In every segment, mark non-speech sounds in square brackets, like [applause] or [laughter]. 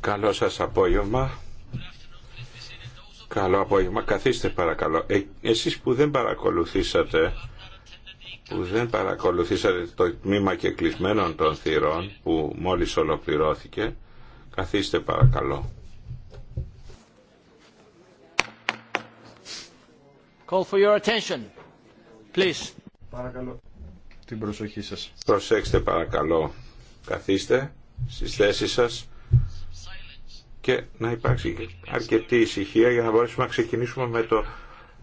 Καλό σας απόγευμα. Καλό απόγευμα. Καθίστε παρακαλώ. Ε, εσείς που δεν παρακολουθήσατε που δεν παρακολουθήσατε το τμήμα και κλεισμένων των θυρών που μόλις ολοκληρώθηκε, καθίστε παρακαλώ. Call for your attention, please. Παρακαλώ την προσοχή σας. Προσέξτε παρακαλώ. Καθίστε στις θέσεις σας και να υπάρξει αρκετή ησυχία για να μπορέσουμε να ξεκινήσουμε με το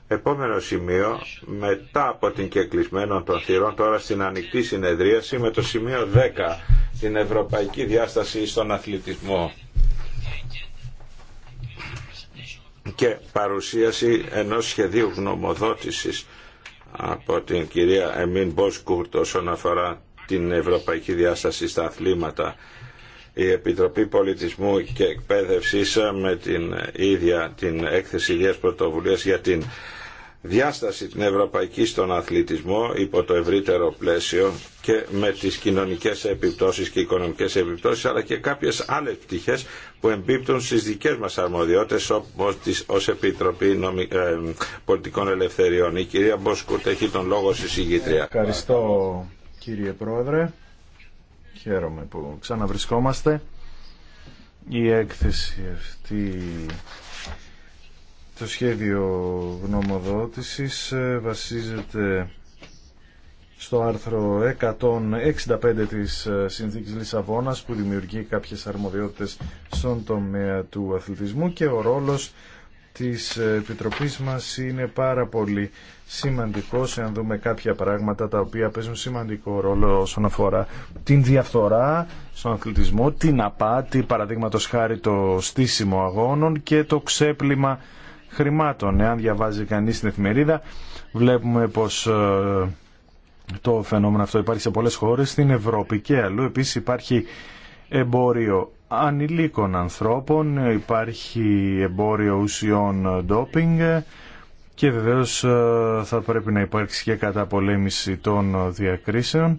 επόμενο σημείο μετά από την κεκλεισμένο των θυρών τώρα στην ανοιχτή συνεδρίαση με το σημείο 10 την Ευρωπαϊκή Διάσταση στον Αθλητισμό και παρουσίαση ενός σχεδίου γνωμοδότησης από την κυρία Εμίν Μποσκούρτ όσον αφορά την ευρωπαϊκή διάσταση στα αθλήματα. Η Επιτροπή Πολιτισμού και Εκπαίδευσης με την ίδια την έκθεση ιδίας πρωτοβουλίας για την διάσταση την ευρωπαϊκή στον αθλητισμό υπό το ευρύτερο πλαίσιο και με τις κοινωνικές επιπτώσεις και οικονομικές επιπτώσεις αλλά και κάποιες άλλες πτυχές που εμπίπτουν στις δικές μας αρμοδιότητες όπως ως Επιτροπή ε, Πολιτικών Ελευθεριών. Η κυρία Μποσκούτ έχει τον λόγο στη συγγήτρια. Ευχαριστώ κύριε Πρόεδρε. Χαίρομαι που ξαναβρισκόμαστε. Η έκθεση αυτή το σχέδιο γνωμοδότησης ε, βασίζεται στο άρθρο 165 της ε, Συνθήκης Λισαβόνας που δημιουργεί κάποιες αρμοδιότητες στον τομέα του αθλητισμού και ο ρόλος της ε, Επιτροπής μας είναι πάρα πολύ σημαντικός εάν δούμε κάποια πράγματα τα οποία παίζουν σημαντικό ρόλο όσον αφορά την διαφθορά στον αθλητισμό, την απάτη, παραδείγματος χάρη το στήσιμο αγώνων και το ξέπλυμα χρημάτων. Εάν διαβάζει κανείς την εφημερίδα βλέπουμε πως ε, το φαινόμενο αυτό υπάρχει σε πολλές χώρες στην Ευρώπη και αλλού. Επίσης υπάρχει εμπόριο ανηλίκων ανθρώπων, υπάρχει εμπόριο ουσιών ντόπινγκ και βεβαίως ε, θα πρέπει να υπάρξει και πολέμηση των διακρίσεων.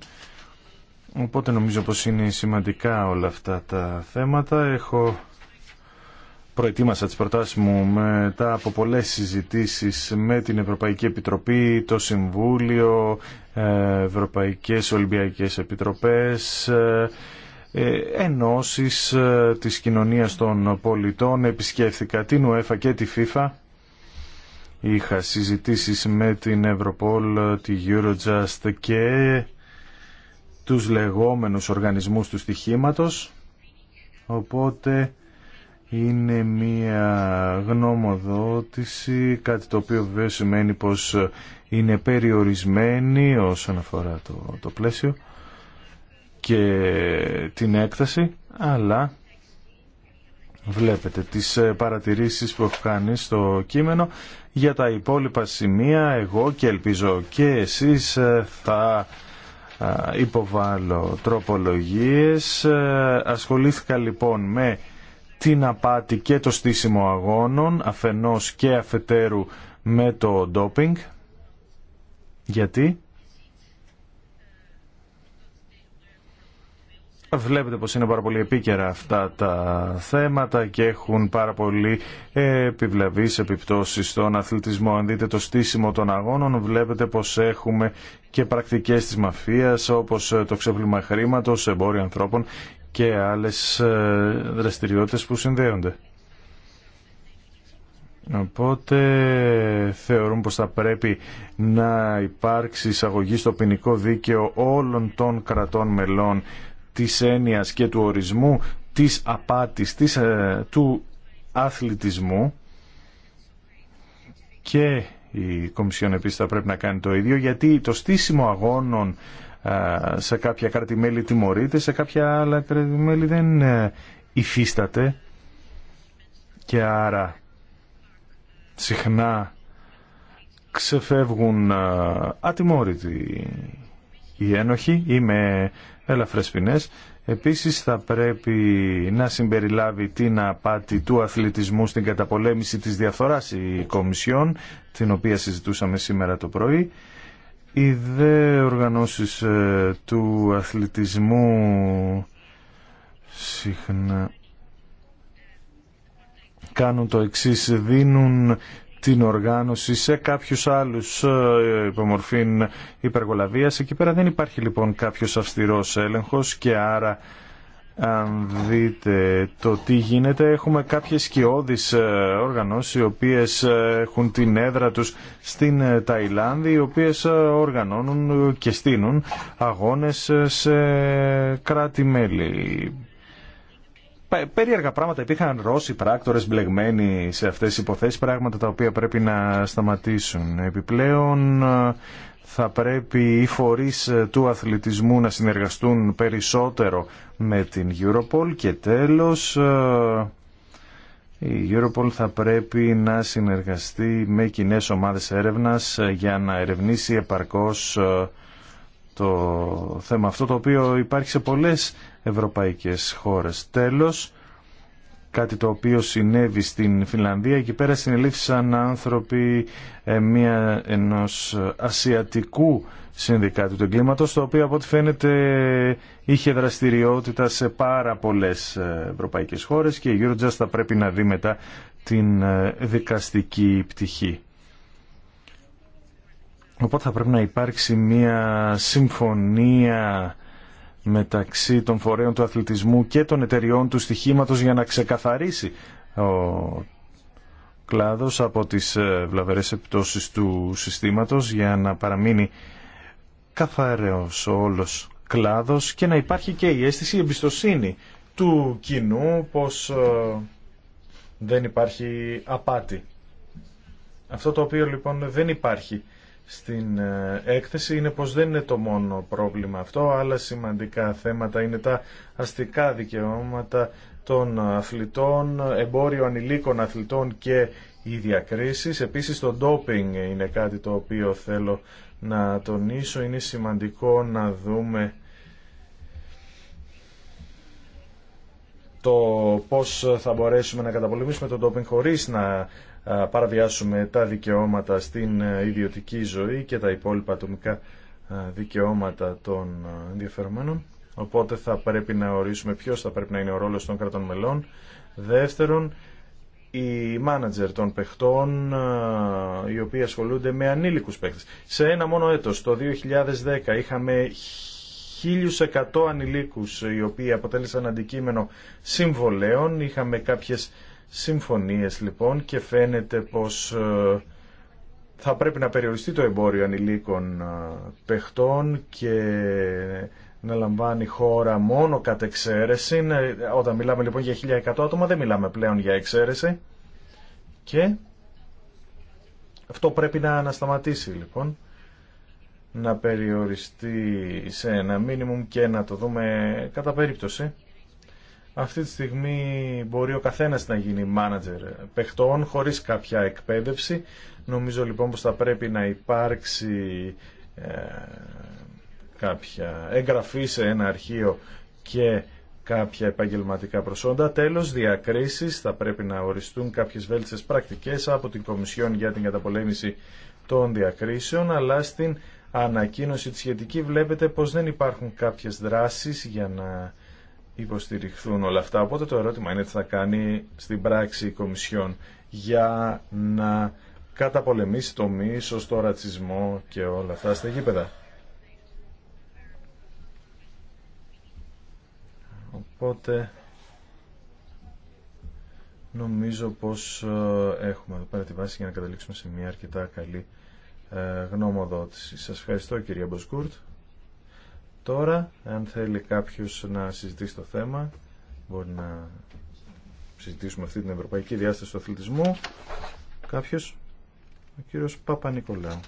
Οπότε νομίζω πως είναι σημαντικά όλα αυτά τα θέματα. Έχω προετοίμασα τις προτάσεις μου μετά από πολλές συζητήσεις με την Ευρωπαϊκή Επιτροπή, το Συμβούλιο, ε, Ευρωπαϊκές Ολυμπιακές Επιτροπές, ε, ε, ενώσεις της κοινωνίας των πολιτών. Επισκέφθηκα την UEFA και τη FIFA. Είχα συζητήσεις με την Ευρωπόλ, τη Eurojust και τους λεγόμενους οργανισμούς του στοιχήματος. Οπότε είναι μία γνώμοδότηση, κάτι το οποίο βέβαια σημαίνει πως είναι περιορισμένη όσον αφορά το, το πλαίσιο και την έκταση, αλλά βλέπετε τις παρατηρήσεις που έχω κάνει στο κείμενο. Για τα υπόλοιπα σημεία, εγώ και ελπίζω και εσείς θα υποβάλω τροπολογίες. Ασχολήθηκα λοιπόν με την απάτη και το στήσιμο αγώνων αφενός και αφετέρου με το ντόπινγκ. Γιατί Βλέπετε πως είναι πάρα πολύ επίκαιρα αυτά τα θέματα και έχουν πάρα πολύ επιβλαβείς επιπτώσεις στον αθλητισμό. Αν δείτε το στήσιμο των αγώνων βλέπετε πως έχουμε και πρακτικές της μαφίας όπως το ξέπλυμα χρήματος, εμπόριο ανθρώπων και άλλες ε, δραστηριότητες που συνδέονται. Οπότε θεωρούν πως θα πρέπει να υπάρξει εισαγωγή στο ποινικό δίκαιο όλων των κρατών μελών της έννοιας και του ορισμού, της απάτης, ε, του αθλητισμού και η Κομισιόν επίσης θα πρέπει να κάνει το ίδιο γιατί το στήσιμο αγώνων σε κάποια κράτη-μέλη τιμωρείται, σε κάποια άλλα κράτη-μέλη δεν ε, υφίσταται και άρα συχνά ξεφεύγουν ε, ατιμόρυτοι οι ένοχοι ή με έλαφρες ποινές. Επίσης θα πρέπει να συμπεριλάβει την απάτη του αθλητισμού στην καταπολέμηση της διαφθοράς η Κομισιόν, την οποία συζητούσαμε σήμερα το πρωί. Οι δε οργανώσεις ε, του αθλητισμού συχνά κάνουν το εξής, δίνουν την οργάνωση σε κάποιους άλλους ε, υπομορφήν υπεργολαβίας. Εκεί πέρα δεν υπάρχει λοιπόν κάποιος αυστηρός έλεγχος και άρα αν δείτε το τι γίνεται, έχουμε κάποιες σκιώδεις ε, οργανώσεις οι οποίες ε, έχουν την έδρα τους στην ε, Ταϊλάνδη, οι οποίες οργανώνουν και στείνουν αγώνες σε κράτη-μέλη περίεργα πράγματα. Υπήρχαν Ρώσοι πράκτορες μπλεγμένοι σε αυτές τις υποθέσεις, πράγματα τα οποία πρέπει να σταματήσουν. Επιπλέον θα πρέπει οι φορείς του αθλητισμού να συνεργαστούν περισσότερο με την Europol και τέλος η Europol θα πρέπει να συνεργαστεί με κοινέ ομάδες έρευνας για να ερευνήσει επαρκώς το θέμα αυτό το οποίο υπάρχει σε πολλές ευρωπαϊκές χώρες. Τέλος, κάτι το οποίο συνέβη στην Φινλανδία. Εκεί πέρα συνελήφθησαν άνθρωποι ε, ενός ασιατικού συνδικάτου του εγκλήματος, το οποίο από ό,τι φαίνεται είχε δραστηριότητα σε πάρα πολλές ε, ευρωπαϊκές χώρες και η Eurojust θα πρέπει να δει μετά την ε, δικαστική πτυχή. Οπότε θα πρέπει να υπάρξει μια συμφωνία μεταξύ των φορέων του αθλητισμού και των εταιριών του στοιχήματος για να ξεκαθαρίσει ο κλάδος από τις ε, βλαβερές επιπτώσεις του συστήματος για να παραμείνει καθαρέως ο όλος κλάδος και να υπάρχει και η αίσθηση εμπιστοσύνη του κοινού πως ε, δεν υπάρχει απάτη. Αυτό το οποίο λοιπόν δεν υπάρχει στην ε, έκθεση είναι πως δεν είναι το μόνο πρόβλημα αυτό, αλλά σημαντικά θέματα είναι τα αστικά δικαιώματα των αθλητών, εμπόριο ανηλίκων αθλητών και οι διακρίσεις. Επίσης το ντόπινγκ είναι κάτι το οποίο θέλω να τονίσω. Είναι σημαντικό να δούμε το πώς θα μπορέσουμε να καταπολεμήσουμε το ντόπινγκ χωρίς να παραβιάσουμε τα δικαιώματα στην ε, ιδιωτική ζωή και τα υπόλοιπα ατομικά δικαιώματα των ενδιαφερομένων. Οπότε θα πρέπει να ορίσουμε ποιο θα πρέπει να είναι ο ρόλος των κρατών μελών. Δεύτερον, οι μάνατζερ των παιχτών οι οποίοι ασχολούνται με ανήλικους παίχτες. Σε ένα μόνο έτος, το 2010, είχαμε 1.100 ανηλίκους οι οποίοι αποτέλεσαν αντικείμενο συμβολέων. Είχαμε κάποιες συμφωνίες λοιπόν και φαίνεται πως ε, θα πρέπει να περιοριστεί το εμπόριο ανηλίκων ε, παιχτών και να λαμβάνει χώρα μόνο κατ' εξαίρεση. Όταν μιλάμε λοιπόν για 1100 άτομα δεν μιλάμε πλέον για εξαίρεση. Και αυτό πρέπει να, ανασταματήσει λοιπόν να περιοριστεί σε ένα μίνιμουμ και να το δούμε κατά περίπτωση αυτή τη στιγμή μπορεί ο καθένα να γίνει μάνατζερ παιχτών χωρίς κάποια εκπαίδευση. Νομίζω λοιπόν πως θα πρέπει να υπάρξει ε, κάποια εγγραφή σε ένα αρχείο και κάποια επαγγελματικά προσόντα. Τέλος, διακρίσεις θα πρέπει να οριστούν κάποιες βέλτιστες πρακτικές από την Κομισιόν για την καταπολέμηση των διακρίσεων, αλλά στην ανακοίνωση τη σχετική βλέπετε πως δεν υπάρχουν κάποιες δράσεις για να υποστηριχθούν όλα αυτά. Οπότε το ερώτημα είναι τι θα κάνει στην πράξη η Κομισιόν για να καταπολεμήσει το μίσος, το ρατσισμό και όλα αυτά στα γήπεδα. Οπότε νομίζω πως ε, έχουμε εδώ πέρα τη βάση για να καταλήξουμε σε μια αρκετά καλή ε, γνώμοδότηση. Σας ευχαριστώ κυρία Μποσκούρτ τώρα. Αν θέλει κάποιος να συζητήσει το θέμα, μπορεί να συζητήσουμε αυτή την ευρωπαϊκή διάσταση του αθλητισμού. Κάποιος, ο κύριος Παπα-Νικολάου.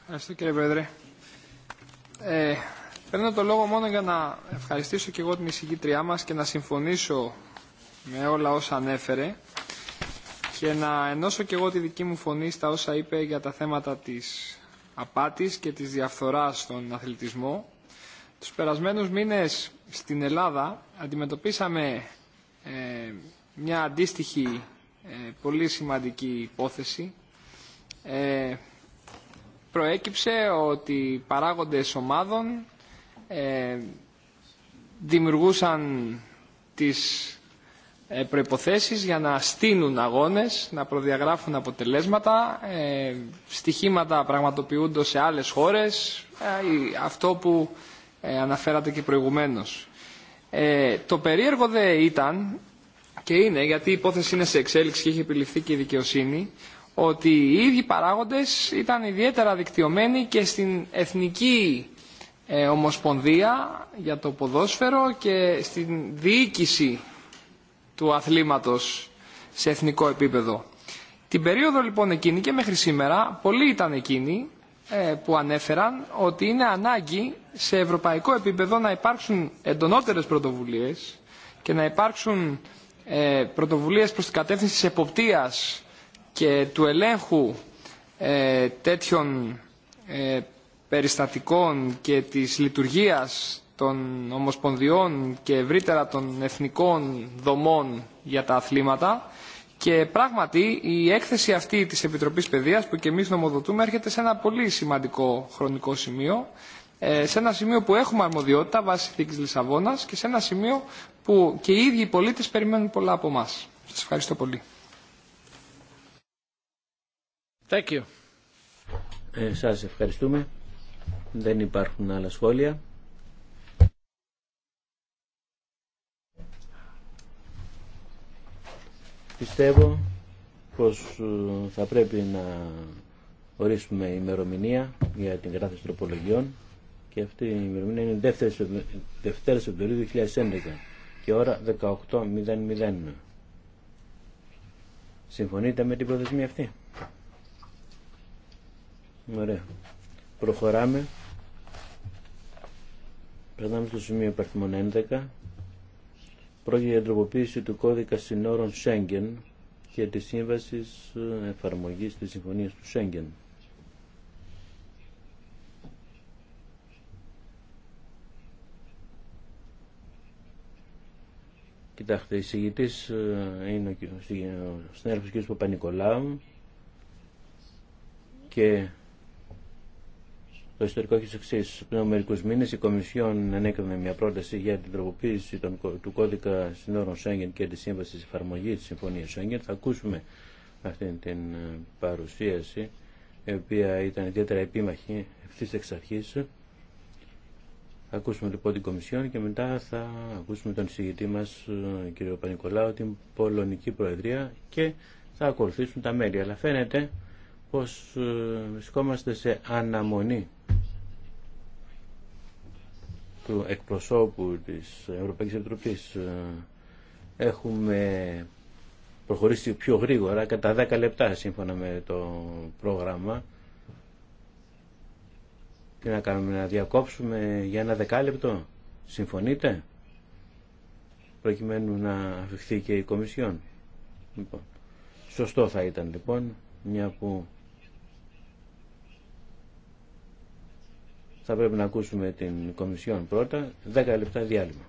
Ευχαριστώ κύριε Πρόεδρε. Ε, παίρνω το λόγο μόνο για να ευχαριστήσω και εγώ την εισηγήτριά μας και να συμφωνήσω με όλα όσα ανέφερε και να ενώσω και εγώ τη δική μου φωνή στα όσα είπε για τα θέματα της απάτης και της διαφθοράς στον αθλητισμό. Τους περασμένους μήνες στην Ελλάδα αντιμετωπίσαμε ε, μια αντίστοιχη ε, πολύ σημαντική υπόθεση. Ε, προέκυψε ότι παράγοντες ομάδων δημιουργούσαν τις ε, προϋποθέσεις για να στείνουν αγώνες, να προδιαγράφουν αποτελέσματα, ε, στοιχήματα πραγματοποιούνται σε άλλες χώρες, ε, αυτό που αναφέρατε και προηγουμένως. Το περίεργο δε ήταν, και είναι γιατί η υπόθεση είναι σε εξέλιξη και έχει επιληφθεί και η δικαιοσύνη, ότι οι ίδιοι παράγοντες ήταν ιδιαίτερα δικτυωμένοι και στην εθνική ομοσπονδία για το ποδόσφαιρο και στην διοίκηση του αθλήματος σε εθνικό επίπεδο. Την περίοδο λοιπόν εκείνη και μέχρι σήμερα πολλοί ήταν εκείνοι ε, που ανέφεραν ότι είναι ανάγκη σε ευρωπαϊκό επίπεδο να υπάρξουν εντονότερες πρωτοβουλίες και να υπάρξουν ε, πρωτοβουλίες προς την κατεύθυνση της εποπτείας και του ελέγχου ε, τέτοιων περιστατικών και της λειτουργίας των ομοσπονδιών και ευρύτερα των εθνικών δομών για τα αθλήματα και πράγματι η έκθεση αυτή της Επιτροπής Παιδείας που και εμείς νομοδοτούμε έρχεται σε ένα πολύ σημαντικό χρονικό σημείο ε, σε ένα σημείο που έχουμε αρμοδιότητα βάσει θήκης Λισαβόνας και σε ένα σημείο που και οι ίδιοι οι πολίτες περιμένουν πολλά από εμά. Σας ευχαριστώ πολύ. Thank you. Ε, σας ευχαριστούμε. Δεν υπάρχουν άλλα σχόλια. Πιστεύω πως ε, θα πρέπει να ορίσουμε ημερομηνία για την κατάθεση τροπολογιών και αυτή η ημερομηνία είναι Δευτέρα Σεπτεμβρίου 2011 και ώρα 18.00. Συμφωνείτε με την προθεσμία αυτή. Ωραία. Προχωράμε. Περνάμε στο σημείο υπαρθμών 11 Πρόκειται για τροποποίηση του κώδικα συνόρων Σέγγεν και τη σύμβαση ε, εφαρμογή τη συμφωνία του Σέγγεν. Κοιτάξτε, η συγγητή ε, είναι ο συνέλφος κ. Παπα-Νικολάου και το ιστορικό έχει εξή. Πριν από μερικού μήνε η Κομισιόν ανέκρινε μια πρόταση για την τροποποίηση του κώδικα συνόρων Σέγγεν και τη σύμβαση εφαρμογή τη Συμφωνία Σέγγεν. Θα ακούσουμε αυτή την ε, παρουσίαση, η οποία ήταν ιδιαίτερα επίμαχη ευθύ εξ αρχή. Θα ακούσουμε λοιπόν την Κομισιόν και μετά θα ακούσουμε τον συγητή μα, ε, κύριο Πανικολάου, την Πολωνική Προεδρία και θα ακολουθήσουν τα μέλη. Αλλά φαίνεται πως ε, βρισκόμαστε σε αναμονή του εκπροσώπου της Ευρωπαϊκής Επιτροπής ε, έχουμε προχωρήσει πιο γρήγορα, κατά 10 λεπτά σύμφωνα με το πρόγραμμα. Τι να κάνουμε, να διακόψουμε για ένα δεκάλεπτο, συμφωνείτε, προκειμένου να αφηχθεί και η Κομισιόν. Λοιπόν, σωστό θα ήταν λοιπόν, μια που Θα πρέπει να ακούσουμε την Κομισιόν πρώτα. 10 λεπτά διάλειμμα.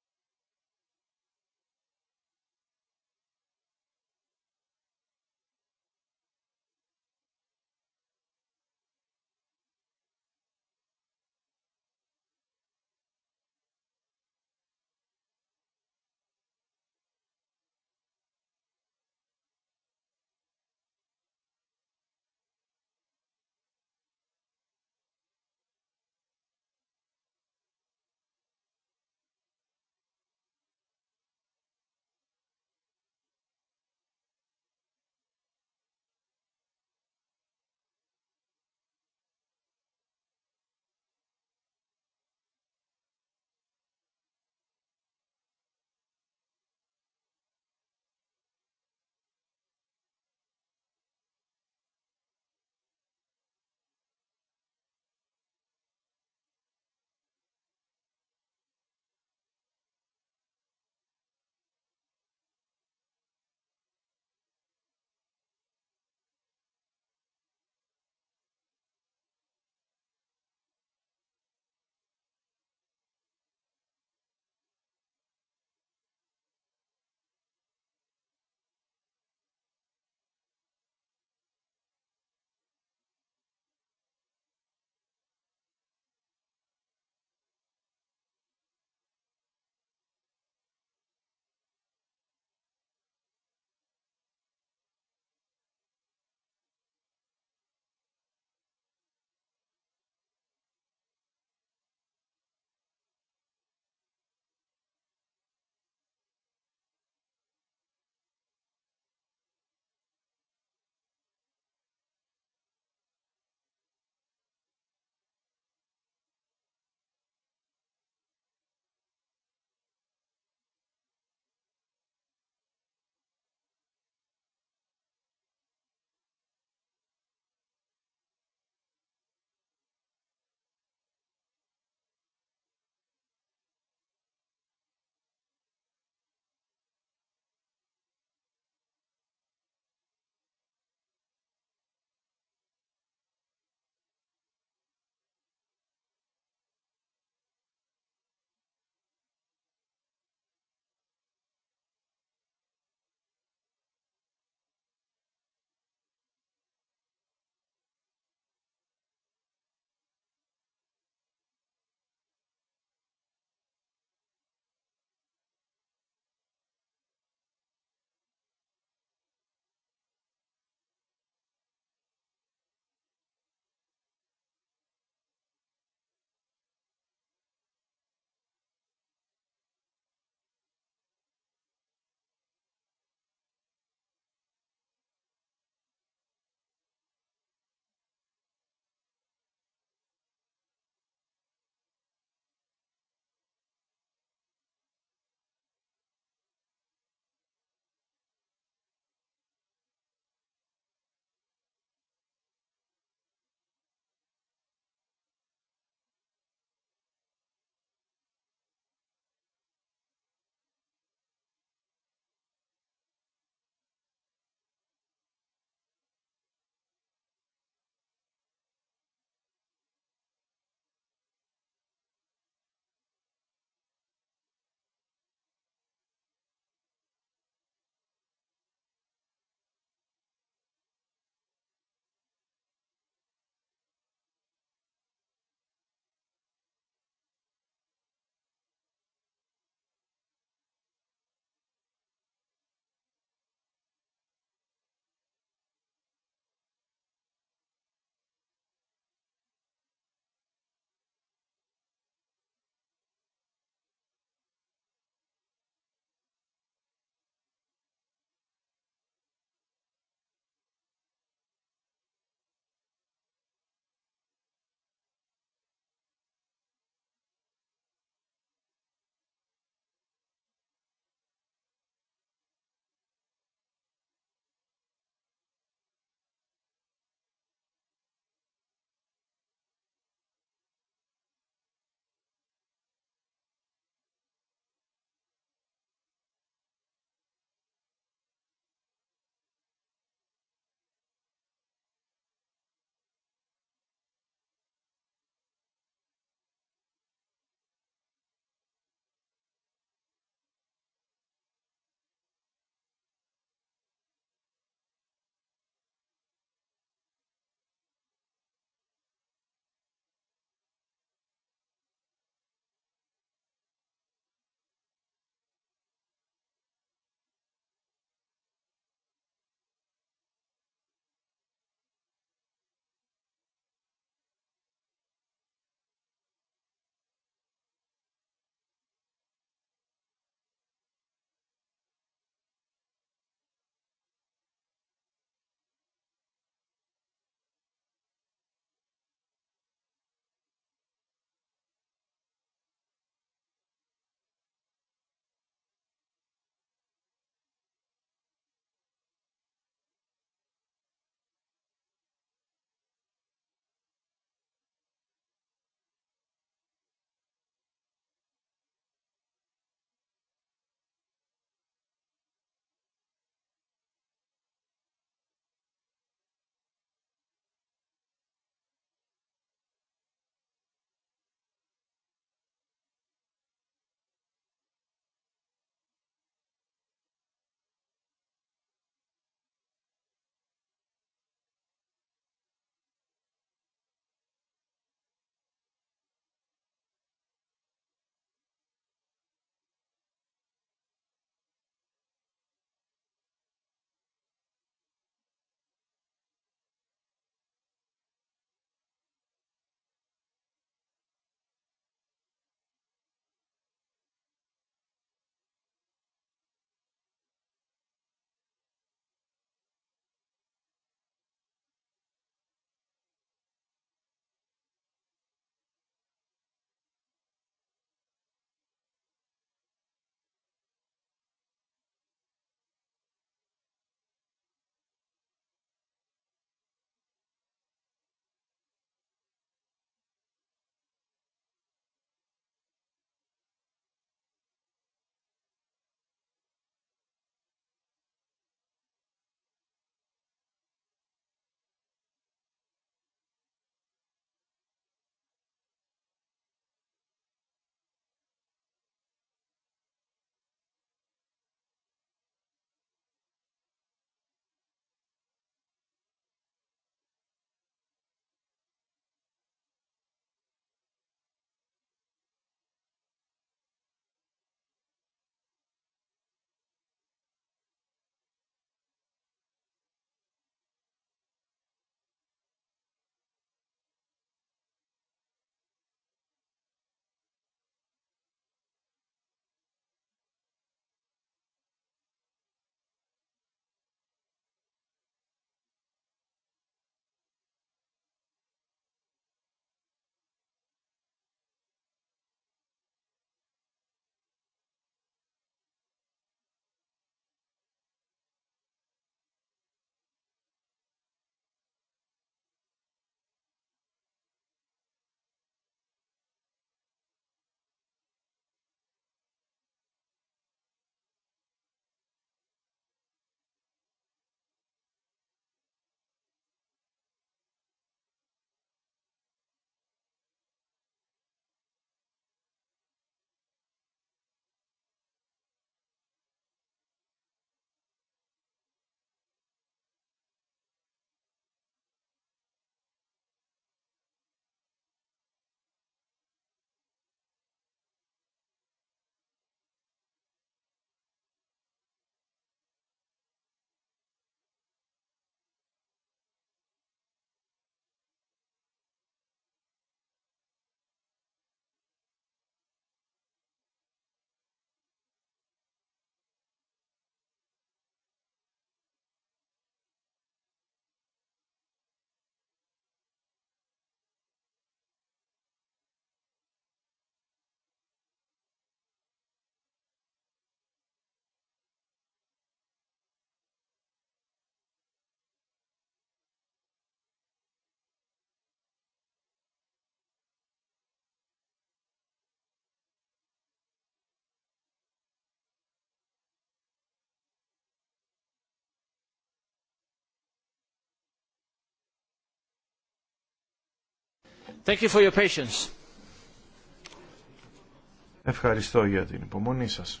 Ευχαριστώ για την υπομονή σας.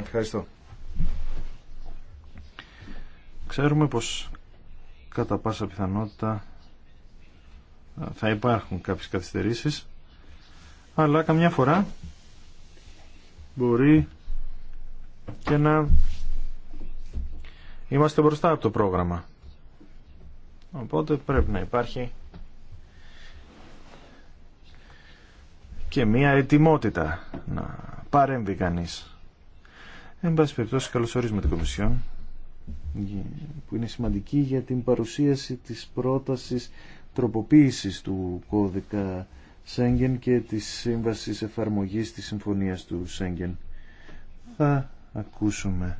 Ευχαριστώ. Ξέρουμε πως κατά πάσα πιθανότητα θα υπάρχουν κάποιες καθυστερήσεις αλλά καμιά φορά μπορεί και να είμαστε μπροστά από το πρόγραμμα. Οπότε πρέπει να υπάρχει και μία ετοιμότητα να παρέμβει κανεί. Εν πάση περιπτώσει καλωσορίζουμε την Κομισιόν που είναι σημαντική για την παρουσίαση της πρότασης τροποποίησης του κώδικα Σέγγεν και της σύμβασης εφαρμογής της συμφωνίας του Σέγγεν. Θα ακούσουμε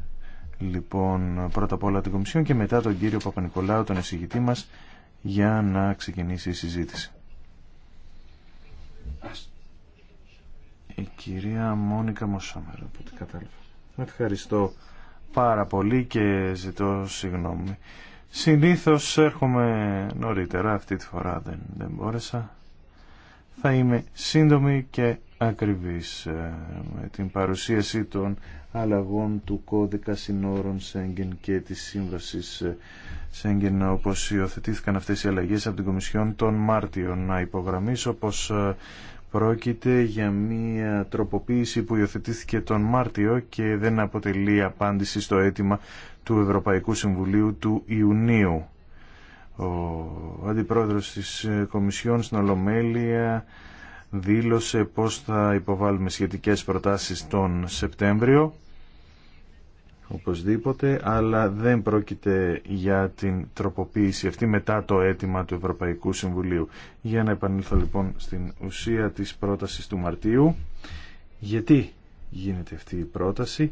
λοιπόν πρώτα απ' όλα την Κομισιόν και μετά τον κύριο Παπα-Νικολάου, τον εισηγητή μας, για να ξεκινήσει η συζήτηση η κυρία Μόνικα Μοσόμερα, από ό,τι κατάλαβα. Ευχαριστώ πάρα πολύ και ζητώ συγγνώμη. Συνήθως έρχομαι νωρίτερα, αυτή τη φορά δεν, δεν μπόρεσα. Θα είμαι σύντομη και ακριβής ε, με την παρουσίαση των αλλαγών του κώδικα συνόρων Σέγγεν και της σύμβασης ε, Σέγγεν όπως υιοθετήθηκαν αυτές οι αλλαγές από την Κομισιόν τον Μάρτιο. Να υπογραμμίσω πως ε, Πρόκειται για μια τροποποίηση που υιοθετήθηκε τον Μάρτιο και δεν αποτελεί απάντηση στο αίτημα του Ευρωπαϊκού Συμβουλίου του Ιουνίου. Ο αντιπρόεδρος της Κομισιόν στην Ολομέλεια δήλωσε πως θα υποβάλουμε σχετικές προτάσεις τον Σεπτέμβριο οπωσδήποτε, αλλά δεν πρόκειται για την τροποποίηση αυτή μετά το αίτημα του Ευρωπαϊκού Συμβουλίου. Για να επανέλθω λοιπόν στην ουσία της πρότασης του Μαρτίου. Γιατί γίνεται αυτή η πρόταση.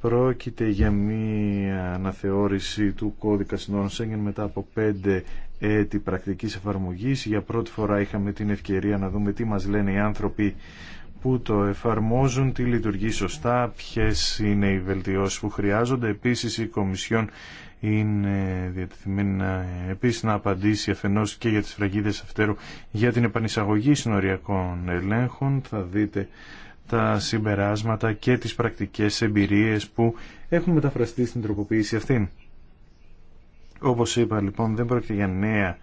Πρόκειται για μία αναθεώρηση του κώδικα συνόρων Σέγγεν μετά από πέντε έτη πρακτικής εφαρμογής. Για πρώτη φορά είχαμε την ευκαιρία να δούμε τι μας λένε οι άνθρωποι που το εφαρμόζουν, τι λειτουργεί σωστά, ποιες είναι οι βελτιώσεις που χρειάζονται. Επίσης η Κομισιόν είναι διατεθειμένη να, επίσης να απαντήσει αφενός και για τις φραγίδες αυτέρου για την επανεισαγωγή συνοριακών ελέγχων. Θα δείτε τα συμπεράσματα και τις πρακτικές εμπειρίες που έχουν μεταφραστεί στην τροποποίηση αυτή. Όπως είπα λοιπόν δεν πρόκειται για νέα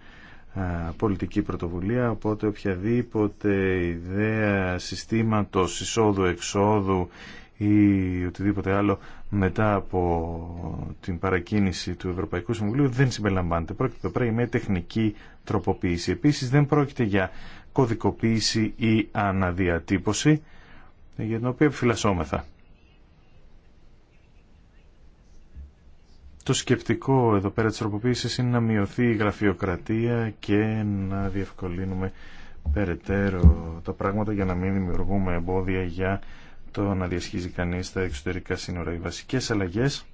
πολιτική πρωτοβουλία, οπότε οποιαδήποτε ιδέα συστήματος εισόδου-εξόδου ή οτιδήποτε άλλο μετά από την παρακίνηση του Ευρωπαϊκού Συμβουλίου δεν συμπεριλαμβάνεται. Πρόκειται εδώ με τεχνική τροποποίηση. Επίσης δεν πρόκειται για κωδικοποίηση ή αναδιατύπωση για την οποία επιφυλασσόμεθα. Το σκεπτικό εδώ πέρα της τροποποίησης είναι να μειωθεί η γραφειοκρατία και να διευκολύνουμε περαιτέρω τα πράγματα για να μην δημιουργούμε εμπόδια για το να διασχίζει κανείς τα εξωτερικά σύνορα. Οι βασικές αλλαγές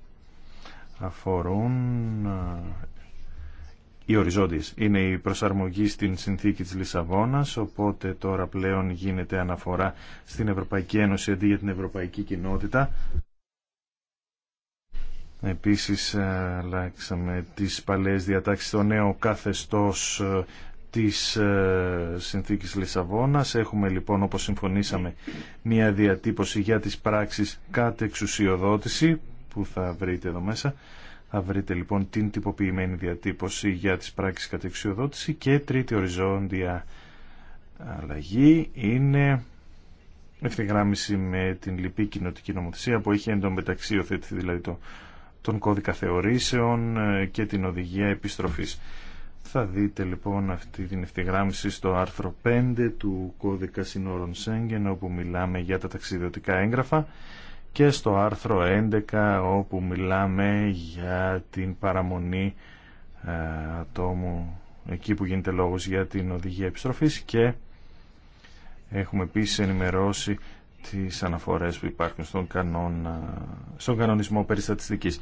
αφορούν οι οριζόντιες. Είναι η προσαρμογή στην συνθήκη της Λισαβόνας, οπότε τώρα πλέον γίνεται αναφορά στην Ευρωπαϊκή Ένωση αντί για την Ευρωπαϊκή Κοινότητα. Επίσης ε, αλλάξαμε τις παλαιές διατάξεις στο νέο καθεστώς ε, της ε, συνθήκης Λισαβόνας. Έχουμε λοιπόν όπως συμφωνήσαμε μια διατύπωση για τις πράξεις κάτω εξουσιοδότηση που θα βρείτε εδώ μέσα. Θα βρείτε λοιπόν την τυποποιημένη διατύπωση για τις πράξεις κατ' εξουσιοδότηση και τρίτη οριζόντια αλλαγή είναι ευθυγράμμιση με την λυπή κοινοτική νομοθεσία που έχει εντωμεταξύ οθετηθεί δηλαδή το τον κώδικα θεωρήσεων ε, και την οδηγία επιστροφής. Θα δείτε λοιπόν αυτή την ευθυγράμμιση στο άρθρο 5 του κώδικα συνόρων Σέγγεν όπου μιλάμε για τα ταξιδιωτικά έγγραφα και στο άρθρο 11 όπου μιλάμε για την παραμονή ε, ατόμου εκεί που γίνεται λόγος για την οδηγία επιστροφής και έχουμε επίσης ενημερώσει τις αναφορές που υπάρχουν στον, κανόνα, στον κανονισμό περιστατιστικής.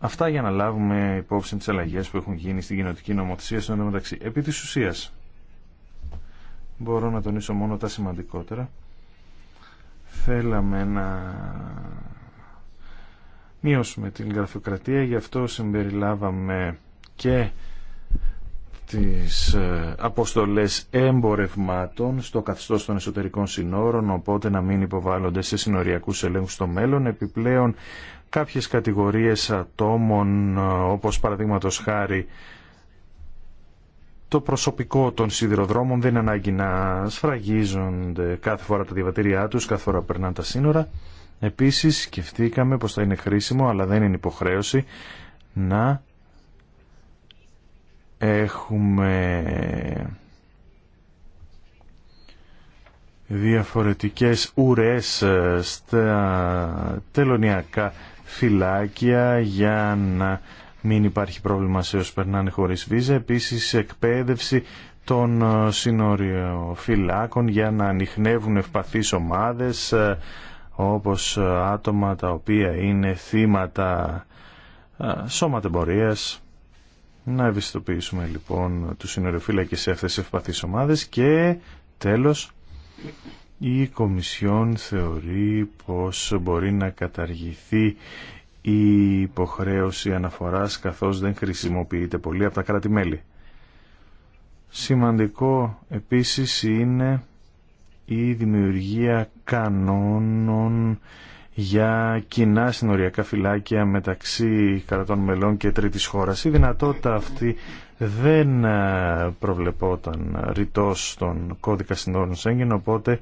Αυτά για να λάβουμε υπόψη τις αλλαγές που έχουν γίνει στην κοινοτική νομοθεσία στον μεταξύ. Επί της ουσίας, μπορώ να τονίσω μόνο τα σημαντικότερα, θέλαμε να μειώσουμε την γραφειοκρατία, γι' αυτό συμπεριλάβαμε και τις ε, αποστολές εμπορευμάτων στο καθεστώς των εσωτερικών συνόρων, οπότε να μην υποβάλλονται σε συνοριακούς ελέγχους στο μέλλον. Επιπλέον, κάποιες κατηγορίες ατόμων, ε, όπως παραδείγματο χάρη το προσωπικό των σιδηροδρόμων δεν ανάγκη να σφραγίζονται κάθε φορά τα διαβατήριά τους, κάθε φορά περνάνε τα σύνορα. Επίσης, σκεφτήκαμε πως θα είναι χρήσιμο, αλλά δεν είναι υποχρέωση, να έχουμε διαφορετικές ουρές στα τελωνιακά φυλάκια για να μην υπάρχει πρόβλημα σε όσους περνάνε χωρίς βίζα. Επίσης εκπαίδευση των σύνοριοφυλάκων για να ανοιχνεύουν ευπαθείς ομάδες όπως άτομα τα οποία είναι θύματα σώματεμπορίας να ευαισθητοποιήσουμε λοιπόν τους συνοριοφύλακες σε αυτές τις ευπαθείς ομάδες και τέλος η Κομισιόν θεωρεί πως μπορεί να καταργηθεί η υποχρέωση αναφοράς καθώς δεν χρησιμοποιείται πολύ από τα κράτη-μέλη. Σημαντικό επίσης είναι η δημιουργία κανόνων για κοινά συνοριακά φυλάκια μεταξύ κρατών μελών και τρίτης χώρας. Η δυνατότητα αυτή δεν ε, προβλεπόταν ρητός στον κώδικα συνόρων Σέγγεν, οπότε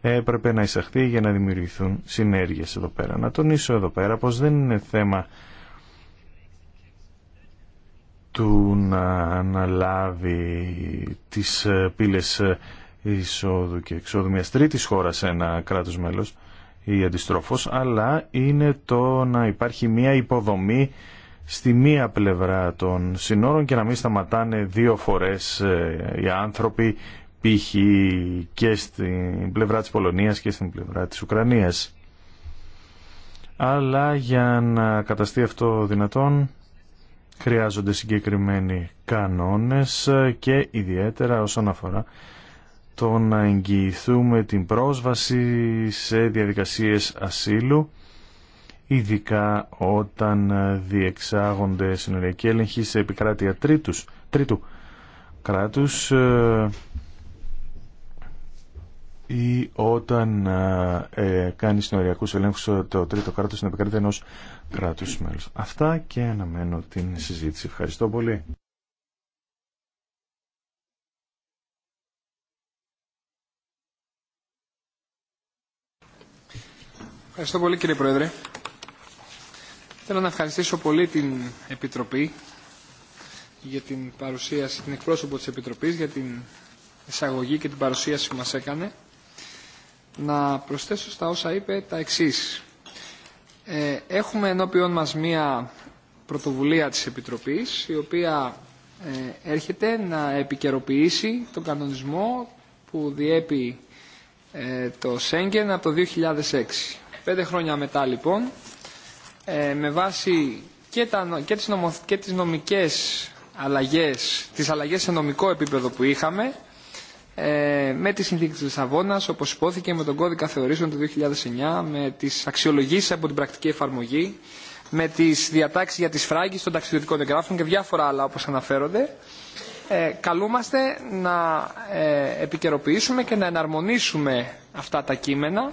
έπρεπε να εισαχθεί για να δημιουργηθούν συνέργειες εδώ πέρα. Να τονίσω εδώ πέρα πως δεν είναι θέμα του να αναλάβει τις ε, πύλες ε, εισόδου και εξόδου μιας τρίτης χώρας σε ένα κράτος μέλος ή αλλά είναι το να υπάρχει μία υποδομή στη μία πλευρά των συνόρων και να μην σταματάνε δύο φορές ε, οι άνθρωποι π.χ. και στην πλευρά της Πολωνίας και στην πλευρά της Ουκρανίας. Αλλά για να καταστεί αυτό δυνατόν χρειάζονται συγκεκριμένοι κανόνες και ιδιαίτερα όσον αφορά το να εγγυηθούμε την πρόσβαση σε διαδικασίες ασύλου ειδικά όταν διεξάγονται συνοριακοί έλεγχοι σε επικράτεια τρίτους, τρίτου κράτους ε, ή όταν ε, ε, κάνει συνοριακούς ελέγχους το τρίτο κράτος στην επικράτεια ενός κράτους μέλους. Αυτά και αναμένω την συζήτηση. Ευχαριστώ πολύ. Ευχαριστώ πολύ κύριε Πρόεδρε. Θέλω να ευχαριστήσω πολύ την Επιτροπή για την παρουσίαση, την εκπρόσωπο της Επιτροπής για την εισαγωγή και την παρουσίαση που μας έκανε. Να προσθέσω στα όσα είπε τα εξής. Ε, έχουμε ενώπιον μας μία πρωτοβουλία της Επιτροπής η οποία ε, έρχεται να επικαιροποιήσει τον κανονισμό που διέπει ε, το Σέγγεν από το 2006. Πέντε χρόνια μετά λοιπόν, ε, με βάση και, τα, και, τις νομο, και τις νομικές αλλαγές, τις αλλαγές σε νομικό επίπεδο που είχαμε, ε, με τη συνθήκη της Λισαβόνας, όπως υπόθηκε, με τον κώδικα θεωρήσεων του 2009, με τις αξιολογήσεις από την πρακτική εφαρμογή, με τις διατάξεις για τις φράγκες των ταξιδιωτικών εγγράφων και διάφορα άλλα όπως αναφέρονται, ε, καλούμαστε να επικαιροποιήσουμε και να εναρμονίσουμε αυτά τα κείμενα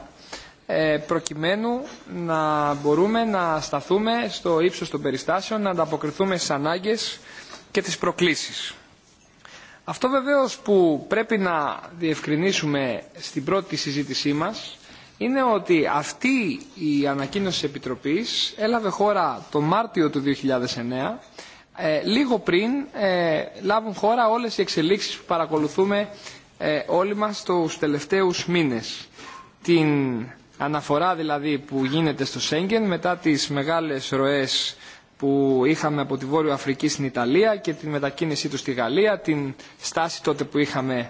ε, προκειμένου να μπορούμε να σταθούμε στο ύψος των περιστάσεων, να ανταποκριθούμε στις ανάγκες και τις προκλήσεις. Αυτό βεβαίως που πρέπει να διευκρινίσουμε στην πρώτη συζήτησή μας είναι ότι αυτή η ανακοίνωση της Επιτροπής έλαβε χώρα το Μάρτιο του 2009 ε, λίγο πριν ε, λάβουν χώρα όλες οι εξελίξεις που παρακολουθούμε όλοι μας τους τελευταίους μήνες. Την αναφορά δηλαδή που γίνεται στο Σέγγεν μετά τις μεγάλες ροές που είχαμε από τη Βόρειο Αφρική στην Ιταλία και τη μετακίνησή του στη Γαλλία, την στάση τότε που είχαμε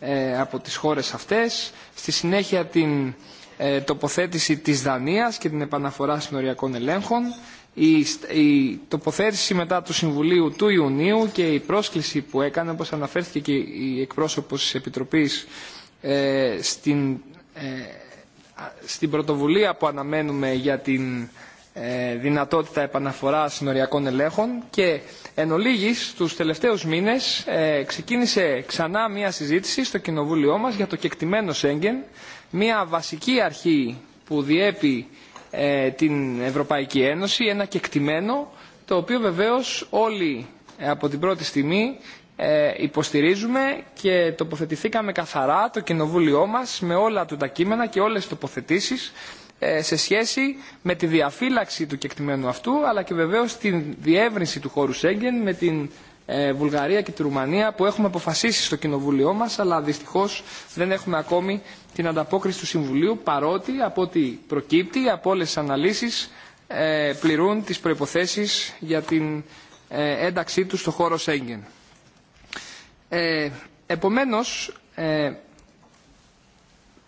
ε, από τις χώρες αυτές, στη συνέχεια την ε, τοποθέτηση της Δανίας και την επαναφορά συνοριακών ελέγχων, η τοποθέτηση μετά του Συμβουλίου του Ιουνίου και η πρόσκληση που έκανε, όπως αναφέρθηκε και η εκπρόσωπος της Επιτροπής, ε, στην στην πρωτοβουλία που αναμένουμε για την ε, δυνατότητα επαναφοράς συνοριακών ελέγχων και εν ολίγης τους τελευταίους μήνες ε, ξεκίνησε ξανά μια συζήτηση στο Κοινοβούλιο μας για το κεκτημένο Σέγγεν, μια βασική αρχή που διέπει ε, την Ευρωπαϊκή Ένωση, ένα κεκτημένο το οποίο βεβαίως όλοι από την πρώτη στιγμή ε, υποστηρίζουμε και τοποθετηθήκαμε καθαρά το κοινοβούλιο μας με όλα του τα κείμενα και όλες τις τοποθετήσεις ε, σε σχέση με τη διαφύλαξη του κεκτημένου αυτού αλλά και βεβαίως τη διεύρυνση του χώρου Σέγγεν με την ε, Βουλγαρία και τη Ρουμανία που έχουμε αποφασίσει στο κοινοβούλιο μας αλλά δυστυχώς δεν έχουμε ακόμη την ανταπόκριση του Συμβουλίου παρότι από ό,τι προκύπτει από όλες τις αναλύσεις πληρούν τις προϋποθέσεις για την ένταξή του στο χώρο Σέγγεν. Ε, επομένως, ε,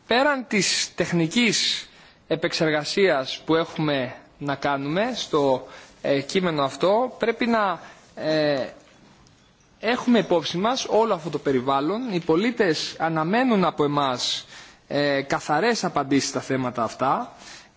πέραν της τεχνικής επεξεργασίας που έχουμε να κάνουμε στο ε, κείμενο αυτό, πρέπει να έχουμε υπόψη μας όλο αυτό το περιβάλλον. Οι πολίτες αναμένουν από εμάς καθαρές απαντήσεις στα θέματα αυτά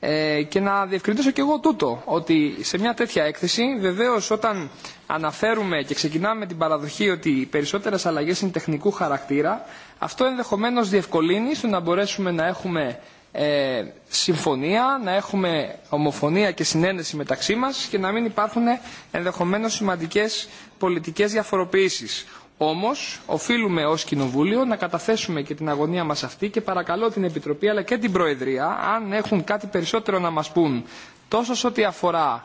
ε, και να διευκρινίσω και εγώ τούτο, ότι σε μια τέτοια έκθεση βεβαίως όταν αναφέρουμε και ξεκινάμε την παραδοχή ότι οι περισσότερε αλλαγέ είναι τεχνικού χαρακτήρα, αυτό ενδεχομένως διευκολύνει στο να μπορέσουμε να έχουμε ε, συμφωνία, να έχουμε ομοφωνία και συνένεση μεταξύ μας και να μην υπάρχουν ενδεχομένω σημαντικέ πολιτικέ διαφοροποιήσει. Όμως, οφείλουμε ως Κοινοβούλιο να καταθέσουμε και την αγωνία μας αυτή και παρακαλώ την Επιτροπή αλλά και την Προεδρία αν έχουν κάτι περισσότερο να μας πούν τόσο σε ό,τι αφορά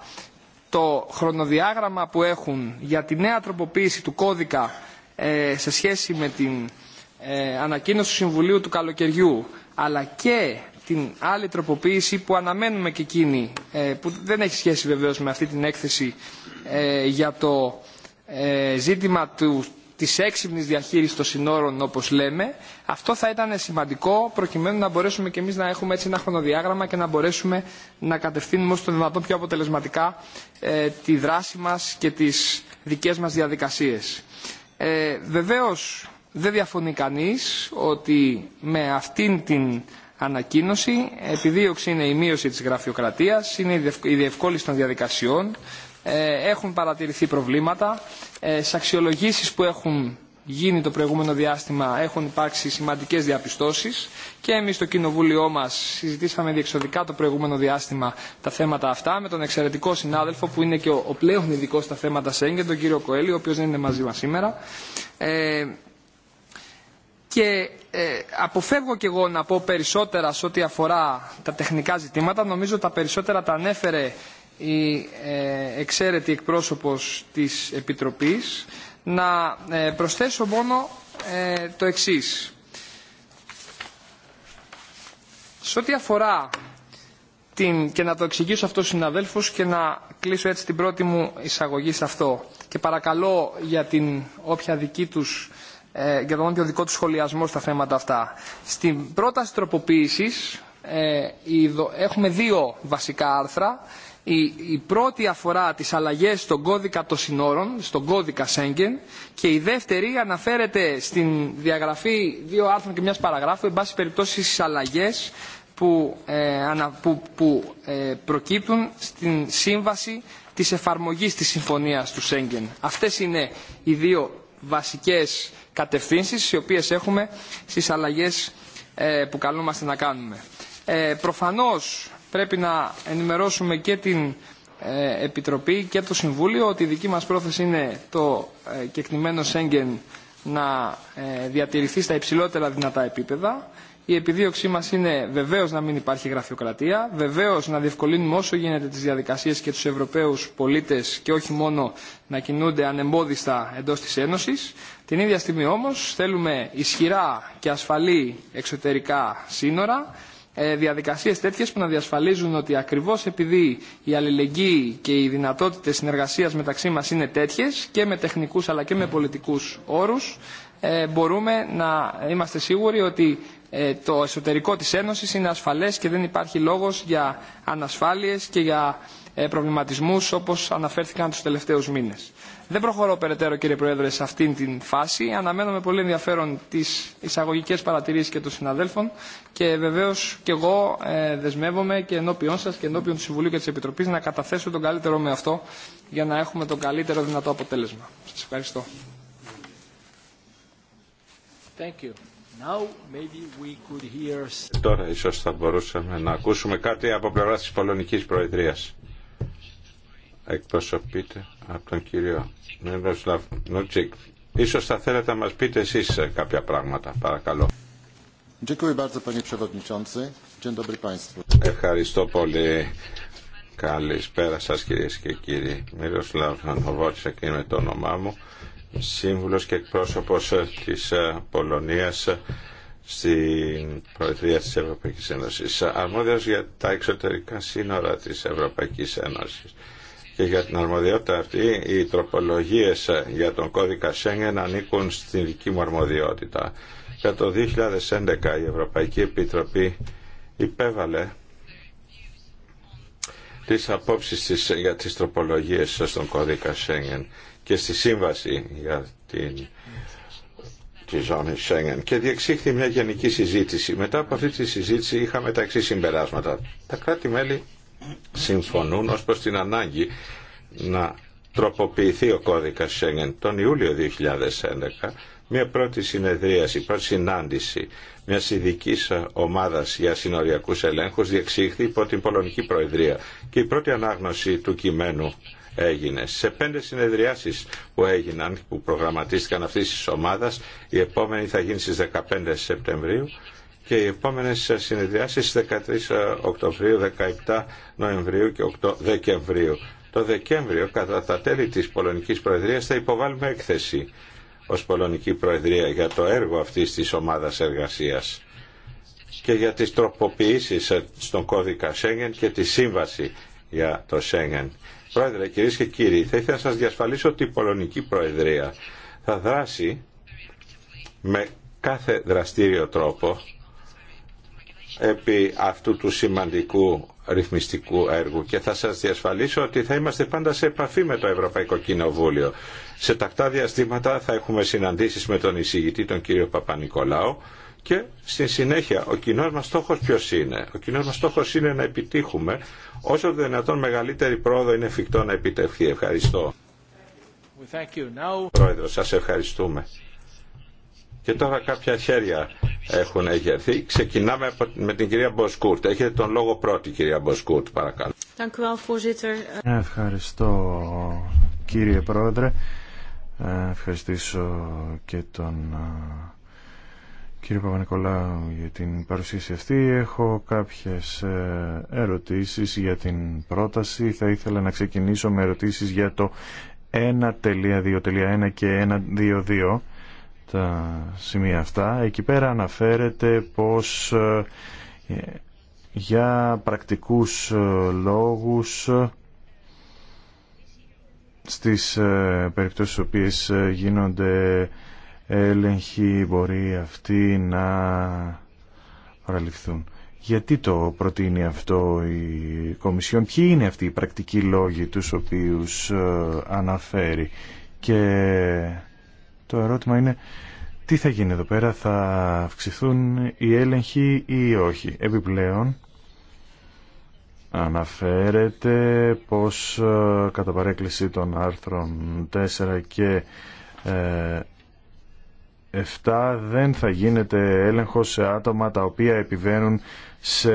το χρονοδιάγραμμα που έχουν για τη νέα τροποποίηση του κώδικα ε, σε σχέση με την ε, ανακοίνωση του Συμβουλίου του Καλοκαιριού αλλά και την άλλη τροποποίηση που αναμένουμε και εκείνη ε, που δεν έχει σχέση βεβαίως με αυτή την έκθεση ε, για το ζήτημα του της έξυπνης διαχείρισης των συνόρων όπως λέμε, αυτό θα ήταν σημαντικό προκειμένου να μπορέσουμε και εμείς να έχουμε έτσι ένα χρονοδιάγραμμα και να μπορέσουμε να κατευθύνουμε όσο το δυνατόν πιο αποτελεσματικά ε, τη δράση μας και τις δικές μας διαδικασίες. Ε, βεβαίως δεν διαφωνεί κανείς ότι με αυτήν την ανακοίνωση επιδίωξη είναι η μείωση της γραφειοκρατίας, είναι η διευκόλυση των διαδικασιών, ε, έχουν παρατηρηθεί προβλήματα. Σε αξιολογήσεις που έχουν γίνει το προηγούμενο διάστημα έχουν υπάρξει σημαντικές διαπιστώσεις και εμείς στο κοινοβούλιο μας συζητήσαμε διεξοδικά το προηγούμενο διάστημα τα θέματα αυτά με τον εξαιρετικό συνάδελφο που είναι και ο, πλέον ειδικό στα θέματα Σέγγεν, τον κύριο Κοέλη, ο οποίος δεν είναι μαζί μας σήμερα. Ε, και ε, αποφεύγω και εγώ να πω περισσότερα σε ό,τι αφορά τα τεχνικά ζητήματα. Νομίζω τα περισσότερα τα ανέφερε η ε, εξαίρετη εκπρόσωπος της Επιτροπής να ε, προσθέσω μόνο ε, το εξής. Σε ό,τι αφορά την, και να το εξηγήσω αυτό συναδέλφους και να κλείσω έτσι την πρώτη μου εισαγωγή σε αυτό και παρακαλώ για την όποια δική τους για τον όποιο δικό του σχολιασμό στα θέματα αυτά. Στην πρόταση τροποποίησης έχουμε δύο βασικά άρθρα η, πρώτη αφορά τις αλλαγές στον κώδικα των συνόρων, στον κώδικα Σέγγεν και η δεύτερη αναφέρεται στην διαγραφή δύο άρθρων και μιας παραγράφου, εν πάση περιπτώσει στις αλλαγές που, ε, ε προκύπτουν στην σύμβαση της εφαρμογής της συμφωνίας του Σέγγεν. Αυτές είναι οι δύο βασικές κατευθύνσεις οι οποίες έχουμε στις αλλαγές ε, που καλούμαστε να κάνουμε. Ε, προφανώς πρέπει να ενημερώσουμε και την ε, Επιτροπή και το Συμβούλιο ότι η δική μας πρόθεση είναι το ε, κεκτημένο Σέγγεν να ε, διατηρηθεί στα υψηλότερα δυνατά επίπεδα. Η επιδίωξή μας είναι βεβαίως να μην υπάρχει γραφειοκρατία, βεβαίως να διευκολύνουμε όσο γίνεται τις διαδικασίες και τους Ευρωπαίους πολίτες και όχι μόνο να κινούνται ανεμπόδιστα εντός της Ένωσης. Την ίδια στιγμή όμως θέλουμε ισχυρά και ασφαλή εξωτερικά σύνορα, ε, διαδικασίες τέτοιες που να διασφαλίζουν ότι ακριβώς επειδή η αλληλεγγύη και οι δυνατότητες συνεργασίας μεταξύ μας είναι τέτοιες και με τεχνικούς αλλά και με πολιτικούς όρους ε, μπορούμε να είμαστε σίγουροι ότι ε, το εσωτερικό της Ένωσης είναι ασφαλές και δεν υπάρχει λόγος για ανασφάλειες και για προβληματισμούς όπως αναφέρθηκαν τους τελευταίους μήνες. Δεν προχωρώ περαιτέρω κύριε Πρόεδρε σε αυτήν την φάση. Αναμένω με πολύ ενδιαφέρον τις εισαγωγικέ παρατηρήσει και των συναδέλφων και βεβαίως και εγώ ε, δεσμεύομαι και ενώπιον σας και ενώπιον του Συμβουλίου και της Επιτροπή να καταθέσω τον καλύτερο με αυτό για να έχουμε τον καλύτερο δυνατό αποτέλεσμα. Σα ευχαριστώ. Thank you. Now maybe we could hear... Τώρα ίσω θα μπορούσαμε να ακούσουμε κάτι από πλευρά τη πολωνική Προεδρίας εκπροσωπείται από τον κύριο Μιλόσλαβ Νούτσικ. Ίσως θα θέλετε να μας πείτε εσείς ε, κάποια πράγματα, παρακαλώ. Ευχαριστώ πολύ. Καλησπέρα σας κυρίες και κύριοι. Μιλόσλαβ Νουτσίκ είναι το όνομά μου. Σύμβουλος και εκπρόσωπος ε, της ε, Πολωνίας στην Προεδρία της Ευρωπαϊκής Ένωσης. Αρμόδιος για τα εξωτερικά σύνορα της Ευρωπαϊκής Ένωσης και για την αρμοδιότητα αυτή οι τροπολογίες για τον κώδικα Σέγγεν ανήκουν στην δική μου αρμοδιότητα. Για το 2011 η Ευρωπαϊκή Επιτροπή υπέβαλε τις απόψεις της, για τις τροπολογίες στον κώδικα Σέγγεν και στη σύμβαση για την τη ζώνη Σέγγεν και διεξήχθη μια γενική συζήτηση. Μετά από αυτή τη συζήτηση είχαμε τα εξή συμπεράσματα. Τα κράτη-μέλη συμφωνούν ως προς την ανάγκη να τροποποιηθεί ο κώδικας Σέγγεν τον Ιούλιο 2011 μια πρώτη συνεδρίαση, πρώτη συνάντηση μια ειδική ομάδα για συνοριακού ελέγχου διεξήχθη υπό την Πολωνική Προεδρία και η πρώτη ανάγνωση του κειμένου έγινε. Σε πέντε συνεδριάσει που έγιναν, που προγραμματίστηκαν αυτή τη ομάδα, η επόμενη θα γίνει στι 15 Σεπτεμβρίου και οι επόμενες συνεδριάσεις 13 Οκτωβρίου, 17 Νοεμβρίου και 8 Δεκεμβρίου. Το Δεκέμβριο κατά τα τέλη τη Πολωνική Προεδρία, θα υποβάλουμε έκθεση ω Πολωνική Προεδρία για το έργο αυτή τη ομάδα εργασία και για τις τροποποιήσεις στον κώδικα Σέγγεν και τη σύμβαση για το Σέγγεν. Πρόεδρε, κυρίες και κύριοι, θα ήθελα να σας διασφαλίσω ότι η Πολωνική Προεδρία θα δράσει με κάθε δραστήριο τρόπο επί αυτού του σημαντικού ρυθμιστικού έργου και θα σας διασφαλίσω ότι θα είμαστε πάντα σε επαφή με το Ευρωπαϊκό Κοινοβούλιο. Σε τακτά διαστήματα θα έχουμε συναντήσεις με τον εισηγητή, τον κύριο και στη συνέχεια ο κοινό μας στόχος ποιος είναι. Ο κοινό μας στόχος είναι να επιτύχουμε όσο δυνατόν μεγαλύτερη πρόοδο είναι εφικτό να επιτευχθεί. Ευχαριστώ. Πρόεδρο, σας ευχαριστούμε. Και τώρα κάποια χέρια έχουν εγερθεί. Ξεκινάμε με την κυρία Μποσκούρτ. Έχετε τον λόγο πρώτη κυρία Μποσκούρτ παρακαλώ. Ευχαριστώ κύριε Πρόεδρε. Ε, ευχαριστήσω και τον ε, κύριο παπα για την παρουσίαση αυτή έχω κάποιες ε, ερωτήσεις για την πρόταση. Θα ήθελα να ξεκινήσω με ερωτήσεις για το 1.2.1 και 1.2.2 τα σημεία αυτά. Εκεί πέρα αναφέρεται πως ε, για πρακτικούς ε, λόγους ε, στις περιπτώσεις στις οποίες γίνονται έλεγχοι μπορεί αυτοί να παραληφθούν. Γιατί το προτείνει αυτό η Κομισιόν, ποιοι είναι αυτοί οι πρακτικοί λόγοι τους οποίους αναφέρει και το ερώτημα είναι τι θα γίνει εδώ πέρα, θα αυξηθούν οι έλεγχοι ή όχι. Επιπλέον, αναφέρεται πως ε, κατά παρέκκληση των άρθρων 4 και 7 ε, δεν θα γίνεται έλεγχος σε άτομα τα οποία επιβαίνουν σε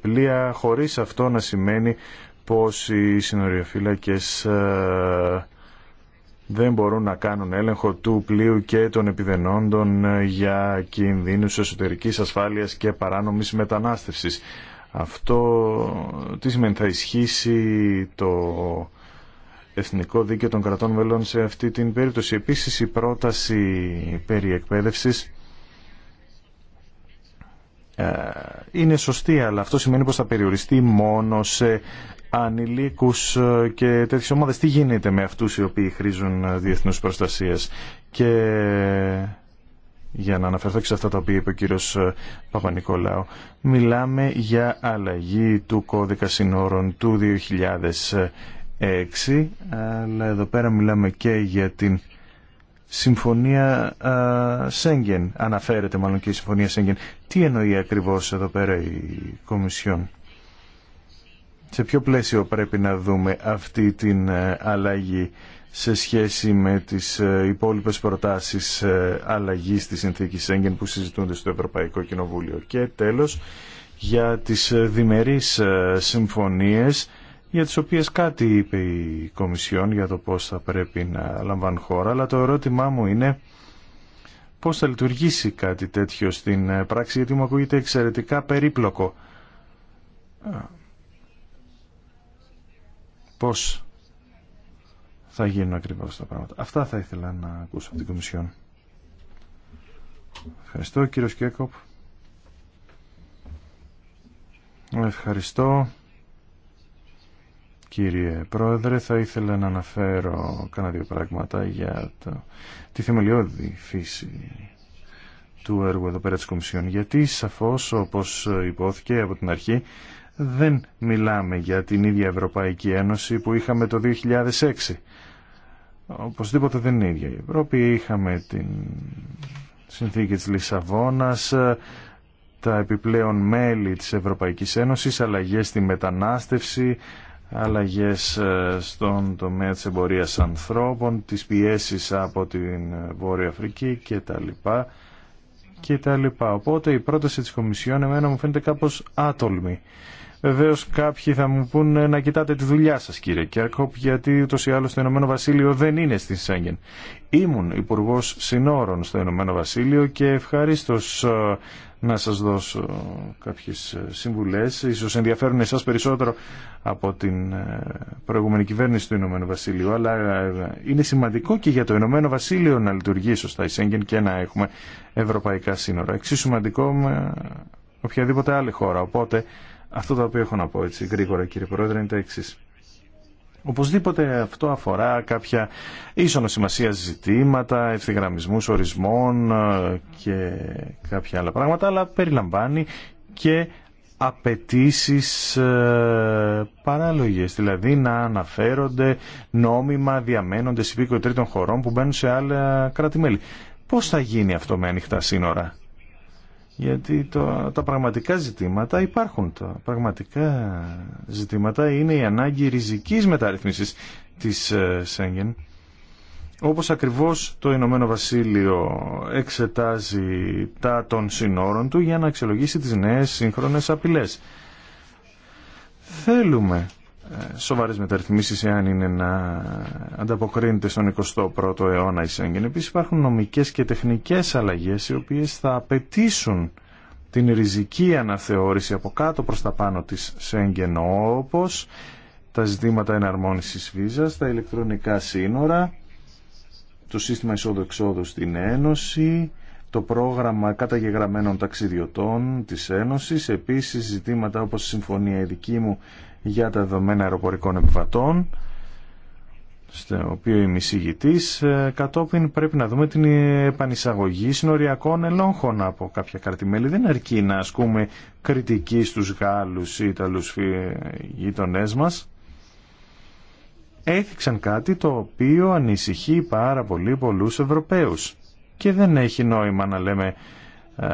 πλοία χωρίς αυτό να σημαίνει πως οι συνοριοφύλακες ε, δεν μπορούν να κάνουν έλεγχο του πλοίου και των επιδενόντων ε, για κινδύνους εσωτερικής ασφάλειας και παράνομης μετανάστευσης. Αυτό τι σημαίνει θα ισχύσει το εθνικό δίκαιο των κρατών μελών σε αυτή την περίπτωση. Επίσης η πρόταση περί εκπαίδευσης ε, είναι σωστή, αλλά αυτό σημαίνει πως θα περιοριστεί μόνο σε ανηλίκους ε, και τέτοιες ομάδες. Τι γίνεται με αυτούς οι οποίοι χρήζουν ε, διεθνούς προστασίες Και για να αναφερθώ και σε αυτά τα οποία είπε ο κύριος ε, Παπα-Νικολάου, μιλάμε για αλλαγή του κώδικα συνόρων του 2006, αλλά εδώ πέρα μιλάμε και για την Συμφωνία Σέγγεν, αναφέρεται μάλλον και η Συμφωνία Σέγγεν. Τι εννοεί ακριβώς εδώ πέρα η Κομισιόν σε ποιο πλαίσιο πρέπει να δούμε αυτή την ε, αλλαγή σε σχέση με τις ε, υπόλοιπες προτάσεις ε, αλλαγής της συνθήκης έγκεν που συζητούνται στο Ευρωπαϊκό Κοινοβούλιο. Και τέλος, για τις διμερείς συμφωνίες για τις οποίες κάτι είπε η Κομισιόν για το πώς θα πρέπει να λαμβάνουν χώρα, αλλά το ερώτημά μου είναι πώς θα λειτουργήσει κάτι τέτοιο στην πράξη, γιατί μου ακούγεται εξαιρετικά περίπλοκο πώς θα γίνουν ακριβώς τα πράγματα. Αυτά θα ήθελα να ακούσω από την Κομισιόν. Ευχαριστώ κύριο Σκέκοπ. Ευχαριστώ. Κύριε Πρόεδρε, θα ήθελα να αναφέρω κάνα δύο πράγματα για το, τη θεμελιώδη φύση του έργου εδώ πέρα της Κομισιόν. Γιατί σαφώς, όπως υπόθηκε από την αρχή, δεν μιλάμε για την ίδια Ευρωπαϊκή Ένωση που είχαμε το 2006. Οπωσδήποτε δεν είναι ίδια η Ευρώπη. Είχαμε την συνθήκη της Λισαβόνας, τα επιπλέον μέλη της Ευρωπαϊκής Ένωσης, αλλαγές στη μετανάστευση, αλλαγές ε, στον τομέα της εμπορίας ανθρώπων, τις πιέσεις από την Βόρεια Αφρική κτλ. λοιπά Οπότε η πρόταση της Κομισιόν εμένα μου φαίνεται κάπως άτολμη. Βεβαίω κάποιοι θα μου πούν ε, να κοιτάτε τη δουλειά σα, κύριε Κέρκοπ γιατί ούτω ή άλλω το Ηνωμένο Βασίλειο δεν είναι στην Σέγγεν. Ήμουν υπουργό Συνόρων στο Ηνωμένο Βασίλειο και ευχαρίστω ε, να σα δώσω κάποιε συμβουλέ, Ίσως ενδιαφέρουν εσά περισσότερο από την ε, προηγούμενη κυβέρνηση του Ηνωμένου Βασίλειου, αλλά είναι σημαντικό και για το Ηνωμένο Βασίλειο να λειτουργεί σωστά η Σέγγεν και να έχουμε ευρωπαϊκά σύνορα. Εξίσου σημαντικό με οποιαδήποτε άλλη χώρα. Οπότε αυτό το οποίο έχω να πω έτσι γρήγορα κύριε Πρόεδρε είναι το εξή. Οπωσδήποτε αυτό αφορά κάποια ίσονο σημασία ζητήματα, ευθυγραμμισμού ορισμών ε, και κάποια άλλα πράγματα, αλλά περιλαμβάνει και απαιτήσει ε, παράλογε. δηλαδή να αναφέρονται νόμιμα διαμένοντες υπήκοοι τρίτων χωρών που μπαίνουν σε άλλα κράτη-μέλη. Πώς θα γίνει αυτό με ανοιχτά σύνορα γιατί τα πραγματικά ζητήματα υπάρχουν. Τα πραγματικά ζητήματα είναι η ανάγκη ριζικής μεταρρύθμισης της ε, Σέγγεν. Όπως ακριβώς το Ηνωμένο Βασίλειο εξετάζει τα των συνόρων του για να αξιολογήσει τις νέες σύγχρονες απειλές. Θέλουμε ε, Σοβάρε μεταρρυθμίσει εάν είναι να ανταποκρίνεται στον 21ο αιώνα η Σέγγεν. Επίση υπάρχουν νομικές και τεχνικέ αλλαγές οι οποίες θα απαιτήσουν την ριζική αναθεώρηση από κάτω προς τα πάνω της Σέγγεν όπως τα ζητήματα εναρμόνισης βίζας, τα ηλεκτρονικά σύνορα, το σύστημα εισόδου-εξόδου στην Ένωση, το πρόγραμμα καταγεγραμμένων ταξιδιωτών της Ένωσης, επίσης ζητήματα όπως η συμφωνία η μου για τα δεδομένα αεροπορικών επιβατών στο οποίο είμαι εισηγητή. Ε, κατόπιν πρέπει να δούμε την επανεισαγωγή συνοριακών ελόγχων από κάποια καρτιμέλη. Δεν αρκεί να ασκούμε κριτική στους Γάλλους ή Ιταλούς γείτονέ μας. Έθιξαν κάτι το οποίο ανησυχεί πάρα πολύ πολλούς Ευρωπαίους και δεν έχει νόημα να λέμε ε,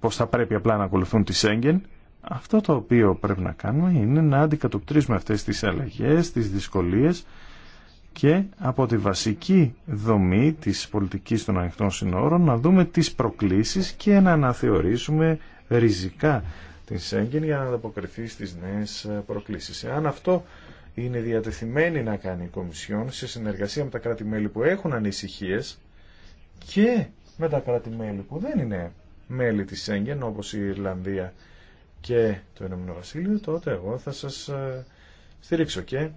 πως θα πρέπει απλά να ακολουθούν τη Σέγγεν αυτό το οποίο πρέπει να κάνουμε είναι να αντικατοπτρίσουμε αυτές τις αλλαγές, τις δυσκολίες και από τη βασική δομή της πολιτικής των ανοιχτών συνόρων να δούμε τις προκλήσεις και να αναθεωρήσουμε ριζικά την Σέγγεν για να ανταποκριθεί στις νέες προκλήσεις. Αν αυτό είναι διατεθειμένη να κάνει η Κομισιόν σε συνεργασία με τα κράτη-μέλη που έχουν ανησυχίες και με τα κράτη-μέλη που δεν είναι μέλη της Σέγγεν όπως η Ιρλανδία και το Ηνωμένο Βασίλειο, τότε εγώ θα σας ε, στηρίξω και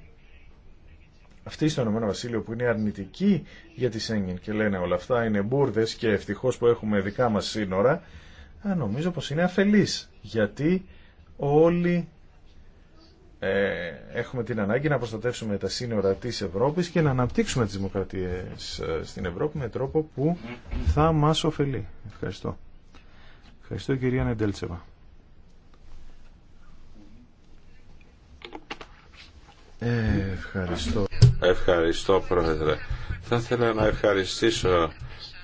αυτοί στο Ηνωμένο Βασίλειο που είναι αρνητικοί για τη Σέγγεν και λένε όλα αυτά είναι μπουρδες και ευτυχώς που έχουμε δικά μας σύνορα, νομίζω πως είναι αφελής, γιατί όλοι ε, έχουμε την ανάγκη να προστατεύσουμε τα σύνορα της Ευρώπης και να αναπτύξουμε τις δημοκρατίες ε, στην Ευρώπη με τρόπο που θα μας ωφελεί. Ευχαριστώ. Ευχαριστώ κυρία Νεντέλτσεβα. Ευχαριστώ. Ευχαριστώ Πρόεδρε. Θα ήθελα να ευχαριστήσω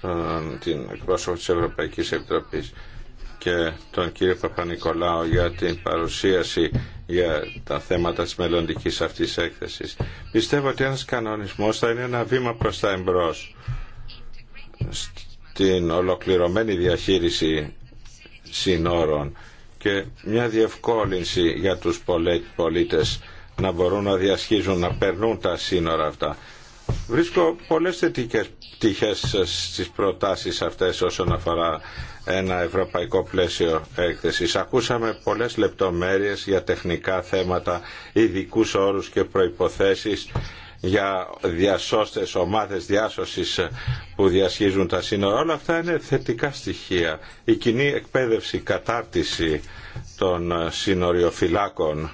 ε, την εκπρόσωπο της Ευρωπαϊκής Επιτροπής και τον κύριο για την παρουσίαση για τα θέματα της μελλοντικής αυτής έκθεσης. Πιστεύω ότι ένας κανονισμός θα είναι ένα βήμα προς τα εμπρός στην ολοκληρωμένη διαχείριση συνόρων και μια διευκόλυνση για τους πολίτες να μπορούν να διασχίζουν, να περνούν τα σύνορα αυτά. Βρίσκω πολλές θετικές πτυχές στις προτάσεις αυτές όσον αφορά ένα ευρωπαϊκό πλαίσιο έκθεσης. Ακούσαμε πολλές λεπτομέρειες για τεχνικά θέματα, ειδικού όρους και προϋποθέσεις για διασώστες ομάδες διάσωσης που διασχίζουν τα σύνορα. Όλα αυτά είναι θετικά στοιχεία. Η κοινή εκπαίδευση, κατάρτιση των σύνοριοφυλάκων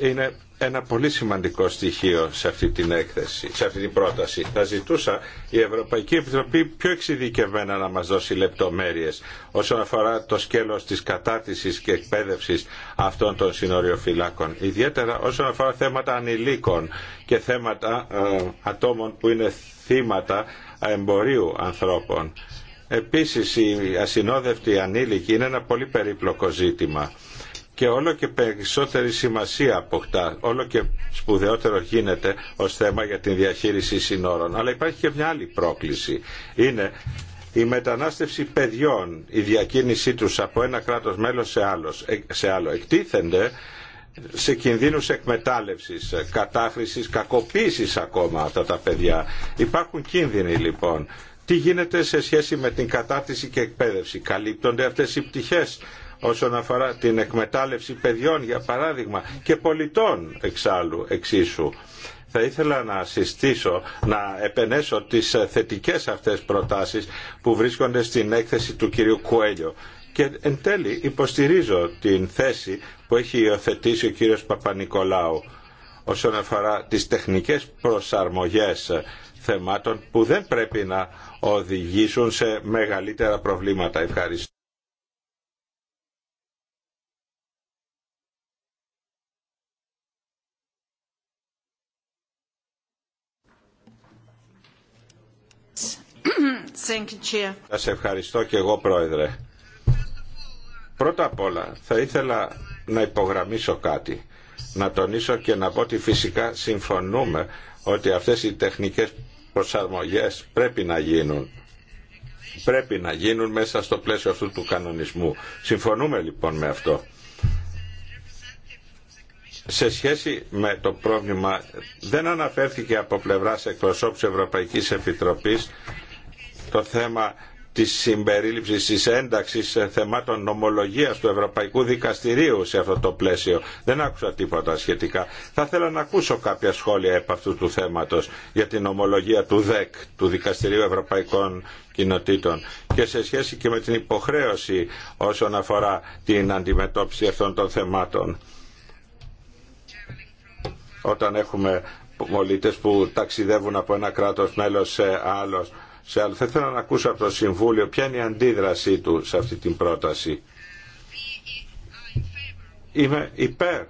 είναι ένα πολύ σημαντικό στοιχείο σε αυτή την έκθεση, σε αυτή την πρόταση. Θα ζητούσα η Ευρωπαϊκή Επιτροπή πιο εξειδικευμένα να μας δώσει λεπτομέρειες όσον αφορά το σκέλος της κατάρτισης και εκπαίδευσης αυτών των συνοριοφυλάκων. Ιδιαίτερα όσον αφορά θέματα ανηλίκων και θέματα ε, ατόμων που είναι θύματα εμπορίου ανθρώπων. Επίσης η ασυνόδευτη ανήλικη είναι ένα πολύ περίπλοκο ζήτημα και όλο και περισσότερη σημασία αποκτά, όλο και σπουδαιότερο γίνεται ως θέμα για την διαχείριση συνόρων. Αλλά υπάρχει και μια άλλη πρόκληση. Είναι η μετανάστευση παιδιών, η διακίνησή τους από ένα κράτος μέλος σε άλλο, ε, σε άλλο εκτίθενται σε κινδύνους εκμετάλλευσης, κατάχρησης, κακοποίησης ακόμα αυτά τα παιδιά. Υπάρχουν κίνδυνοι λοιπόν. Τι γίνεται σε σχέση με την κατάρτιση και εκπαίδευση. Καλύπτονται αυτές οι πτυχές όσον αφορά την εκμετάλλευση παιδιών για παράδειγμα και πολιτών εξάλλου εξίσου θα ήθελα να συστήσω, να επενέσω τις θετικές αυτές προτάσεις που βρίσκονται στην έκθεση του κυρίου Κουέλιο. Και εν τέλει υποστηρίζω την θέση που έχει υιοθετήσει ο κύριος Παπα-Νικολάου όσον αφορά τις τεχνικές προσαρμογές θεμάτων που δεν πρέπει να οδηγήσουν σε μεγαλύτερα προβλήματα. Ευχαριστώ. Σας ευχαριστώ και εγώ πρόεδρε. Πρώτα απ' όλα θα ήθελα να υπογραμμίσω κάτι. Να τονίσω και να πω ότι φυσικά συμφωνούμε ότι αυτές οι τεχνικές προσαρμογές πρέπει να γίνουν. Πρέπει να γίνουν μέσα στο πλαίσιο αυτού του κανονισμού. Συμφωνούμε λοιπόν με αυτό. Σε σχέση με το πρόβλημα, δεν αναφέρθηκε από πλευράς εκπροσώπου Ευρωπαϊκής Επιτροπής το θέμα της συμπερίληψης της ένταξης θεμάτων νομολογίας του Ευρωπαϊκού Δικαστηρίου σε αυτό το πλαίσιο. Δεν άκουσα τίποτα σχετικά. Θα ήθελα να ακούσω κάποια σχόλια επ' αυτού του θέματος για την νομολογία του ΔΕΚ, του Δικαστηρίου Ευρωπαϊκών Κοινοτήτων και σε σχέση και με την υποχρέωση όσον αφορά την αντιμετώπιση αυτών των θεμάτων. Όταν έχουμε πολίτες που ταξιδεύουν από ένα κράτος μέλος σε άλλος, σε άλλο. Θα ήθελα να ακούσω από το Συμβούλιο ποια είναι η αντίδρασή του σε αυτή την πρόταση. Είμαι υπέρ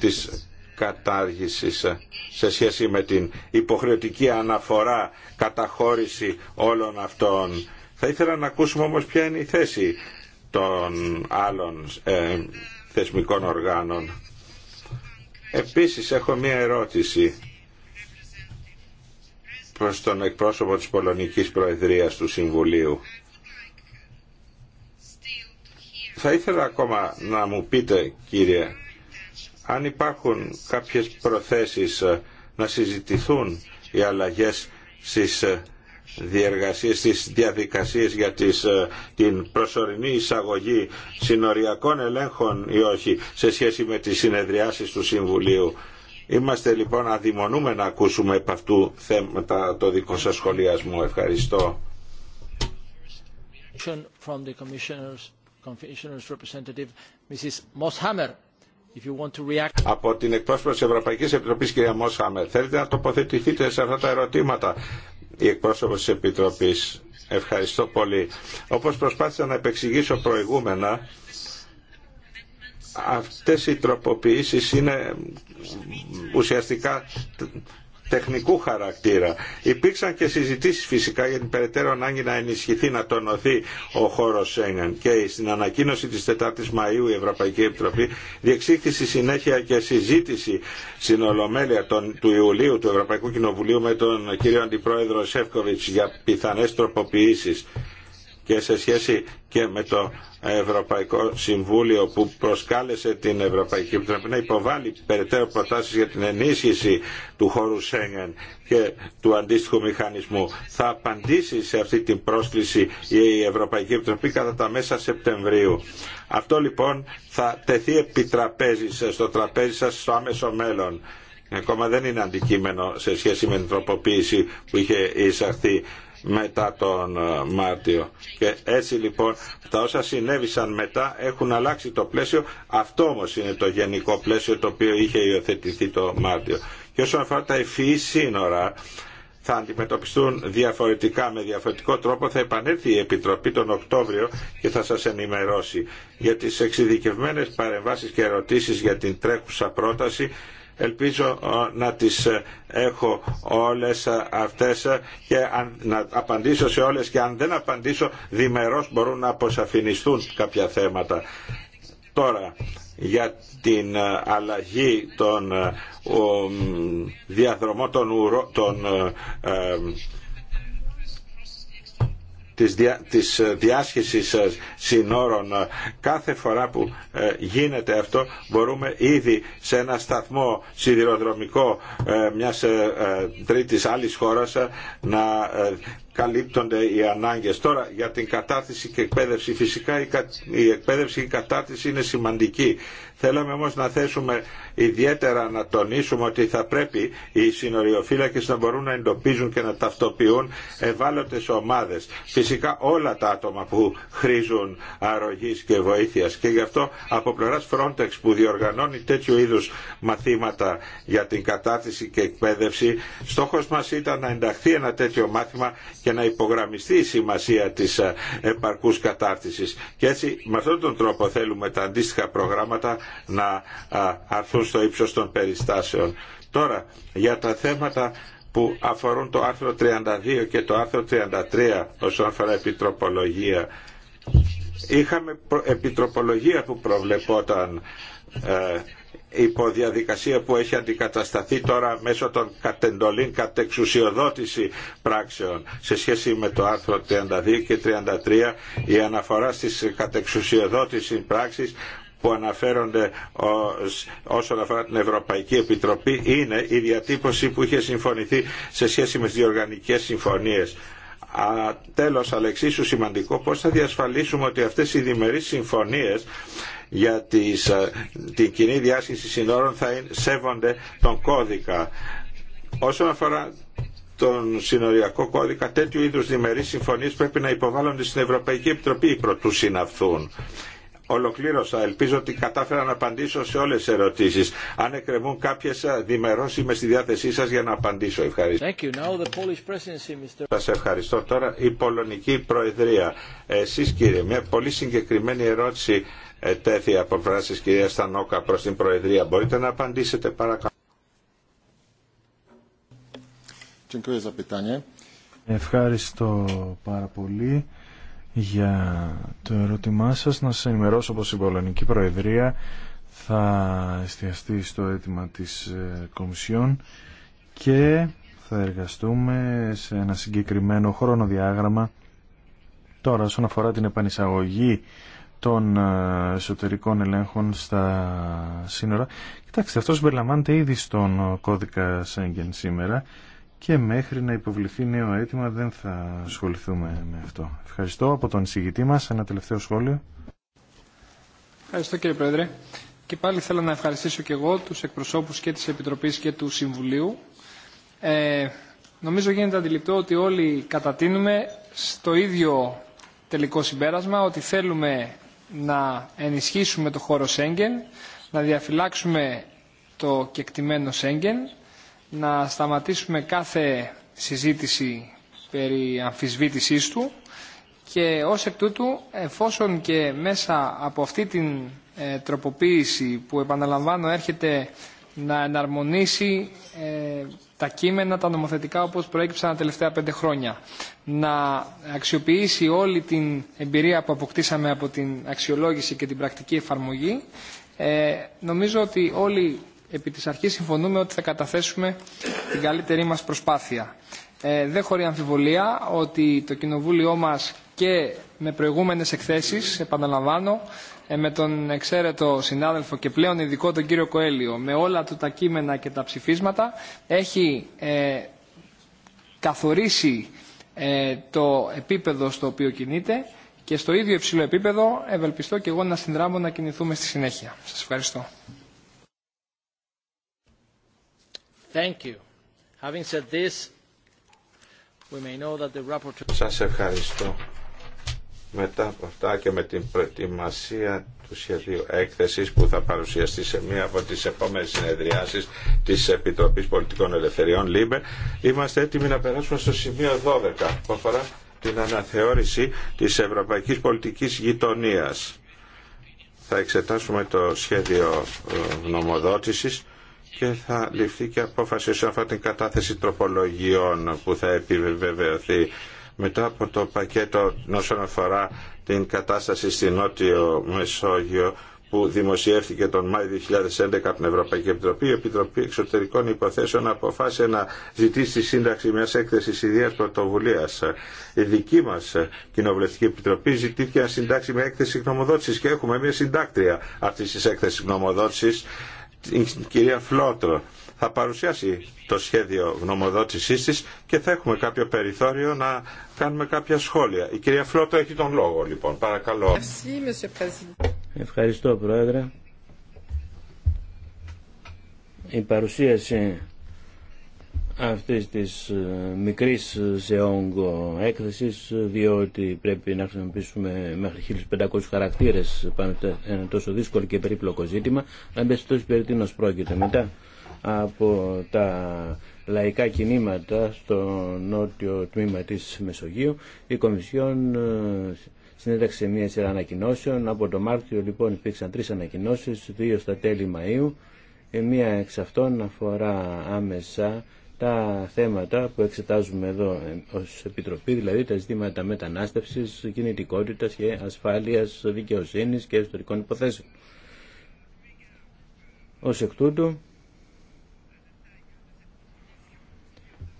της κατάργησης σε σχέση με την υποχρεωτική αναφορά καταχώρηση όλων αυτών. Θα ήθελα να ακούσουμε όμως ποια είναι η θέση των άλλων ε, θεσμικών οργάνων. Επίσης έχω μία ερώτηση προς τον εκπρόσωπο της Πολωνικής Προεδρίας του Συμβουλίου. Θα ήθελα ακόμα να μου πείτε, κύριε, αν υπάρχουν κάποιες προθέσεις ε, να συζητηθούν οι αλλαγές στις ε, διεργασίες, στις διαδικασίες για τις, ε, την προσωρινή εισαγωγή συνοριακών ελέγχων ή όχι σε σχέση με τις συνεδριάσεις του Συμβουλίου Είμαστε λοιπόν αδειμονούμε να ακούσουμε από αυτού θέματα το δικό σας σχολιασμό. Ευχαριστώ. Από την εκπρόσωπο της Ευρωπαϊκής Επιτροπής, κυρία Μόσχαμερ, θέλετε να τοποθετηθείτε σε αυτά τα ερωτήματα. Η εκπρόσωπο της Επιτροπής. Ευχαριστώ πολύ. Όπως προσπάθησα να επεξηγήσω προηγούμενα, Αυτές οι τροποποιήσεις είναι ουσιαστικά τεχνικού χαρακτήρα. Υπήρξαν και συζητήσεις φυσικά για την περαιτέρω ανάγκη να ενισχυθεί, να τονωθεί ο χώρος Σέγγεν και στην ανακοίνωση της 4ης Μαΐου η Ευρωπαϊκή Επιτροπή διεξήχθη στη συνέχεια και συζήτηση στην Ολομέλεια του Ιουλίου του Ευρωπαϊκού Κοινοβουλίου με τον κύριο Αντιπρόεδρο Σεύκοβιτς για πιθανές τροποποιήσεις και σε σχέση και με το Ευρωπαϊκό Συμβούλιο που προσκάλεσε την Ευρωπαϊκή Επιτροπή να υποβάλει περαιτέρω προτάσεις για την ενίσχυση του χώρου Σέγγεν και του αντίστοιχου μηχανισμού. Θα απαντήσει σε αυτή την πρόσκληση η Ευρωπαϊκή Επιτροπή κατά τα μέσα Σεπτεμβρίου. Αυτό λοιπόν θα τεθεί επί στο τραπέζι σας στο άμεσο μέλλον. Ακόμα δεν είναι αντικείμενο σε σχέση με την τροποποίηση που είχε εισαχθεί μετά τον ε, Μάρτιο. Και έτσι λοιπόν τα όσα συνέβησαν μετά έχουν αλλάξει το πλαίσιο. Αυτό όμω είναι το γενικό πλαίσιο το οποίο είχε υιοθετηθεί το Μάρτιο. Και όσον αφορά τα ευφυή σύνορα, θα αντιμετωπιστούν διαφορετικά με διαφορετικό τρόπο θα επανέλθει η Επιτροπή τον Οκτώβριο και θα σας ενημερώσει για τις εξειδικευμένες παρεμβάσεις και ερωτήσεις για την τρέχουσα πρόταση Ελπίζω ε, να τις ε, έχω όλες ε, αυτές και να απαντήσω σε όλες και αν δεν απαντήσω διμερώς μπορούν να αποσαφινιστούν κάποια θέματα. Τώρα, για την αλλαγή των διαδρομών των, ουρο, της, διά, της ε, διάσχεσης ε, συνόρων ε, κάθε φορά που γίνεται αυτό μπορούμε ήδη σε ένα σταθμό σιδηροδρομικό μιας τρίτης άλλης χώρας να καλύπτονται οι ανάγκες. Τώρα για την κατάρτιση και εκπαίδευση φυσικά η εκπαίδευση και η κατάρτιση είναι σημαντική Θέλαμε όμως να θέσουμε ιδιαίτερα να τονίσουμε ότι θα πρέπει οι συνοριοφύλακες να μπορούν να εντοπίζουν και να ταυτοποιούν ευάλωτες ομάδες. Φυσικά όλα τα άτομα που χρήζουν αρρωγής και βοήθειας και γι' αυτό από πλευράς Frontex που διοργανώνει τέτοιου είδους μαθήματα για την κατάρτιση και εκπαίδευση στόχος μας ήταν να ενταχθεί ένα τέτοιο μάθημα και να υπογραμμιστεί η σημασία της ε, επαρκούς κατάρτισης και έτσι με αυτόν τον τρόπο θέλουμε τα αντίστοιχα προγράμματα να αρθούν στο ύψος των περιστάσεων. Τώρα, για τα θέματα που αφορούν το άρθρο 32 και το άρθρο 33 όσον αφορά επιτροπολογία. Είχαμε επιτροπολογία που προβλεπόταν ε, υπό διαδικασία που έχει αντικατασταθεί τώρα μέσω των κατεντολήν κατεξουσιοδότηση πράξεων σε σχέση με το άρθρο 32 και 33 η αναφορά στις κατεξουσιοδότηση πράξεις που αναφέρονται όσον αφορά την Ευρωπαϊκή Επιτροπή είναι η διατύπωση που είχε συμφωνηθεί σε σχέση με τις διοργανικές συμφωνίες. Α, τέλος, αλλά σημαντικό, πώς θα διασφαλίσουμε ότι αυτές οι διμερείς συμφωνίες για τις, ε, την κοινή διάσκηση συνόρων θα σέβονται τον κώδικα. Όσον αφορά τον συνοριακό κώδικα, τέτοιου είδους διμερείς συμφωνίες πρέπει να υποβάλλονται στην Ευρωπαϊκή Επιτροπή προτού συναυθούν ολοκλήρωσα. Ελπίζω ότι κατάφερα να απαντήσω σε όλες τις ερωτήσεις. Αν εκκρεμούν κάποιες διμερώς είμαι στη διάθεσή σας για να απαντήσω. Ευχαριστώ. Thank Now the Polish Mr. Σας ευχαριστώ. Τώρα η Πολωνική Προεδρία. Εσείς κύριε, μια πολύ συγκεκριμένη ερώτηση ε, τέθη από φράσεις κυρία Στανόκα προς την Προεδρία. Μπορείτε να απαντήσετε παρακαλώ. Ευχαριστώ πάρα πολύ για το ερώτημά σας. Να σας ενημερώσω πως η Πολωνική Προεδρία θα εστιαστεί στο αίτημα της ε, Κομισιόν και θα εργαστούμε σε ένα συγκεκριμένο χρονοδιάγραμμα τώρα όσον αφορά την επανεισαγωγή των ε, εσωτερικών ελέγχων στα σύνορα. Κοιτάξτε, αυτό συμπεριλαμβάνεται ήδη στον ε, κώδικα Σέγγεν σήμερα και μέχρι να υποβληθεί νέο αίτημα δεν θα ασχοληθούμε με αυτό. Ευχαριστώ από τον εισηγητή μας. Ένα τελευταίο σχόλιο. Ευχαριστώ κύριε Πρόεδρε. Και πάλι θέλω να ευχαριστήσω και εγώ τους εκπροσώπους και της Επιτροπής και του Συμβουλίου. Ε, νομίζω γίνεται αντιληπτό ότι όλοι κατατείνουμε στο ίδιο τελικό συμπέρασμα ότι θέλουμε να ενισχύσουμε το χώρο Σέγγεν, να διαφυλάξουμε το κεκτημένο Σέγγεν να σταματήσουμε κάθε συζήτηση περί αμφισβήτησής του και ως εκ τούτου εφόσον και μέσα από αυτή την ε, τροποποίηση που επαναλαμβάνω έρχεται να εναρμονίσει ε, τα κείμενα, τα νομοθετικά όπως προέκυψαν τα τελευταία πέντε χρόνια. Να αξιοποιήσει όλη την εμπειρία που αποκτήσαμε από την αξιολόγηση και την πρακτική εφαρμογή. Ε, νομίζω ότι όλοι επί της αρχής συμφωνούμε ότι θα καταθέσουμε την καλύτερη μας προσπάθεια. Ε, δεν χωρεί αμφιβολία ότι το Κοινοβούλιο μας και με προηγούμενες εκθέσεις, επαναλαμβάνω, ε, με τον εξαίρετο συνάδελφο και πλέον ειδικό τον κύριο Κοέλιο, με όλα του τα κείμενα και τα ψηφίσματα, έχει ε, καθορίσει το επίπεδο στο οποίο κινείται και στο ίδιο υψηλό επίπεδο ευελπιστώ και εγώ να συνδράμω να κινηθούμε στη συνέχεια. Σας ευχαριστώ. Thank you. Having said Σας ευχαριστώ. Μετά από αυτά και με την προετοιμασία του σχεδίου έκθεσης που θα παρουσιαστεί σε μία από τις επόμενες συνεδριάσεις της Επιτροπής Πολιτικών Ελευθεριών ΛΥΜΕ, είμαστε έτοιμοι να περάσουμε στο σημείο 12 που αφορά την αναθεώρηση της Ευρωπαϊκής Πολιτικής Γειτονίας. Θα εξετάσουμε το σχέδιο ε, νομοδότησης και θα ληφθεί και απόφαση σε αυτή την κατάθεση τροπολογιών που θα επιβεβαιωθεί μετά από το πακέτο όσον αφορά την κατάσταση στην Νότιο Μεσόγειο που δημοσιεύτηκε τον Μάη 2011 από την Ευρωπαϊκή Επιτροπή, η Επιτροπή Εξωτερικών Υποθέσεων αποφάσισε να ζητήσει σύνταξη μια έκθεση ιδέα πρωτοβουλία. Η δική μα Κοινοβουλευτική Επιτροπή ζητήθηκε να συντάξει μια έκθεση γνωμοδότηση και έχουμε μια συντάκτρια αυτή τη έκθεση γνωμοδότηση την κυρία Φλότρο. Θα παρουσιάσει το σχέδιο γνωμοδότησής της και θα έχουμε κάποιο περιθώριο να κάνουμε κάποια σχόλια. Η κυρία Φλότρο έχει τον λόγο λοιπόν. Παρακαλώ. Ευχαριστώ Πρόεδρε. Η παρουσίαση αυτής της ε, μικρής ε, σε όγκο έκθεσης ε, διότι πρέπει να χρησιμοποιήσουμε μέχρι 1500 χαρακτήρες πάνω σε ένα τόσο δύσκολο και περίπλοκο ζήτημα να μπες τόσο περί τίνος πρόκειται μετά από τα λαϊκά κινήματα στο νότιο τμήμα της Μεσογείου η Κομισιόν συνέταξε μια σειρά ανακοινώσεων από το Μάρτιο λοιπόν υπήρξαν τρεις ανακοινώσεις δύο στα τέλη Μαΐου μία εξ αυτών αφορά άμεσα τα θέματα που εξετάζουμε εδώ ως Επιτροπή, δηλαδή τα ζητήματα μετανάστευσης, κινητικότητας και ασφάλειας, δικαιοσύνης και ιστορικών υποθέσεων. Ως εκ τούτου,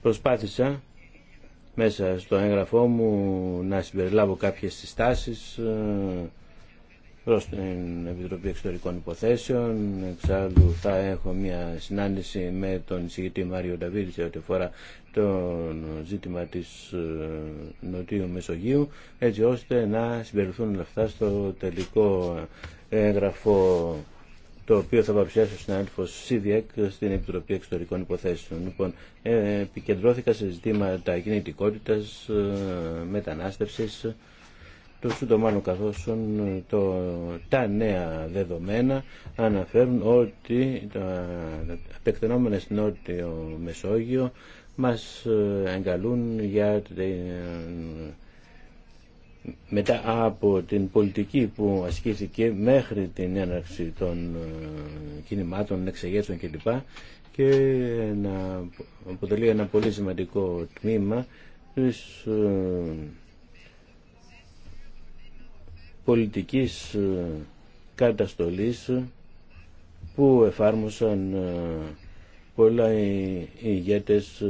προσπάθησα μέσα στο έγγραφό μου να συμπεριλάβω κάποιες συστάσεις ε, προς την Επιτροπή Εξωτερικών Υποθέσεων. Εξάλλου θα έχω μια συνάντηση με τον εισηγητή Μάριο Νταβίδη σε ό,τι αφορά το ζήτημα της ε, Νοτιού Μεσογείου έτσι ώστε να συμπεριθούν αυτά στο τελικό έγγραφο το οποίο θα παρουσιάσει ο συνάδελφο ΣΥΔΙΕΚ στην Επιτροπή Εξωτερικών Υποθέσεων. Λοιπόν, ε, επικεντρώθηκα σε ζητήματα κινητικότητα, ε, μετανάστευση το σύντομα καθώς ε, το, τα νέα δεδομένα αναφέρουν ότι τα επεκτενόμενα στην Νότιο Μεσόγειο μας ε, εγκαλούν για ε, μετά από την πολιτική που ασκήθηκε μέχρι την έναρξη των κινημάτων, εξεγέρσεων κλπ. και να αποτελεί ένα πολύ σημαντικό τμήμα της πολιτικής ε, καταστολής που εφάρμοσαν ε, πολλά οι ηγέτες ε,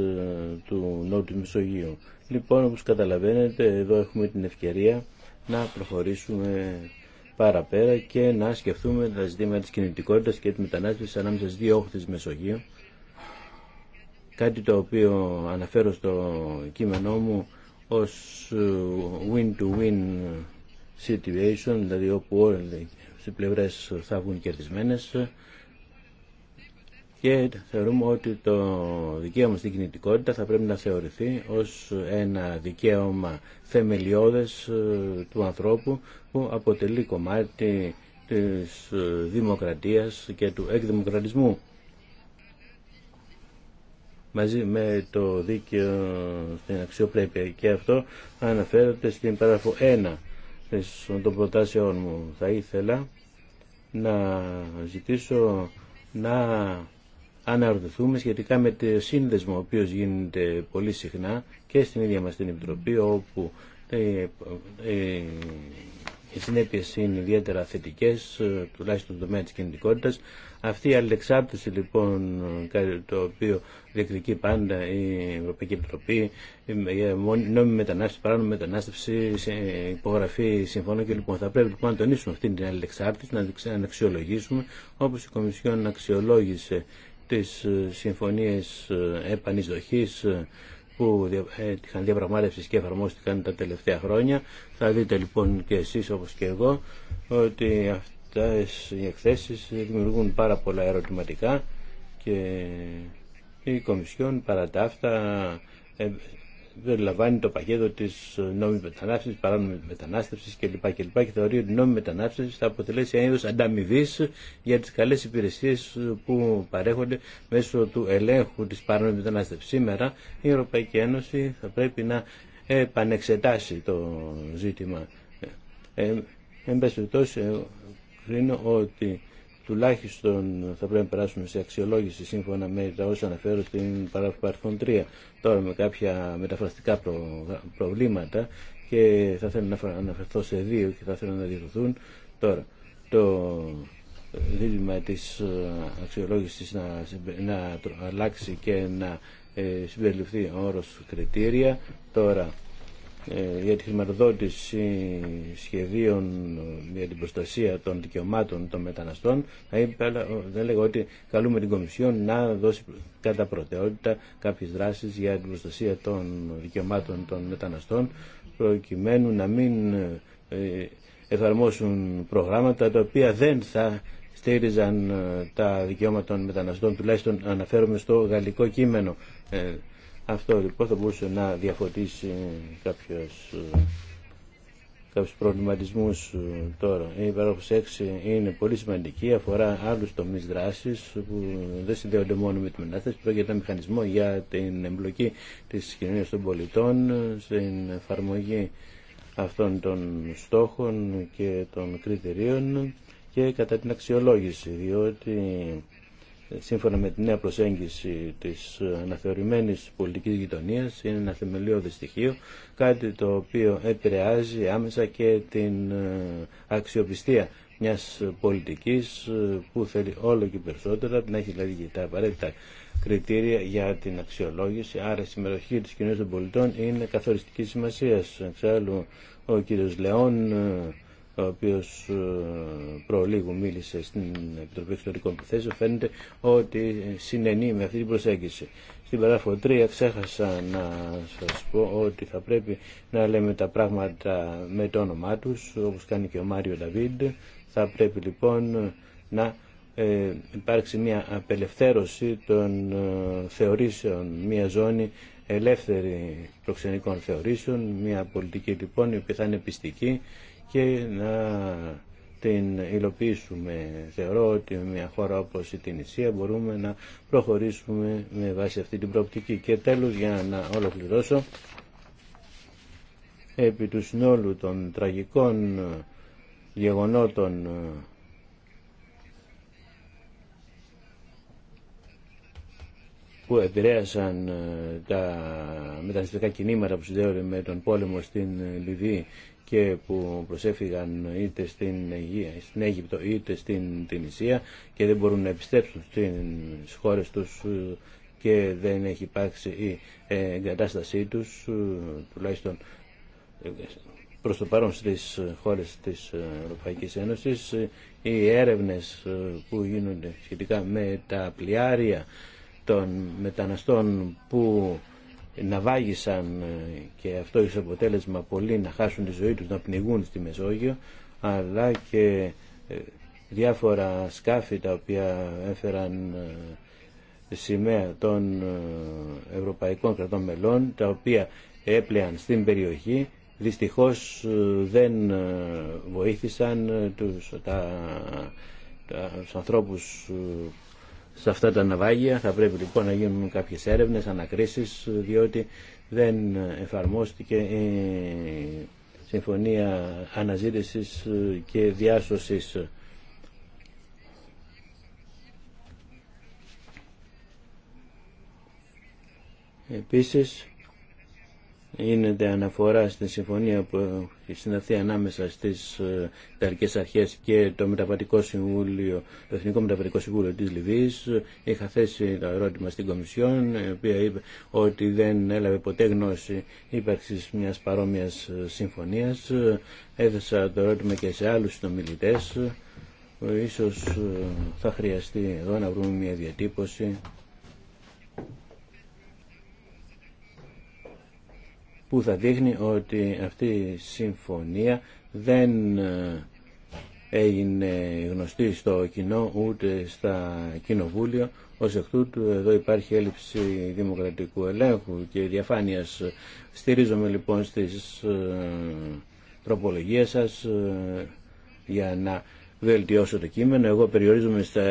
του Νότου Μεσογείου. Λοιπόν, όπως καταλαβαίνετε, εδώ έχουμε την ευκαιρία να προχωρήσουμε παραπέρα και να σκεφτούμε τα ζητήματα της κινητικότητας και της μετανάστευσης ανάμεσα στις δύο όχθες Μεσογείου. Κάτι το οποίο αναφέρω στο κείμενό μου ως win-to-win win to win situation, δηλαδή όπου όλες οι πλευρές θα βγουν κερδισμένε. και θεωρούμε ότι το δικαίωμα στην κινητικότητα θα πρέπει να θεωρηθεί ως ένα δικαίωμα θεμελιώδες ε, του ανθρώπου που αποτελεί κομμάτι της ε, δημοκρατίας και του εκδημοκρατισμού μαζί με το δίκαιο στην αξιοπρέπεια και αυτό αναφέρεται στην παράγραφο 1 των προτάσεών μου. Θα ήθελα να ζητήσω να αναρωτηθούμε σχετικά με το σύνδεσμο ο οποίος γίνεται πολύ συχνά και στην ίδια μας την Επιτροπή όπου ε, ε, οι συνέπειες είναι ιδιαίτερα θετικές ε, τουλάχιστον στον τομέα της κινητικότητας αυτή η αλληλεξάρτηση λοιπόν, το οποίο διεκδικεί πάντα η Ευρωπαϊκή Επιτροπή, νόμιμη μετανάστευση, παράνομη μετανάστευση, υπογραφή συμφωνώ και λοιπόν θα πρέπει λοιπόν να τονίσουμε αυτή την αλληλεξάρτηση, να την αξιολογήσουμε όπως η Κομισιόν αξιολόγησε τις ε, συμφωνίες ε, επανεισδοχής ε, που είχαν διαπραγμάτευση και εφαρμόστηκαν τα τελευταία χρόνια. Θα δείτε λοιπόν και εσείς όπως και εγώ ότι αυτή αυτές οι εκθέσει δημιουργούν πάρα πολλά ερωτηματικά και η Κομισιόν παρά τα αυτά περιλαμβάνει το πακέτο τη νόμιμη μετανάστευσης, παράνομης μετανάστευσης κλπ. Και, και θεωρεί ότι η νόμιμη μετανάστευση θα αποτελέσει ένα είδος ανταμοιβή για τις καλέ υπηρεσίες που παρέχονται μέσω του ελέγχου της παράνομης μετανάστευση. Σήμερα η Ευρωπαϊκή Ένωση θα πρέπει να επανεξετάσει το ζήτημα. Ε, εν πάση κρίνω ότι τουλάχιστον θα πρέπει να περάσουμε σε αξιολόγηση σύμφωνα με τα όσα αναφέρω στην παραθυπαρθών 3. Τώρα με κάποια μεταφραστικά προβλήματα και θα θέλω να αναφερθώ σε δύο και θα θέλω να διευθυνθούν τώρα. Το δίλημα της ε, αξιολόγησης να, αλλάξει και να ε, συμπεριληφθεί όρος κριτήρια. Τώρα ε, για τη χρηματοδότηση σχεδίων ε, για την προστασία των δικαιωμάτων των μεταναστών θα, είπα, δεν έλεγα ότι καλούμε την Κομισιόν να δώσει κατά προτεραιότητα κάποιες δράσεις για την προστασία των δικαιωμάτων των μεταναστών προκειμένου να μην ε, εφαρμόσουν προγράμματα τα οποία δεν θα στήριζαν τα δικαιώματα των μεταναστών τουλάχιστον αναφέρομαι στο γαλλικό κείμενο αυτό λοιπόν θα μπορούσε να διαφωτίσει κάποιους, ε, κάποιους προβληματισμούς ε, τώρα. Η παράγραφος 6 είναι πολύ σημαντική, αφορά άλλους τομείς δράσης που δεν συνδέονται μόνο με τη που πρόκειται ένα μηχανισμό για την εμπλοκή της κοινωνίας των πολιτών ε, στην εφαρμογή αυτών των στόχων και των κριτηρίων και κατά την αξιολόγηση, διότι σύμφωνα με τη νέα προσέγγιση της αναθεωρημένης πολιτικής γειτονίας είναι ένα θεμελιώδη στοιχείο, κάτι το οποίο επηρεάζει άμεσα και την ε, αξιοπιστία μιας πολιτικής ε, που θέλει όλο και περισσότερα, να έχει δηλαδή τα απαραίτητα κριτήρια για την αξιολόγηση, άρα η συμμετοχή της κοινωνίας των πολιτών είναι καθοριστική σημασίας. Εξάλλου ο κύριος Λεόν ε, ο οποίο ε, προλίγου μίλησε στην Επιτροπή Εξωτερικών Επιθέσεων, φαίνεται ότι συνενεί με αυτή την προσέγγιση. Στην παράγραφο 3 ξέχασα να σα πω ότι θα πρέπει να λέμε τα πράγματα με το όνομά τους, όπως κάνει και ο Μάριο Νταβίντ. Θα πρέπει λοιπόν να ε, υπάρξει μια απελευθέρωση των ε, θεωρήσεων, μια ζώνη ελεύθερη προξενικών θεωρήσεων, μια πολιτική λοιπόν η οποία θα είναι πιστική και να την υλοποιήσουμε. Θεωρώ ότι με μια χώρα όπως η Τινησία μπορούμε να προχωρήσουμε με βάση αυτή την προοπτική. Και τέλος για να ολοκληρώσω επί του συνόλου των τραγικών γεγονότων που επηρέασαν ε, τα μεταναστευτικά κινήματα που συνδέονται με τον πόλεμο στην Λιβύη και που προσέφυγαν είτε στην, στην Αίγυπτο είτε στην Ισία και δεν μπορούν να επιστρέψουν στις χώρες τους ε, και δεν έχει υπάρξει η εγκατάστασή τους ε, τουλάχιστον ε, προς το παρόν στις χώρες της Ευρωπαϊκής Ένωσης οι έρευνες που γίνονται σχετικά με τα πλοιάρια των μεταναστών που να βάγισαν ε, και αυτό το αποτέλεσμα πολλοί να χάσουν τη ζωή τους, να πνιγούν στη Μεσόγειο, αλλά και ε, διάφορα σκάφη τα οποία έφεραν ε, σημαία των ευρωπαϊκών κρατών μελών, τα οποία έπλεαν στην περιοχή, δυστυχώς δεν βοήθησαν τους, τα, τους ανθρώπους σε αυτά τα ναυάγια. Θα πρέπει λοιπόν να γίνουν κάποιες έρευνες, ανακρίσεις, διότι δεν εφαρμόστηκε η Συμφωνία Αναζήτησης και Διάσωσης. Επίσης, γίνεται αναφορά στη συμφωνία που συνδεθεί ανάμεσα στις ε, Ιταλικές Αρχές και το Μεταβατικό Συμβούλιο, το Εθνικό Μεταβατικό Συμβούλιο τη Λιβύης. Είχα θέσει το ερώτημα στην Κομισιόν, η οποία είπε ότι δεν έλαβε ποτέ γνώση ύπαρξη μια παρόμοια ε, συμφωνίας. Έθεσα το ερώτημα και σε άλλους συνομιλητέ. Ε, ίσως θα χρειαστεί εδώ να βρούμε μια διατύπωση που θα δείχνει ότι αυτή η συμφωνία δεν ε, έγινε γνωστή στο κοινό ούτε στα κοινοβούλια. Ως εκ τούτου εδώ υπάρχει έλλειψη δημοκρατικού ελέγχου και διαφάνειας. Στηρίζομαι λοιπόν στις ε, τροπολογίες σας ε, για να βελτιώσω το κείμενο. Εγώ περιορίζομαι στα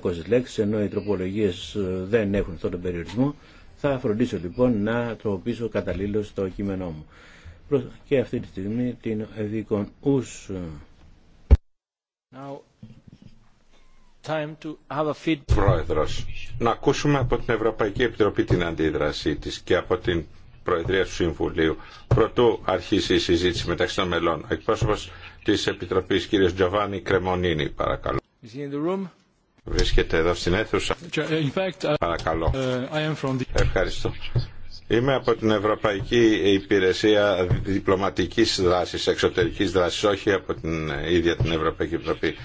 1500 λέξεις ενώ οι τροπολογίες δεν έχουν αυτόν τον περιορισμό. Θα φροντίσω λοιπόν να τροποποιήσω καταλήλως το κείμενό μου. Και αυτή τη στιγμή την δίκον ους. Now, Πρόεδρος, να ακούσουμε από την Ευρωπαϊκή Επιτροπή την αντίδρασή της και από την Προεδρία του Συμβουλίου. Πρωτού αρχίσει η συζήτηση μεταξύ των μελών. Εκπρόσωπος της Επιτροπής, κύριος Τζοβάνι Κρεμονίνη, παρακαλώ. Βρίσκεται εδώ στην αίθουσα. Fact, uh, Παρακαλώ. Uh, the... Ευχαριστώ. Είμαι από την Ευρωπαϊκή Υπηρεσία Διπλωματικής Δράσης, Εξωτερικής Δράσης, όχι από την ίδια την Ευρωπαϊκή Επιτροπή.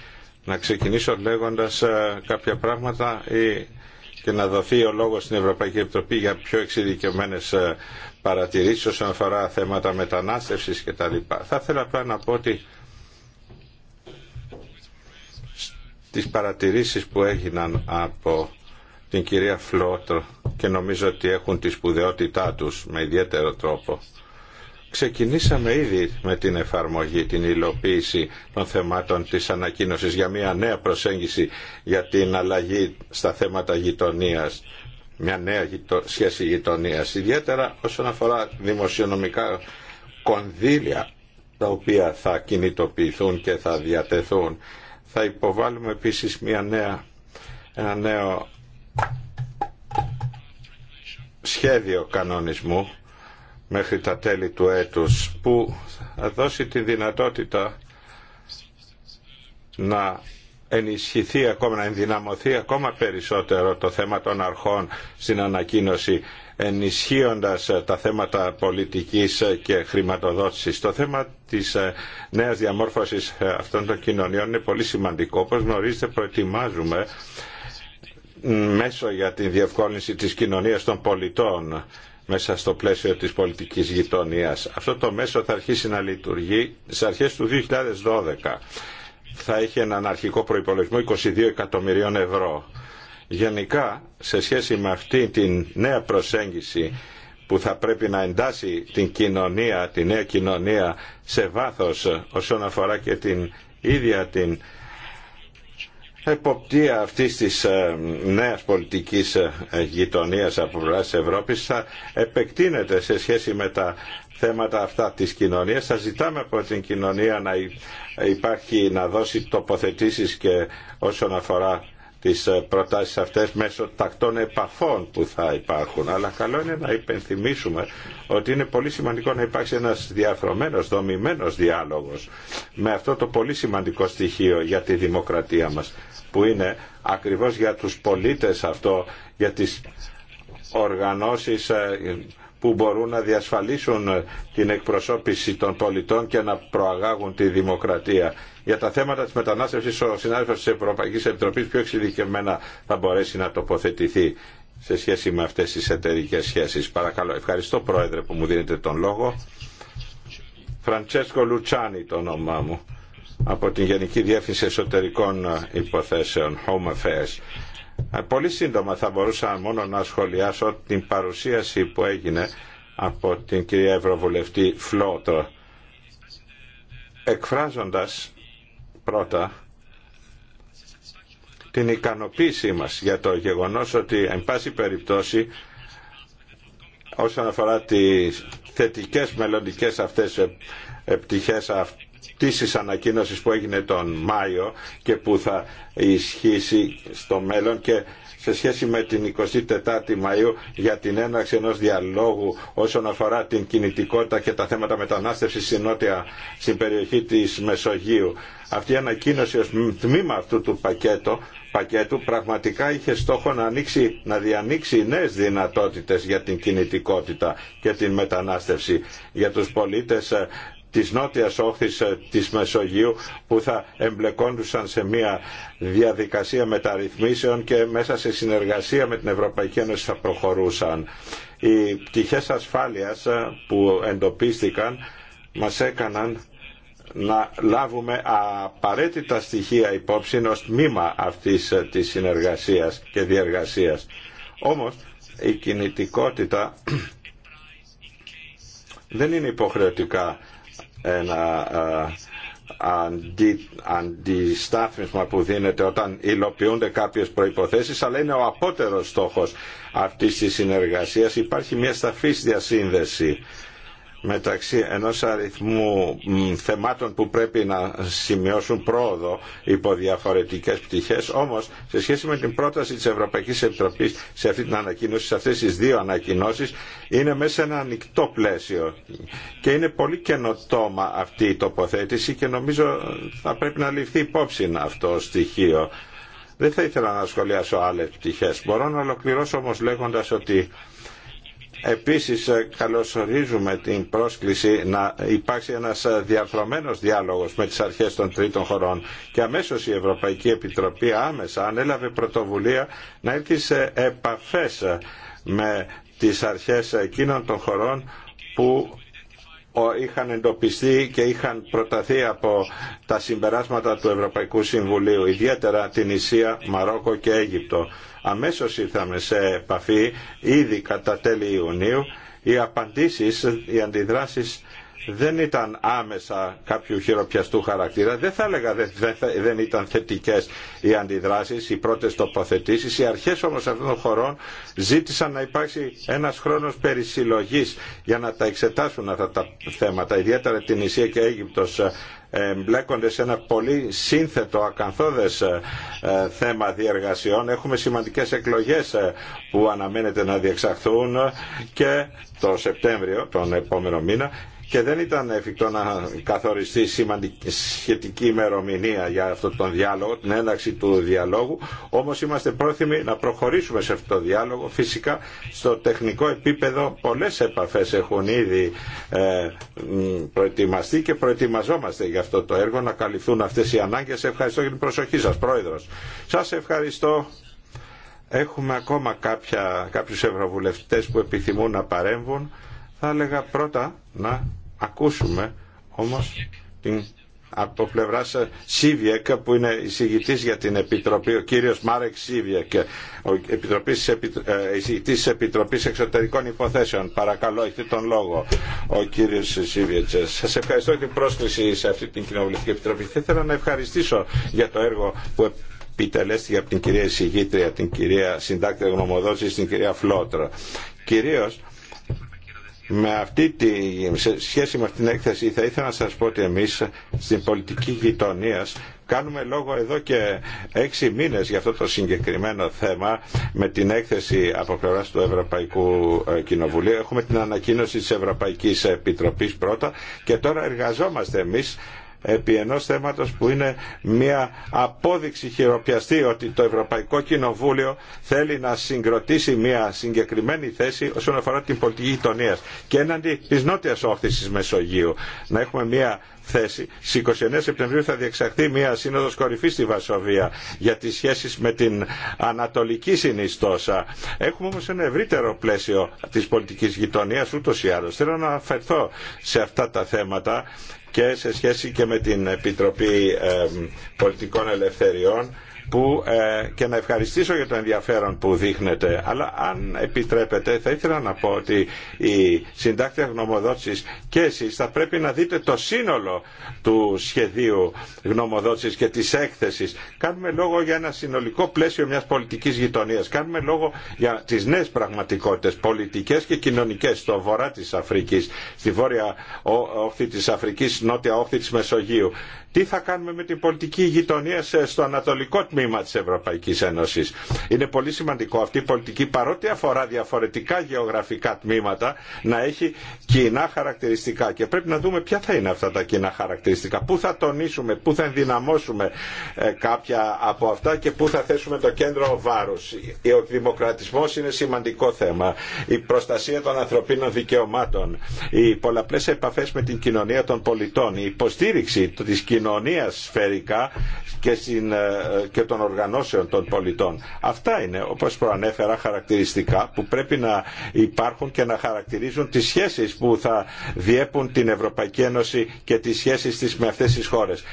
Να ξεκινήσω λέγοντας ε, κάποια πράγματα και να δοθεί ο λόγος στην Ευρωπαϊκή Επιτροπή για πιο εξειδικευμένες ε, παρατηρήσεις όσον αφορά θέματα μετανάστευσης κτλ. Θα ήθελα απλά να πω ότι τις παρατηρήσεις που έγιναν από την κυρία Φλότρο και νομίζω ότι έχουν τη σπουδαιότητά τους με ιδιαίτερο τρόπο. Ξεκινήσαμε ήδη με την εφαρμογή, την υλοποίηση των θεμάτων της ανακοίνωσης για μια νέα προσέγγιση για την αλλαγή στα θέματα γειτονίας, μια νέα σχέση γειτονίας, ιδιαίτερα όσον αφορά δημοσιονομικά κονδύλια τα οποία θα κινητοποιηθούν και θα διατεθούν θα υποβάλουμε επίσης μια νέα, ένα νέο σχέδιο κανονισμού μέχρι τα τέλη του έτους που θα δώσει τη δυνατότητα να ενισχυθεί ακόμα, να ενδυναμωθεί ακόμα περισσότερο το θέμα των αρχών στην ανακοίνωση ενισχύοντας ε, τα θέματα πολιτικής ε, και χρηματοδότησης. Το θέμα της ε, νέας διαμόρφωσης αυτών των κοινωνιών είναι πολύ σημαντικό. Όπως γνωρίζετε προετοιμάζουμε μέσω για τη διευκόλυνση της κοινωνίας των πολιτών μέσα στο πλαίσιο της πολιτικής γειτονίας. Αυτό το μέσο θα αρχίσει να λειτουργεί στις αρχές του 2012. Θα έχει έναν αρχικό προϋπολογισμό 22 εκατομμυρίων ευρώ γενικά σε σχέση με αυτή την νέα προσέγγιση που θα πρέπει να εντάσει την κοινωνία, τη νέα κοινωνία σε βάθος όσον αφορά και την ίδια την εποπτεία αυτής της ε, νέας πολιτικής ε, γειτονίας από πλευράς Ευρώπης θα επεκτείνεται σε σχέση με τα θέματα αυτά της κοινωνίας. Θα ζητάμε από την κοινωνία να υπάρχει, να δώσει τοποθετήσεις και όσον αφορά τις ε, προτάσεις αυτές μέσω τακτών επαφών που θα υπάρχουν. Αλλά καλό είναι να υπενθυμίσουμε ότι είναι πολύ σημαντικό να υπάρξει ένας διαφρομένος, δομημένος διάλογος με αυτό το πολύ σημαντικό στοιχείο για τη δημοκρατία μας που είναι ακριβώς για τους πολίτες αυτό, για τις οργανώσεις ε, που μπορούν να διασφαλίσουν την εκπροσώπηση των πολιτών και να προαγάγουν τη δημοκρατία για τα θέματα της μετανάστευσης ο συνάδελφος της Ευρωπαϊκής Επιτροπής πιο εξειδικευμένα θα μπορέσει να τοποθετηθεί σε σχέση με αυτές τις εταιρικέ σχέσεις. Παρακαλώ. Ευχαριστώ Πρόεδρε που μου δίνετε τον λόγο. Φραντσέσκο Λουτσάνι το όνομά μου από την Γενική Διεύθυνση Εσωτερικών Υποθέσεων, Home Affairs. Ε, πολύ σύντομα θα μπορούσα μόνο να σχολιάσω την παρουσίαση που έγινε από την κυρία Ευρωβουλευτή Φλότρο, εκφράζοντας πρώτα την ικανοποίησή μας για το γεγονός ότι εν πάση περιπτώσει όσον αφορά τις θετικές μελλοντικές αυτές επιτυχές ε, της ανακοίνωσης που έγινε τον Μάιο και που θα ισχύσει στο μέλλον και σε σχέση με την 24η Μαΐου για την έναρξη ενός διαλόγου όσον αφορά την κινητικότητα και τα θέματα μετανάστευσης στην νότια στην περιοχή της Μεσογείου. Αυτή η ανακοίνωση ως τμήμα αυτού του πακέτου, πακέτου πραγματικά είχε στόχο να, ανοίξει, να διανοίξει νέες δυνατότητες για την κινητικότητα και την μετανάστευση για τους πολίτες ε, της νότιας όχθης ε, της Μεσογείου που θα εμπλεκόντουσαν σε μια διαδικασία μεταρρυθμίσεων και μέσα σε συνεργασία με την Ευρωπαϊκή Ένωση θα προχωρούσαν. Οι πτυχές ασφάλειας ε, που εντοπίστηκαν μας έκαναν να λάβουμε απαραίτητα στοιχεία υπόψη ως τμήμα αυτής ε, της συνεργασίας και διεργασίας. Όμως η κινητικότητα δεν είναι υποχρεωτικά ένα ε, αντι, αντιστάθμισμα που δίνεται όταν υλοποιούνται κάποιες προϋποθέσεις αλλά είναι ο απότερος στόχος αυτής της συνεργασίας υπάρχει μια σταφής διασύνδεση μεταξύ ενός αριθμού θεμάτων που πρέπει να σημειώσουν πρόοδο υπό διαφορετικές πτυχές. Όμως, σε σχέση με την πρόταση της Ευρωπαϊκής Επιτροπής σε αυτή την ανακοίνωση, σε αυτές τις δύο ανακοινώσεις, είναι μέσα σε ένα ανοιχτό πλαίσιο και είναι πολύ καινοτόμα αυτή η τοποθέτηση και νομίζω θα πρέπει να ληφθεί υπόψη αυτό το στοιχείο. Δεν θα ήθελα να σχολιάσω άλλες πτυχές. Μπορώ να ολοκληρώσω όμως λέγοντας ότι Επίσης ε, καλωσορίζουμε την πρόσκληση να υπάρξει ένας ε, διαρθρωμένος διάλογος με τις αρχές των τρίτων χωρών και αμέσως η Ευρωπαϊκή Επιτροπή άμεσα ανέλαβε πρωτοβουλία να έρθει σε επαφές ε, με τις αρχές εκείνων των χωρών που είχαν εντοπιστεί και είχαν προταθεί από τα συμπεράσματα του Ευρωπαϊκού Συμβουλίου, ιδιαίτερα την Ισία, Μαρόκο και Αίγυπτο. Αμέσως ήρθαμε σε επαφή ήδη κατά τέλη Ιουνίου. Οι απαντήσεις, οι αντιδράσεις δεν ήταν άμεσα κάποιου χειροπιαστού χαρακτήρα. Δεν θα έλεγα δεν ήταν θετικές οι αντιδράσεις, οι πρώτες τοποθετήσεις. Οι αρχές όμως αυτών των χωρών ζήτησαν να υπάρξει ένας χρόνος περισυλλογής για να τα εξετάσουν αυτά τα θέματα. Ιδιαίτερα την Ισία και Αίγυπτος εμπλέκονται σε ένα πολύ σύνθετο ακαθόδες ε, ε, θέμα διεργασιών. Έχουμε σημαντικές εκλογές ε, που αναμένεται να διεξαχθούν και το Σεπτέμβριο, τον επόμενο μήνα και δεν ήταν εφικτό να καθοριστεί σχετική ημερομηνία για αυτόν τον διάλογο, την ένταξη του διαλόγου. Όμως είμαστε πρόθυμοι να προχωρήσουμε σε αυτόν τον διάλογο. Φυσικά στο τεχνικό επίπεδο πολλές επαφές έχουν ήδη ε, προετοιμαστεί και προετοιμαζόμαστε για αυτό το έργο να καλυφθούν αυτές οι ανάγκες. Ευχαριστώ για την προσοχή σας, Πρόεδρος. Σας ευχαριστώ. Έχουμε ακόμα κάποια, κάποιους ευρωβουλευτές που επιθυμούν να παρέμβουν. Θα έλεγα πρώτα να ακούσουμε όμως την από πλευρά Σίβιεκ που είναι εισηγητή για την Επιτροπή, ο κύριο Μάρεκ Σίβιεκ, ο ε, εισηγητή τη Επιτροπή Εξωτερικών Υποθέσεων. Παρακαλώ, έχετε τον λόγο, ο κύριο Σίβιεκ. Σα ευχαριστώ για την πρόσκληση σε αυτή την Κοινοβουλευτική Επιτροπή. Θα ήθελα να ευχαριστήσω για το έργο που επιτελέστηκε από την κυρία εισηγήτρια, την κυρία συντάκτρια γνωμοδότηση, την κυρία Φλότρα. Κυρίως με αυτή τη, σε σχέση με αυτή την έκθεση θα ήθελα να σας πω ότι εμείς στην πολιτική γειτονία κάνουμε λόγο εδώ και έξι μήνες για αυτό το συγκεκριμένο θέμα με την έκθεση από πλευρά του Ευρωπαϊκού ε, Κοινοβουλίου. Έχουμε την ανακοίνωση της Ευρωπαϊκής Επιτροπής πρώτα και τώρα εργαζόμαστε εμείς επί ενός θέματος που είναι μια απόδειξη χειροπιαστή ότι το Ευρωπαϊκό Κοινοβούλιο θέλει να συγκροτήσει μια συγκεκριμένη θέση όσον αφορά την πολιτική γειτονία και έναντι της νότιας όχθης της Μεσογείου. Να έχουμε μια θέση. Στι 29 Σεπτεμβρίου θα διεξαχθεί μια σύνοδος κορυφής στη Βασοβία για τις σχέσεις με την Ανατολική Συνιστόσα. Έχουμε όμως ένα ευρύτερο πλαίσιο τη πολιτική γειτονία ούτως ή άλλω. Θέλω να αφαιρθώ σε αυτά τα θέματα και σε σχέση και με την Επιτροπή ε, Πολιτικών Ελευθεριών που, ε, και να ευχαριστήσω για το ενδιαφέρον που δείχνετε. Αλλά αν επιτρέπετε θα ήθελα να πω ότι η συντάκτρια γνωμοδότησης και εσείς θα πρέπει να δείτε το σύνολο του σχεδίου γνωμοδότησης και της έκθεσης. Κάνουμε λόγο για ένα συνολικό πλαίσιο μιας πολιτικής γειτονίας. Κάνουμε λόγο για τις νέες πραγματικότητες, πολιτικές και κοινωνικές στο βορρά της Αφρικής, στη βόρεια όχθη της Αφρικής, νότια όχθη της Μεσογείου τι θα κάνουμε με την πολιτική γειτονία στο ανατολικό τμήμα της Ευρωπαϊκής Ένωσης. Είναι πολύ σημαντικό αυτή η πολιτική παρότι αφορά διαφορετικά γεωγραφικά τμήματα να έχει κοινά χαρακτηριστικά και πρέπει να δούμε ποια θα είναι αυτά τα κοινά χαρακτηριστικά, πού θα τονίσουμε, πού θα ενδυναμώσουμε ε, κάποια από αυτά και πού θα θέσουμε το κέντρο βάρους. Ο δημοκρατισμός είναι σημαντικό θέμα, η προστασία των ανθρωπίνων δικαιωμάτων, οι πολλαπλές επαφές με την κοινωνία των πολιτών, η υποστήριξη της κοινωνίας σφαιρικά και, στην, ε, και των οργανώσεων των πολιτών. Αυτά είναι, όπω προανέφερα, χαρακτηριστικά που πρέπει να υπάρχουν και να χαρακτηρίζουν τι σχέσει που θα διέπουν την Ευρωπαϊκή Ένωση και τι σχέσει τη με αυτές τις χώρες.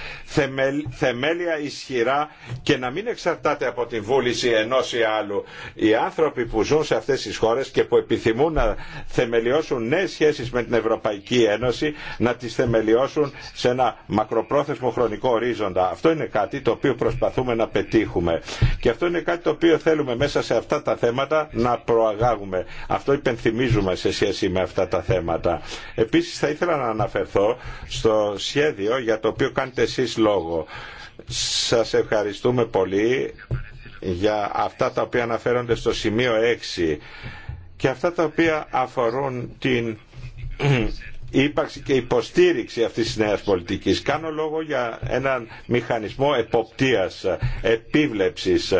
Θεμέλια ισχυρά και να μην εξαρτάται από την βούληση ενό ή άλλου. Οι άνθρωποι που ζουν σε αυτέ τι χώρε και που επιθυμούν να θεμελιώσουν νέε σχέσει με την Ευρωπαϊκή Ένωση, να τι θεμελιώσουν σε ένα μακροπρόθεσμο χρονικό ορίζοντα. Αυτό είναι κάτι το οποίο προσπαθούμε να πετύχουμε. Και αυτό είναι κάτι το οποίο θέλουμε μέσα σε αυτά τα θέματα να προαγάγουμε. Αυτό υπενθυμίζουμε σε σχέση με αυτά τα θέματα. Επίσης θα ήθελα να αναφερθώ στο σχέδιο για το οποίο κάνετε εσείς λόγο. Σας ευχαριστούμε πολύ για αυτά τα οποία αναφέρονται στο σημείο 6 και αυτά τα οποία αφορούν την ύπαρξη και υποστήριξη αυτής της νέας πολιτικής. Κάνω λόγο για έναν μηχανισμό εποπτείας, επίβλεψης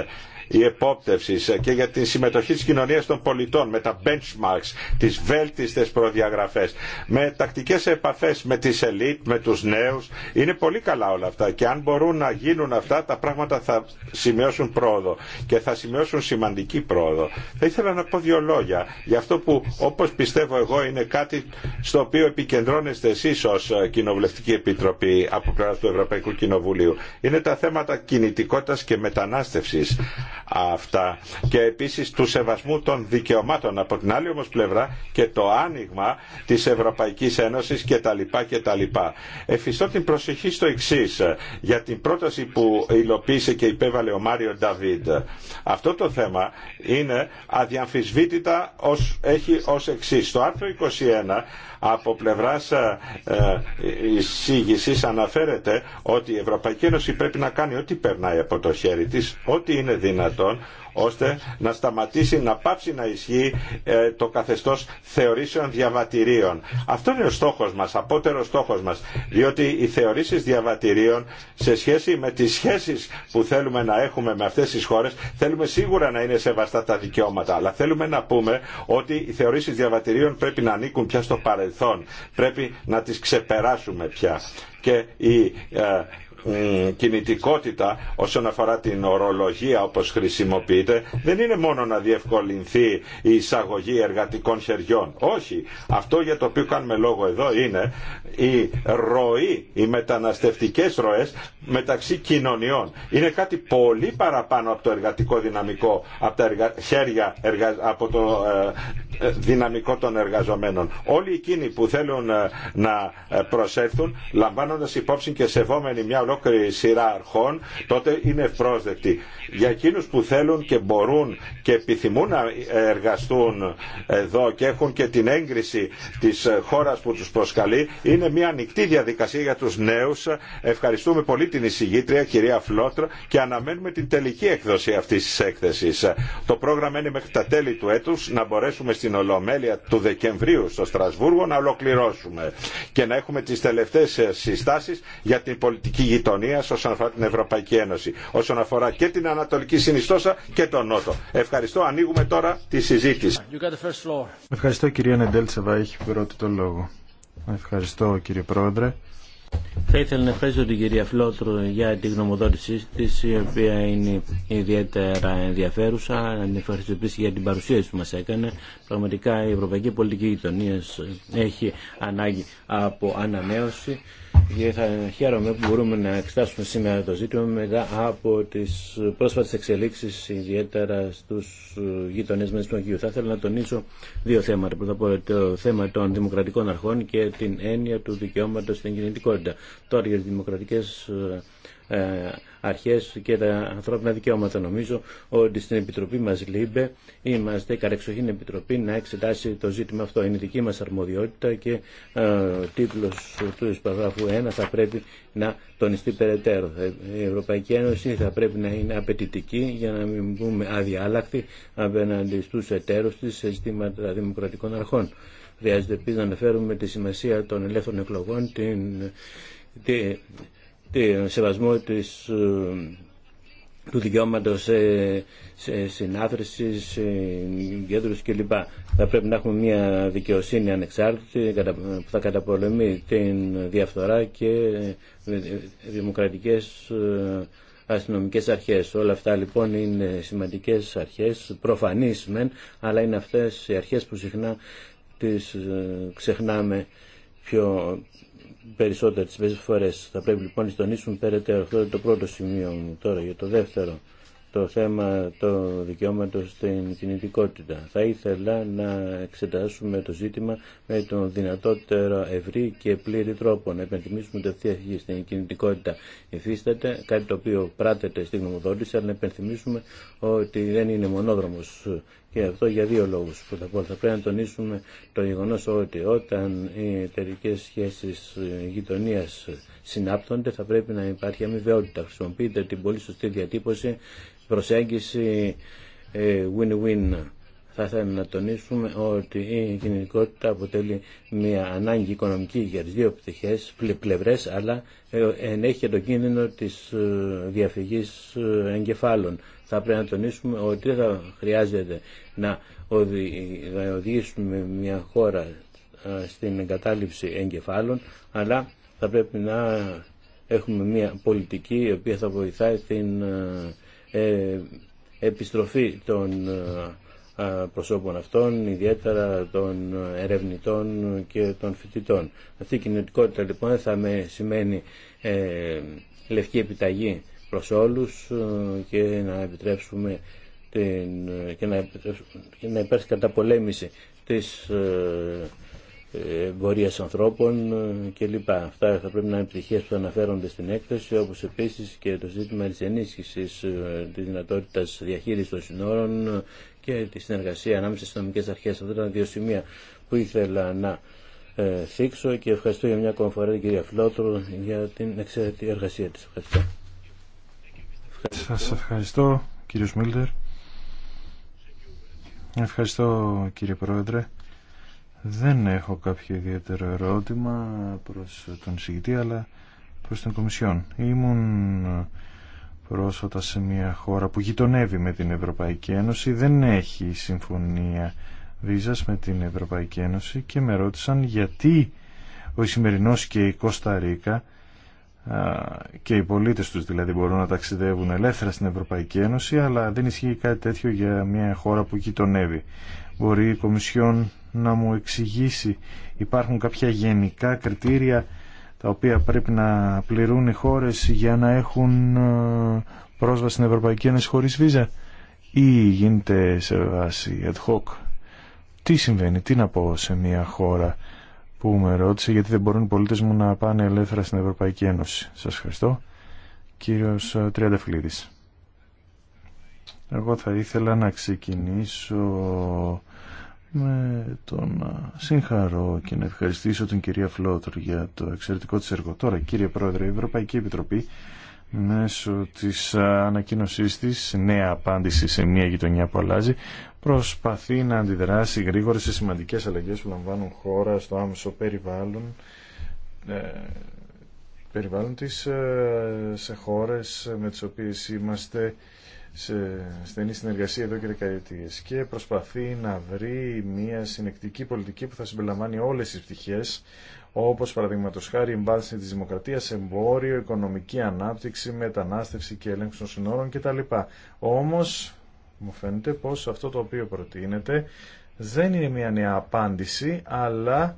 η επόπτευση και για τη συμμετοχή τη κοινωνία των πολιτών με τα benchmarks, τι βέλτιστες προδιαγραφές, με τακτικές επαφές με τις ελίτ, με τους νέους. Είναι πολύ καλά όλα αυτά και αν μπορούν να γίνουν αυτά τα πράγματα θα σημειώσουν πρόοδο και θα σημειώσουν σημαντική πρόοδο. Θα ήθελα να πω δύο λόγια για αυτό που όπως πιστεύω εγώ είναι κάτι στο οποίο επικεντρώνεστε εσεί ω ε, Κοινοβουλευτική Επιτροπή από πλευρά του Ευρωπαϊκού Κοινοβουλίου. Είναι τα θέματα κινητικότητα και μετανάστευση αυτά και επίσης του σεβασμού των δικαιωμάτων από την άλλη όμως πλευρά και το άνοιγμα της Ευρωπαϊκής Ένωσης τα λοιπά. Εφιστώ την προσοχή στο εξή για την πρόταση που υλοποίησε και υπέβαλε ο Μάριο Νταβίδ. Αυτό το θέμα είναι αδιαμφισβήτητα ως, έχει ως εξή. το άρθρο 21 από πλευράς ε, ε, εισήγηση αναφέρεται ότι η Ευρωπαϊκή Ένωση πρέπει να κάνει ό,τι περνάει από το χέρι της, ό,τι είναι δυνατόν, ώστε να σταματήσει, να πάψει να ισχύει ε, το καθεστώς θεωρήσεων διαβατηρίων. Αυτό είναι ο στόχος μας, απότερος στόχος μας, διότι οι θεωρήσεις διαβατηρίων σε σχέση με τις σχέσεις που θέλουμε να έχουμε με αυτές τις χώρες, θέλουμε σίγουρα να είναι σεβαστά τα δικαιώματα, αλλά θέλουμε να πούμε ότι οι θεωρήσεις διαβατηρίων πρέπει να ανήκουν πια στο παρελθόν, πρέπει να τις ξεπεράσουμε πια και ε, κινητικότητα όσον αφορά την ορολογία όπως χρησιμοποιείται δεν είναι μόνο να διευκολυνθεί η εισαγωγή εργατικών χεριών. Όχι. Αυτό για το οποίο κάνουμε λόγο εδώ είναι η ροή, οι μεταναστευτικές ροές μεταξύ κοινωνιών. Είναι κάτι πολύ παραπάνω από το εργατικό δυναμικό, από τα χέρια, από το ε, ε, δυναμικό των εργαζομένων. Όλοι εκείνοι που θέλουν ε, να προσέλθουν λαμβάνοντας υπόψη και σεβόμενοι μια ολόκληρη σειρά αρχών, τότε είναι ευπρόσδεκτη. Για εκείνους που θέλουν και μπορούν και επιθυμούν να εργαστούν εδώ και έχουν και την έγκριση της χώρας που τους προσκαλεί, είναι μια ανοιχτή διαδικασία για τους νέους. Ευχαριστούμε πολύ την εισηγήτρια, κυρία Φλότρ, και αναμένουμε την τελική έκδοση αυτής της έκθεσης. Το πρόγραμμα είναι μέχρι τα τέλη του έτους να μπορέσουμε στην Ολομέλεια του Δεκεμβρίου στο Στρασβούργο να ολοκληρώσουμε και να έχουμε τις τελευταίες συστάσεις για την πολιτική γειτονία όσον αφορά την Ευρωπαϊκή Ένωση, όσον αφορά και την Ανατολική Συνιστόσα και τον Νότο. Ευχαριστώ. Ανοίγουμε τώρα τη συζήτηση. Ευχαριστώ κυρία Νεντέλτσεβα, έχει πρώτη το λόγο. Ευχαριστώ κύριε Πρόεδρε. Θα ήθελα να ευχαριστώ την κυρία Φλότρου για την γνωμοδότησή τη, η οποία είναι ιδιαίτερα ενδιαφέρουσα. Να ευχαριστώ επίση για την παρουσίαση που μα έκανε. Πραγματικά η Ευρωπαϊκή Πολιτική Γειτονία έχει ανάγκη από ανανέωση και θα χαίρομαι που μπορούμε να εξετάσουμε σήμερα το ζήτημα μετά από τις πρόσφατες εξελίξεις ιδιαίτερα στους γείτονές μας του Αγίου. Θα ήθελα να τονίσω δύο θέματα. Πρώτα απ' όλα το θέμα των δημοκρατικών αρχών και την έννοια του δικαιώματος στην κινητικότητα. Τώρα για τις δημοκρατικές ε, ε, αρχές και τα ανθρώπινα δικαιώματα. Νομίζω ότι στην Επιτροπή μας ΛΥΜΠΕ είμαστε καρεξοχήν Επιτροπή να εξετάσει το ζήτημα αυτό. Είναι δική μας αρμοδιότητα και ο ε, τίτλος του παραγράφου 1 θα πρέπει να τονιστεί περαιτέρω. Ε, η Ευρωπαϊκή Ένωση θα πρέπει να είναι απαιτητική για να μην πούμε αδιάλακτη απέναντι στους εταίρους της σε ζητήματα δημοκρατικών αρχών. Χρειάζεται επίσης να αναφέρουμε τη σημασία των ελεύθερων εκλογών, την, ε, σεβασμό ε, του δικαιώματο σε, σε συνάθρηση, σε κλπ. Θα πρέπει να έχουμε μια δικαιοσύνη ανεξάρτητη που θα καταπολεμεί την διαφθορά και ε, δημοκρατικές αστυνομικές αρχές. Όλα αυτά λοιπόν είναι σημαντικές αρχές, προφανείς μεν, αλλά είναι αυτές οι αρχές που συχνά τις ξεχνάμε πιο περισσότερες φορές. Θα πρέπει λοιπόν να τονίσουμε περαιτέρω. Αυτό είναι το πρώτο σημείο μου τώρα για το δεύτερο το θέμα το δικαιώματο στην κινητικότητα. Θα ήθελα να εξετάσουμε το ζήτημα με τον δυνατότερο ευρύ και πλήρη τρόπο. Να επενθυμίσουμε ότι αυτή η αρχή στην κινητικότητα υφίσταται, κάτι το οποίο πράτεται στην γνωμοδότηση, αλλά να επενθυμίσουμε ότι δεν είναι μονόδρομος και αυτό για δύο λόγους. θα πρέπει να τονίσουμε το γεγονός ότι όταν οι εταιρικές σχέσεις γειτονία συνάπτονται θα πρέπει να υπάρχει αμοιβαιότητα. Χρησιμοποιείται την πολύ σωστή διατύπωση προσέγγιση ε, win-win. Θα ήθελα να τονίσουμε ότι η κοινωνικότητα αποτελεί μια ανάγκη οικονομική για δύο πτυχές, πλευρές, αλλά ε, ενέχει το κίνδυνο της ε, διαφυγής εγκεφάλων. Θα πρέπει να τονίσουμε ότι δεν θα χρειάζεται να οδηγήσουμε μια χώρα στην εγκατάλειψη εγκεφάλων, αλλά θα πρέπει να έχουμε μια πολιτική η οποία θα βοηθάει την ε, επιστροφή των ε, προσώπων αυτών, ιδιαίτερα των ερευνητών και των φοιτητών. Αυτή η κοινωνικότητα, λοιπόν θα με σημαίνει ε, λευκή επιταγή προς όλους και να επιτρέψουμε την, και να, να υπάρξει καταπολέμηση της εμπορίας ανθρώπων ε, κλπ. Αυτά θα πρέπει να είναι πτυχές που αναφέρονται στην έκθεση, όπως επίσης και το ζήτημα της ενίσχυσης ε, της δυνατότητας διαχείρισης των συνόρων ε, και τη συνεργασία ανάμεσα στις νομικές αρχές. Αυτά ήταν δύο σημεία που ήθελα να θίξω και ευχαριστώ για μια ακόμα φορά την κυρία Φλότρο για την εξαιρετική εργασία της. Ευχαριστώ. Σας ευχαριστώ κύριος Μίλτερ. Ευχαριστώ κύριε Πρόεδρε. Δεν έχω κάποιο ιδιαίτερο ερώτημα προς τον συγκητή αλλά προς την Κομισιόν. Ήμουν πρόσφατα σε μια χώρα που γειτονεύει με την Ευρωπαϊκή Ένωση, δεν έχει συμφωνία βίζας με την Ευρωπαϊκή Ένωση και με ρώτησαν γιατί ο Ισημερινός και η Κωνσταντίνα και οι πολίτες τους δηλαδή μπορούν να ταξιδεύουν ελεύθερα στην Ευρωπαϊκή Ένωση αλλά δεν ισχύει κάτι τέτοιο για μια χώρα που γειτονεύει. Μπορεί η Κομισιόν να μου εξηγήσει υπάρχουν κάποια γενικά κριτήρια τα οποία πρέπει να πληρούν οι χώρες για να έχουν ε, πρόσβαση στην Ευρωπαϊκή Ένωση χωρίς βίζα ή γίνεται σε βάση ad hoc. Τι συμβαίνει, τι να πω σε μια χώρα που με ρώτησε γιατί δεν μπορούν οι πολίτες μου να πάνε ελεύθερα στην Ευρωπαϊκή Ένωση. Σας ευχαριστώ. Κύριος ε, Τριανταφλίδης Εγώ θα ήθελα να ξεκινήσω με τον συγχαρώ και να ευχαριστήσω την κυρία Φλότρ για το εξαιρετικό της έργο. Τώρα, κύριε Πρόεδρε, η Ευρωπαϊκή Επιτροπή μέσω της ανακοίνωσής της, νέα απάντηση σε μια γειτονιά που αλλάζει, προσπαθεί να αντιδράσει γρήγορα σε σημαντικές αλλαγές που λαμβάνουν χώρα στο άμεσο περιβάλλον ε, περιβάλλον της ε, σε χώρες με τις οποίες είμαστε σε στενή συνεργασία εδώ και δεκαετίες και προσπαθεί να βρει μια συνεκτική πολιτική που θα συμπεριλαμβάνει όλες τι πτυχέ, όπως παραδείγματο χάρη η τη της δημοκρατίας, εμπόριο, οικονομική ανάπτυξη, μετανάστευση και έλεγχος των συνόρων κτλ. Όμως μου φαίνεται πως αυτό το οποίο προτείνεται δεν είναι μια νέα απάντηση αλλά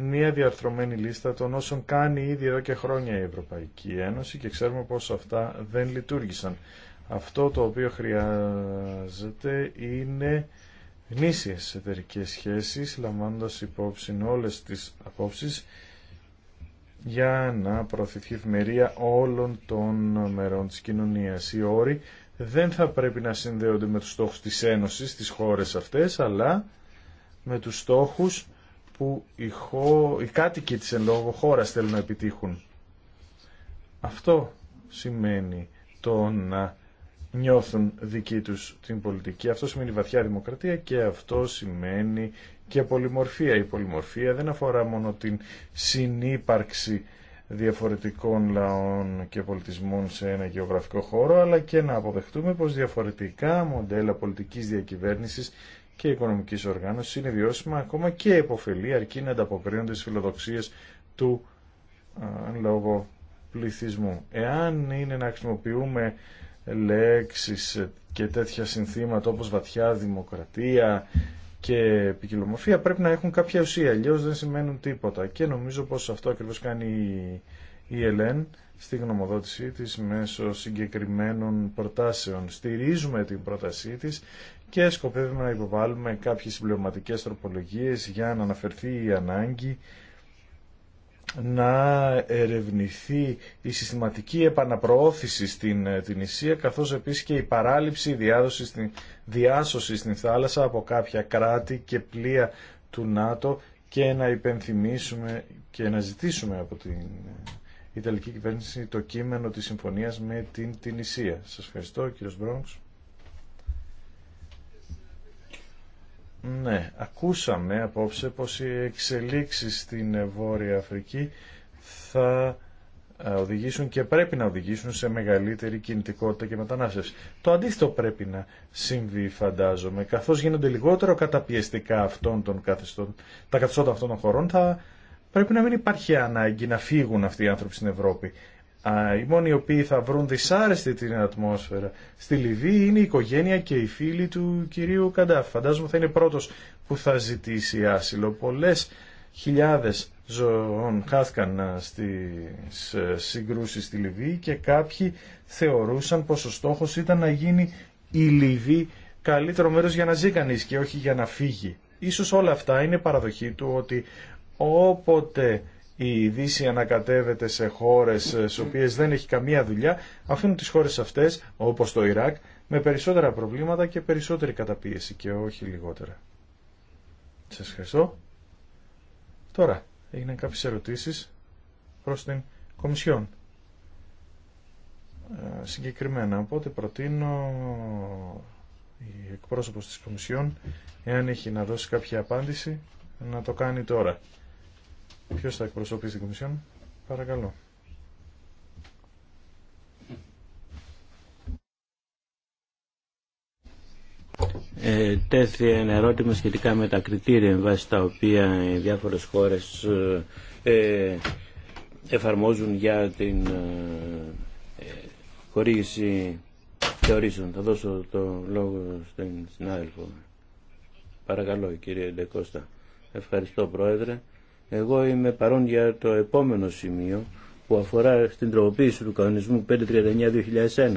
μια διαρθρωμένη λίστα των όσων κάνει ήδη εδώ και χρόνια η Ευρωπαϊκή Ένωση και ξέρουμε πως αυτά δεν λειτουργήσαν. Αυτό το οποίο χρειάζεται είναι γνήσιες εταιρικέ σχέσεις, λαμβάνοντας υπόψη όλες τις απόψεις για να προωθηθεί ευημερία όλων των μερών της κοινωνίας. Οι όροι δεν θα πρέπει να συνδέονται με τους στόχους της Ένωσης, τις χώρες αυτές, αλλά με τους στόχους που οι, χω... κάτοικοι της εν λόγω χώρας θέλουν να επιτύχουν. Αυτό σημαίνει το να νιώθουν δική τους την πολιτική. Αυτό σημαίνει βαθιά δημοκρατία και αυτό σημαίνει και πολυμορφία. Η πολυμορφία δεν αφορά μόνο την συνύπαρξη διαφορετικών λαών και πολιτισμών σε ένα γεωγραφικό χώρο, αλλά και να αποδεχτούμε πως διαφορετικά μοντέλα πολιτικής διακυβέρνησης και οικονομική οργάνωση, είναι βιώσιμα ακόμα και υποφελή αρκεί να ανταποκρίνονται στις φιλοδοξίες του α, λόγω πληθυσμού. Εάν είναι να χρησιμοποιούμε λέξεις και τέτοια συνθήματα όπως βαθιά δημοκρατία και ποικιλομορφία πρέπει να έχουν κάποια ουσία, αλλιώς δεν σημαίνουν τίποτα. Και νομίζω πως αυτό ακριβώς κάνει η ΕΛΕΝ στη γνωμοδότησή της μέσω συγκεκριμένων προτάσεων. Στηρίζουμε την πρότασή της και σκοπεύουμε να υποβάλουμε κάποιες συμπληρωματικές τροπολογίες για να αναφερθεί η ανάγκη να ερευνηθεί η συστηματική επαναπροώθηση στην ε, την Ισία καθώς επίσης και η παράληψη, η διάδοση, στην, διάσωση στην θάλασσα από κάποια κράτη και πλοία του ΝΑΤΟ και να υπενθυμίσουμε και να ζητήσουμε από την ε, Ιταλική κυβέρνηση το κείμενο της συμφωνίας με την, την Ισία. Σας ευχαριστώ κύριος Μπρόγκς. Ναι, ακούσαμε απόψε πως οι εξελίξεις στην Βόρεια Αφρική θα ε, οδηγήσουν και πρέπει να οδηγήσουν σε μεγαλύτερη κινητικότητα και μετανάστευση. Το αντίθετο πρέπει να συμβεί, φαντάζομαι, καθώς γίνονται λιγότερο καταπιεστικά αυτών των καθεστών, τα καθεστώτα αυτών των χωρών, θα πρέπει να μην υπάρχει ανάγκη να φύγουν αυτοί οι άνθρωποι στην Ευρώπη οι μόνοι οι οποίοι θα βρουν δυσάρεστη την ατμόσφαιρα στη Λιβύη είναι η οικογένεια και οι φίλοι του κυρίου Καντάφ. Φαντάζομαι θα είναι πρώτος που θα ζητήσει άσυλο. Πολλές χιλιάδες ζωών χάθηκαν στις ε, συγκρούσεις στη Λιβύη και κάποιοι θεωρούσαν πως ο στόχος ήταν να γίνει η Λιβύη καλύτερο μέρος για να ζει κανείς και όχι για να φύγει. Ίσως όλα αυτά είναι παραδοχή του ότι όποτε η Δύση ανακατεύεται σε χώρες ε, στις οποίες δεν έχει καμία δουλειά, αφήνουν τις χώρες αυτές, όπως το Ιράκ, με περισσότερα προβλήματα και περισσότερη καταπίεση και όχι λιγότερα. Σας ευχαριστώ. Τώρα, έγιναν κάποιες ερωτήσεις προς την Κομισιόν. Ε, συγκεκριμένα, οπότε προτείνω η εκπρόσωπος της Κομισιόν, εάν έχει να δώσει κάποια απάντηση, να το κάνει τώρα. Ποιος θα εκπροσωπήσει την Κομισιόν, παρακαλώ. Ε, τέθη ένα ερώτημα σχετικά με τα κριτήρια βάσει τα οποία οι διάφορες χώρες ε, ε, εφαρμόζουν για την ε, ε, χορήγηση θεωρήσεων. Θα δώσω το λόγο στην συνάδελφο. Παρακαλώ κύριε Ντεκώστα. Ευχαριστώ Πρόεδρε. Εγώ είμαι παρόν για το επόμενο σημείο που αφορά στην τροποποίηση του κανονισμού 539-2001.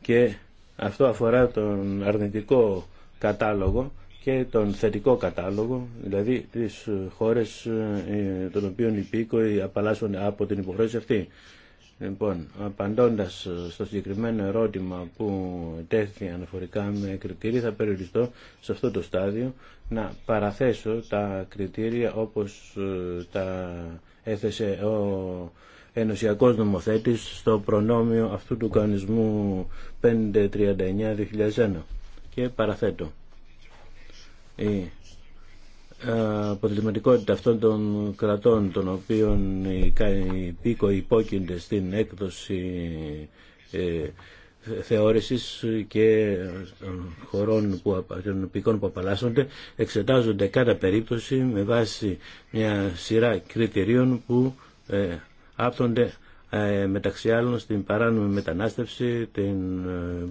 Και αυτό αφορά τον αρνητικό κατάλογο και τον θετικό κατάλογο, δηλαδή τις χώρες ε, των οποίων οι απαλλάσσονται από την υποχρέωση αυτή. Λοιπόν, απαντώντας ε, στο συγκεκριμένο ερώτημα που τέθη αναφορικά με κριτήρια, θα περιοριστώ σε αυτό το στάδιο να παραθέσω τα κριτήρια όπως ε, τα έθεσε ο ενωσιακός νομοθέτης στο προνόμιο αυτού του κανονισμού 539-2001 και παραθέτω αποτελεσματικότητα αυτών των κρατών των οποίων οι πίκο υπόκεινται στην έκδοση ε, θεώρησης και ε, χωρών που, των πικών που απαλλάσσονται εξετάζονται κατά περίπτωση με βάση μια σειρά κριτηρίων που ε, άπτονται ε, μεταξύ άλλων στην παράνομη μετανάστευση, την ε,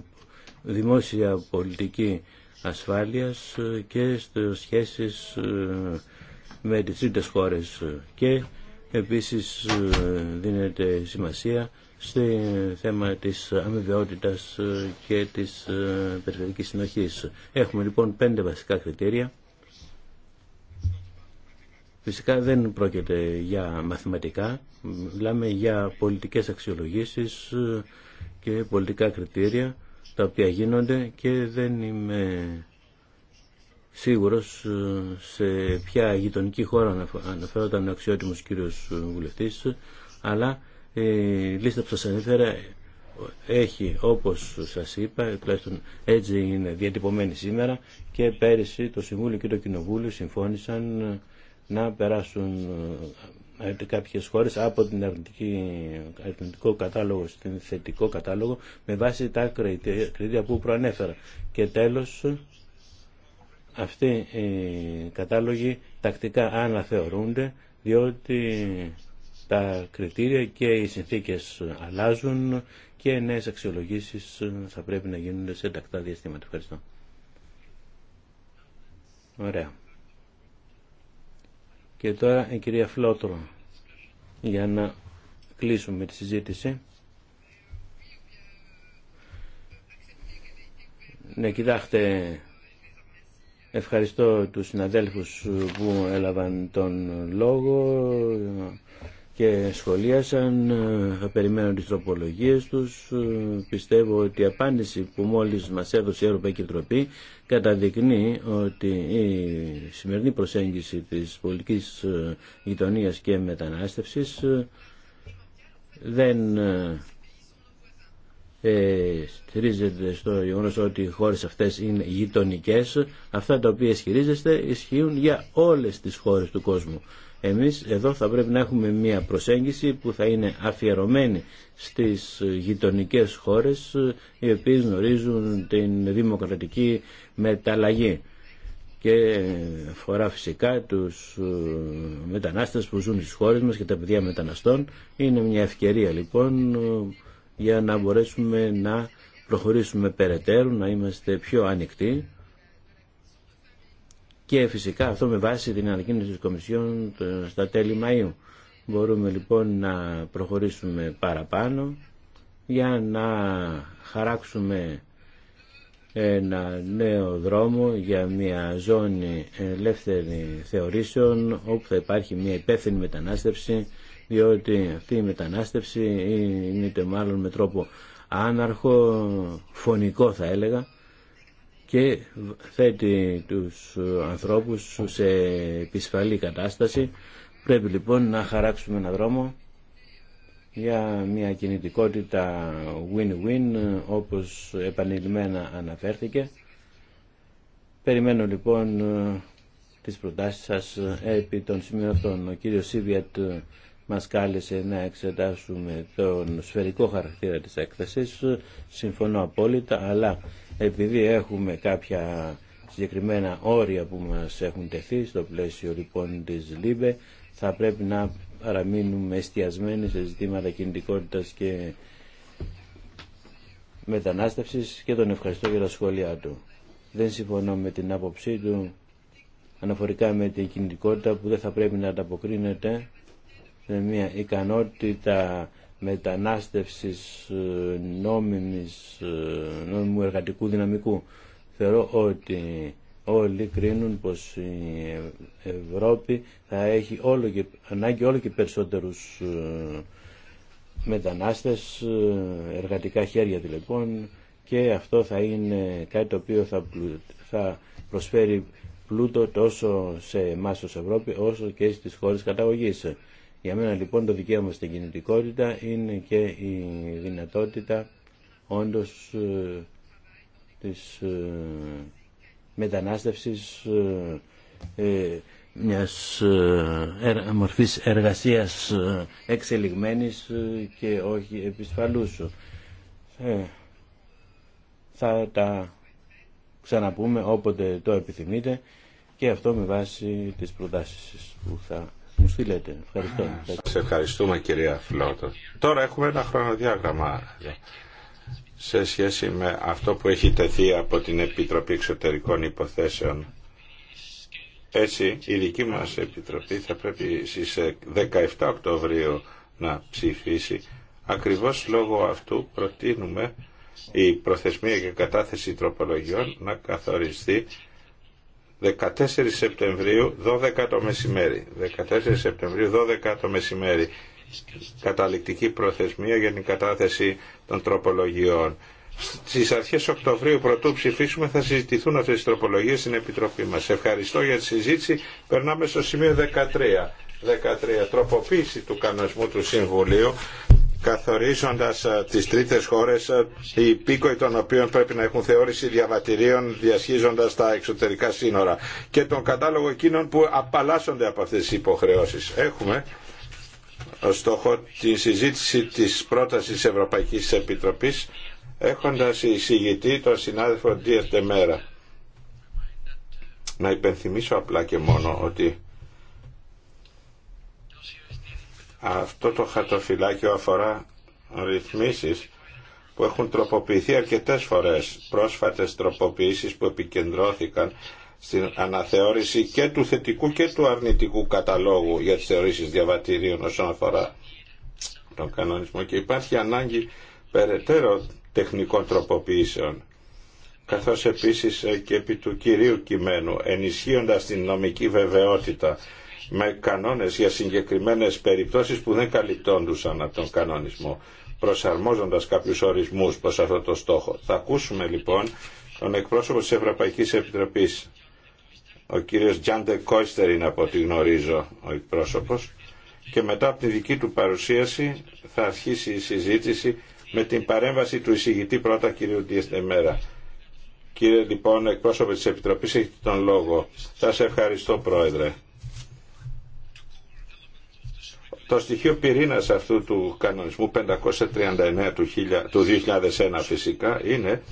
δημόσια πολιτική ασφάλειας ε, και στις σχέσεις ε, με τις τρίτε χώρες και επίσης ε, δίνεται σημασία στο θέμα της αμοιβαιότητας και της περιφερειακής συνοχής. Έχουμε λοιπόν πέντε βασικά κριτήρια. Φυσικά δεν πρόκειται για μαθηματικά, μιλάμε για πολιτικές αξιολογήσεις και πολιτικά κριτήρια τα οποία γίνονται και δεν είμαι σίγουρος ε, σε ποια γειτονική χώρα αναφέρονταν ο αξιότιμος κύριος ε, βουλευτής αλλά ε, η λίστα που σας ανέφερα έχει όπως σας είπα τουλάχιστον έτσι είναι διατυπωμένη σήμερα και πέρυσι το Συμβούλιο και το Κοινοβούλιο συμφώνησαν να περάσουν Κάποιε χώρε από την αρνητικό κατάλογο στην θετικό κατάλογο με βάση τα κριτήρια που προανέφερα. Και τέλος, αυτοί οι κατάλογοι τακτικά αναθεωρούνται διότι τα κριτήρια και οι συνθήκες αλλάζουν και νέες αξιολογήσεις θα πρέπει να γίνουν σε τακτά διαστήματα. Ευχαριστώ. Ωραία. Και τώρα η κυρία Φλότρο για να κλείσουμε τη συζήτηση. Ναι, κοιτάξτε, ευχαριστώ τους συναδέλφους που έλαβαν τον λόγο και σχολίασαν, ε, θα περιμένω τις τροπολογίες τους. Ε, πιστεύω ότι η απάντηση που μόλις μας έδωσε η Ευρωπαϊκή Τροπή καταδεικνύει ότι η σημερινή προσέγγιση της πολιτικής ε, γειτονία και μετανάστευσης δεν ε, στηρίζεται στο γεγονό ότι οι χώρε αυτές είναι γειτονικέ. Αυτά τα οποία ισχυρίζεστε ισχύουν για όλες τις χώρες του κόσμου. Εμείς εδώ θα πρέπει να έχουμε μια προσέγγιση που θα είναι αφιερωμένη στις γειτονικέ χώρες οι οποίες γνωρίζουν την δημοκρατική μεταλλαγή και φορά φυσικά τους ε, μετανάστες που ζουν στις χώρες μας και τα παιδιά μεταναστών. Είναι μια ευκαιρία λοιπόν ε, για να μπορέσουμε να προχωρήσουμε περαιτέρω, να είμαστε πιο ανοιχτοί και φυσικά αυτό με βάση την ανακοίνωση της Κομισιόν στα τέλη Μαΐου. Μπορούμε λοιπόν να προχωρήσουμε παραπάνω για να χαράξουμε ένα νέο δρόμο για μια ζώνη ελεύθερη θεωρήσεων όπου θα υπάρχει μια υπεύθυνη μετανάστευση διότι αυτή η μετανάστευση είναι μάλλον με τρόπο άναρχο, φωνικό θα έλεγα και θέτει τους ανθρώπους σε επισφαλή κατάσταση. Πρέπει λοιπόν να χαράξουμε ένα δρόμο για μια κινητικότητα win-win όπως επανειλημμένα αναφέρθηκε. Περιμένω λοιπόν ε, τις προτάσεις σας επί των σημείων Ο κύριος Σίβιατ ε, μας κάλεσε να εξετάσουμε τον σφαιρικό χαρακτήρα της έκθεσης. Συμφωνώ απόλυτα, αλλά επειδή έχουμε κάποια συγκεκριμένα όρια που μας έχουν τεθεί στο πλαίσιο λοιπόν της ΛΥΜΠΕ θα πρέπει να παραμείνουμε εστιασμένοι σε ζητήματα κινητικότητας και μετανάστευσης και τον ευχαριστώ για τα σχόλιά του. Δεν συμφωνώ με την άποψή του αναφορικά με την κινητικότητα που δεν θα πρέπει να ανταποκρίνεται με μια ικανότητα μετανάστευσης ε, νόμιμης, ε, νόμιμου εργατικού δυναμικού. Θεωρώ ότι όλοι κρίνουν πως η Ευρώπη θα έχει όλο και, ανάγκη όλο και περισσότερους ε, μετανάστες, εργατικά χέρια λοιπόν και αυτό θα είναι κάτι το οποίο θα, θα προσφέρει πλούτο τόσο σε εμάς ως Ευρώπη όσο και στις χώρες καταγωγής. Για μένα λοιπόν το δικαίωμα στην κινητικότητα είναι και η δυνατότητα όντως ε, της ε, μετανάστευσης ε, μιας μορφής εργασίας εξελιγμένης και όχι επισφαλούς. Θα τα ξαναπούμε όποτε το επιθυμείτε και αυτό με βάση τις προτάσεις που θα μου Ευχαριστώ. ευχαριστούμε κυρία Φλότο. Τώρα έχουμε ένα χρονοδιάγραμμα σε σχέση με αυτό που έχει τεθεί από την Επιτροπή Εξωτερικών Υποθέσεων. Έτσι, η δική μας Επιτροπή θα πρέπει στις 17 ε, Οκτωβρίου να ψηφίσει. Ακριβώς λόγω αυτού προτείνουμε η προθεσμία και κατάθεση τροπολογιών να καθοριστεί 14 Σεπτεμβρίου 12 το μεσημέρι. 14 Σεπτεμβρίου 12 το μεσημέρι. Καταληκτική προθεσμία για την κατάθεση των τροπολογιών. Στις αρχές Οκτωβρίου πρωτού ψηφίσουμε θα συζητηθούν αυτές οι τροπολογίες στην Επιτροπή μας. Ευχαριστώ για τη συζήτηση. Περνάμε στο σημείο 13. 13. Τροποποίηση του κανονισμού του Συμβουλίου καθορίζοντας ε, τις τρίτες χώρες ε, οι υπήκοοι των οποίων πρέπει να έχουν θεώρηση διαβατηρίων διασχίζοντας τα εξωτερικά σύνορα και τον κατάλογο εκείνων που απαλλάσσονται από αυτές τις υποχρεώσεις. Έχουμε ως στόχο τη συζήτηση της πρότασης Ευρωπαϊκής Επιτροπής έχοντας εισηγητή τον συνάδελφο Δίας Μέρα. Να υπενθυμίσω απλά και μόνο ότι Αυτό το χαρτοφυλάκιο αφορά ρυθμίσεις που έχουν τροποποιηθεί αρκετές φορές. Πρόσφατες τροποποιήσεις που επικεντρώθηκαν στην αναθεώρηση και του θετικού και του αρνητικού καταλόγου για τις θεωρήσεις διαβατηρίων όσον αφορά τον κανονισμό και υπάρχει ανάγκη περαιτέρω τεχνικών τροποποιήσεων καθώς επίσης και επί του κυρίου κειμένου ενισχύοντας την νομική βεβαιότητα με κανόνες για συγκεκριμένες περιπτώσεις που δεν καλυπτόντουσαν από τον κανονισμό, προσαρμόζοντας κάποιους ορισμούς προς αυτό το στόχο. Θα ακούσουμε λοιπόν τον εκπρόσωπο της Ευρωπαϊκής Επιτροπής. Ο κύριος Τζάντε Κόιστερ είναι από ό,τι γνωρίζω ο εκπρόσωπος και μετά από τη δική του παρουσίαση θα αρχίσει η συζήτηση με την παρέμβαση του εισηγητή πρώτα κύριου Μέρα. Κύριε λοιπόν εκπρόσωπε της Επιτροπής έχετε τον λόγο. Σας ευχαριστώ πρόεδρε. Το στοιχείο πυρήνα αυτού του κανονισμού 539 του 2001 φυσικά είναι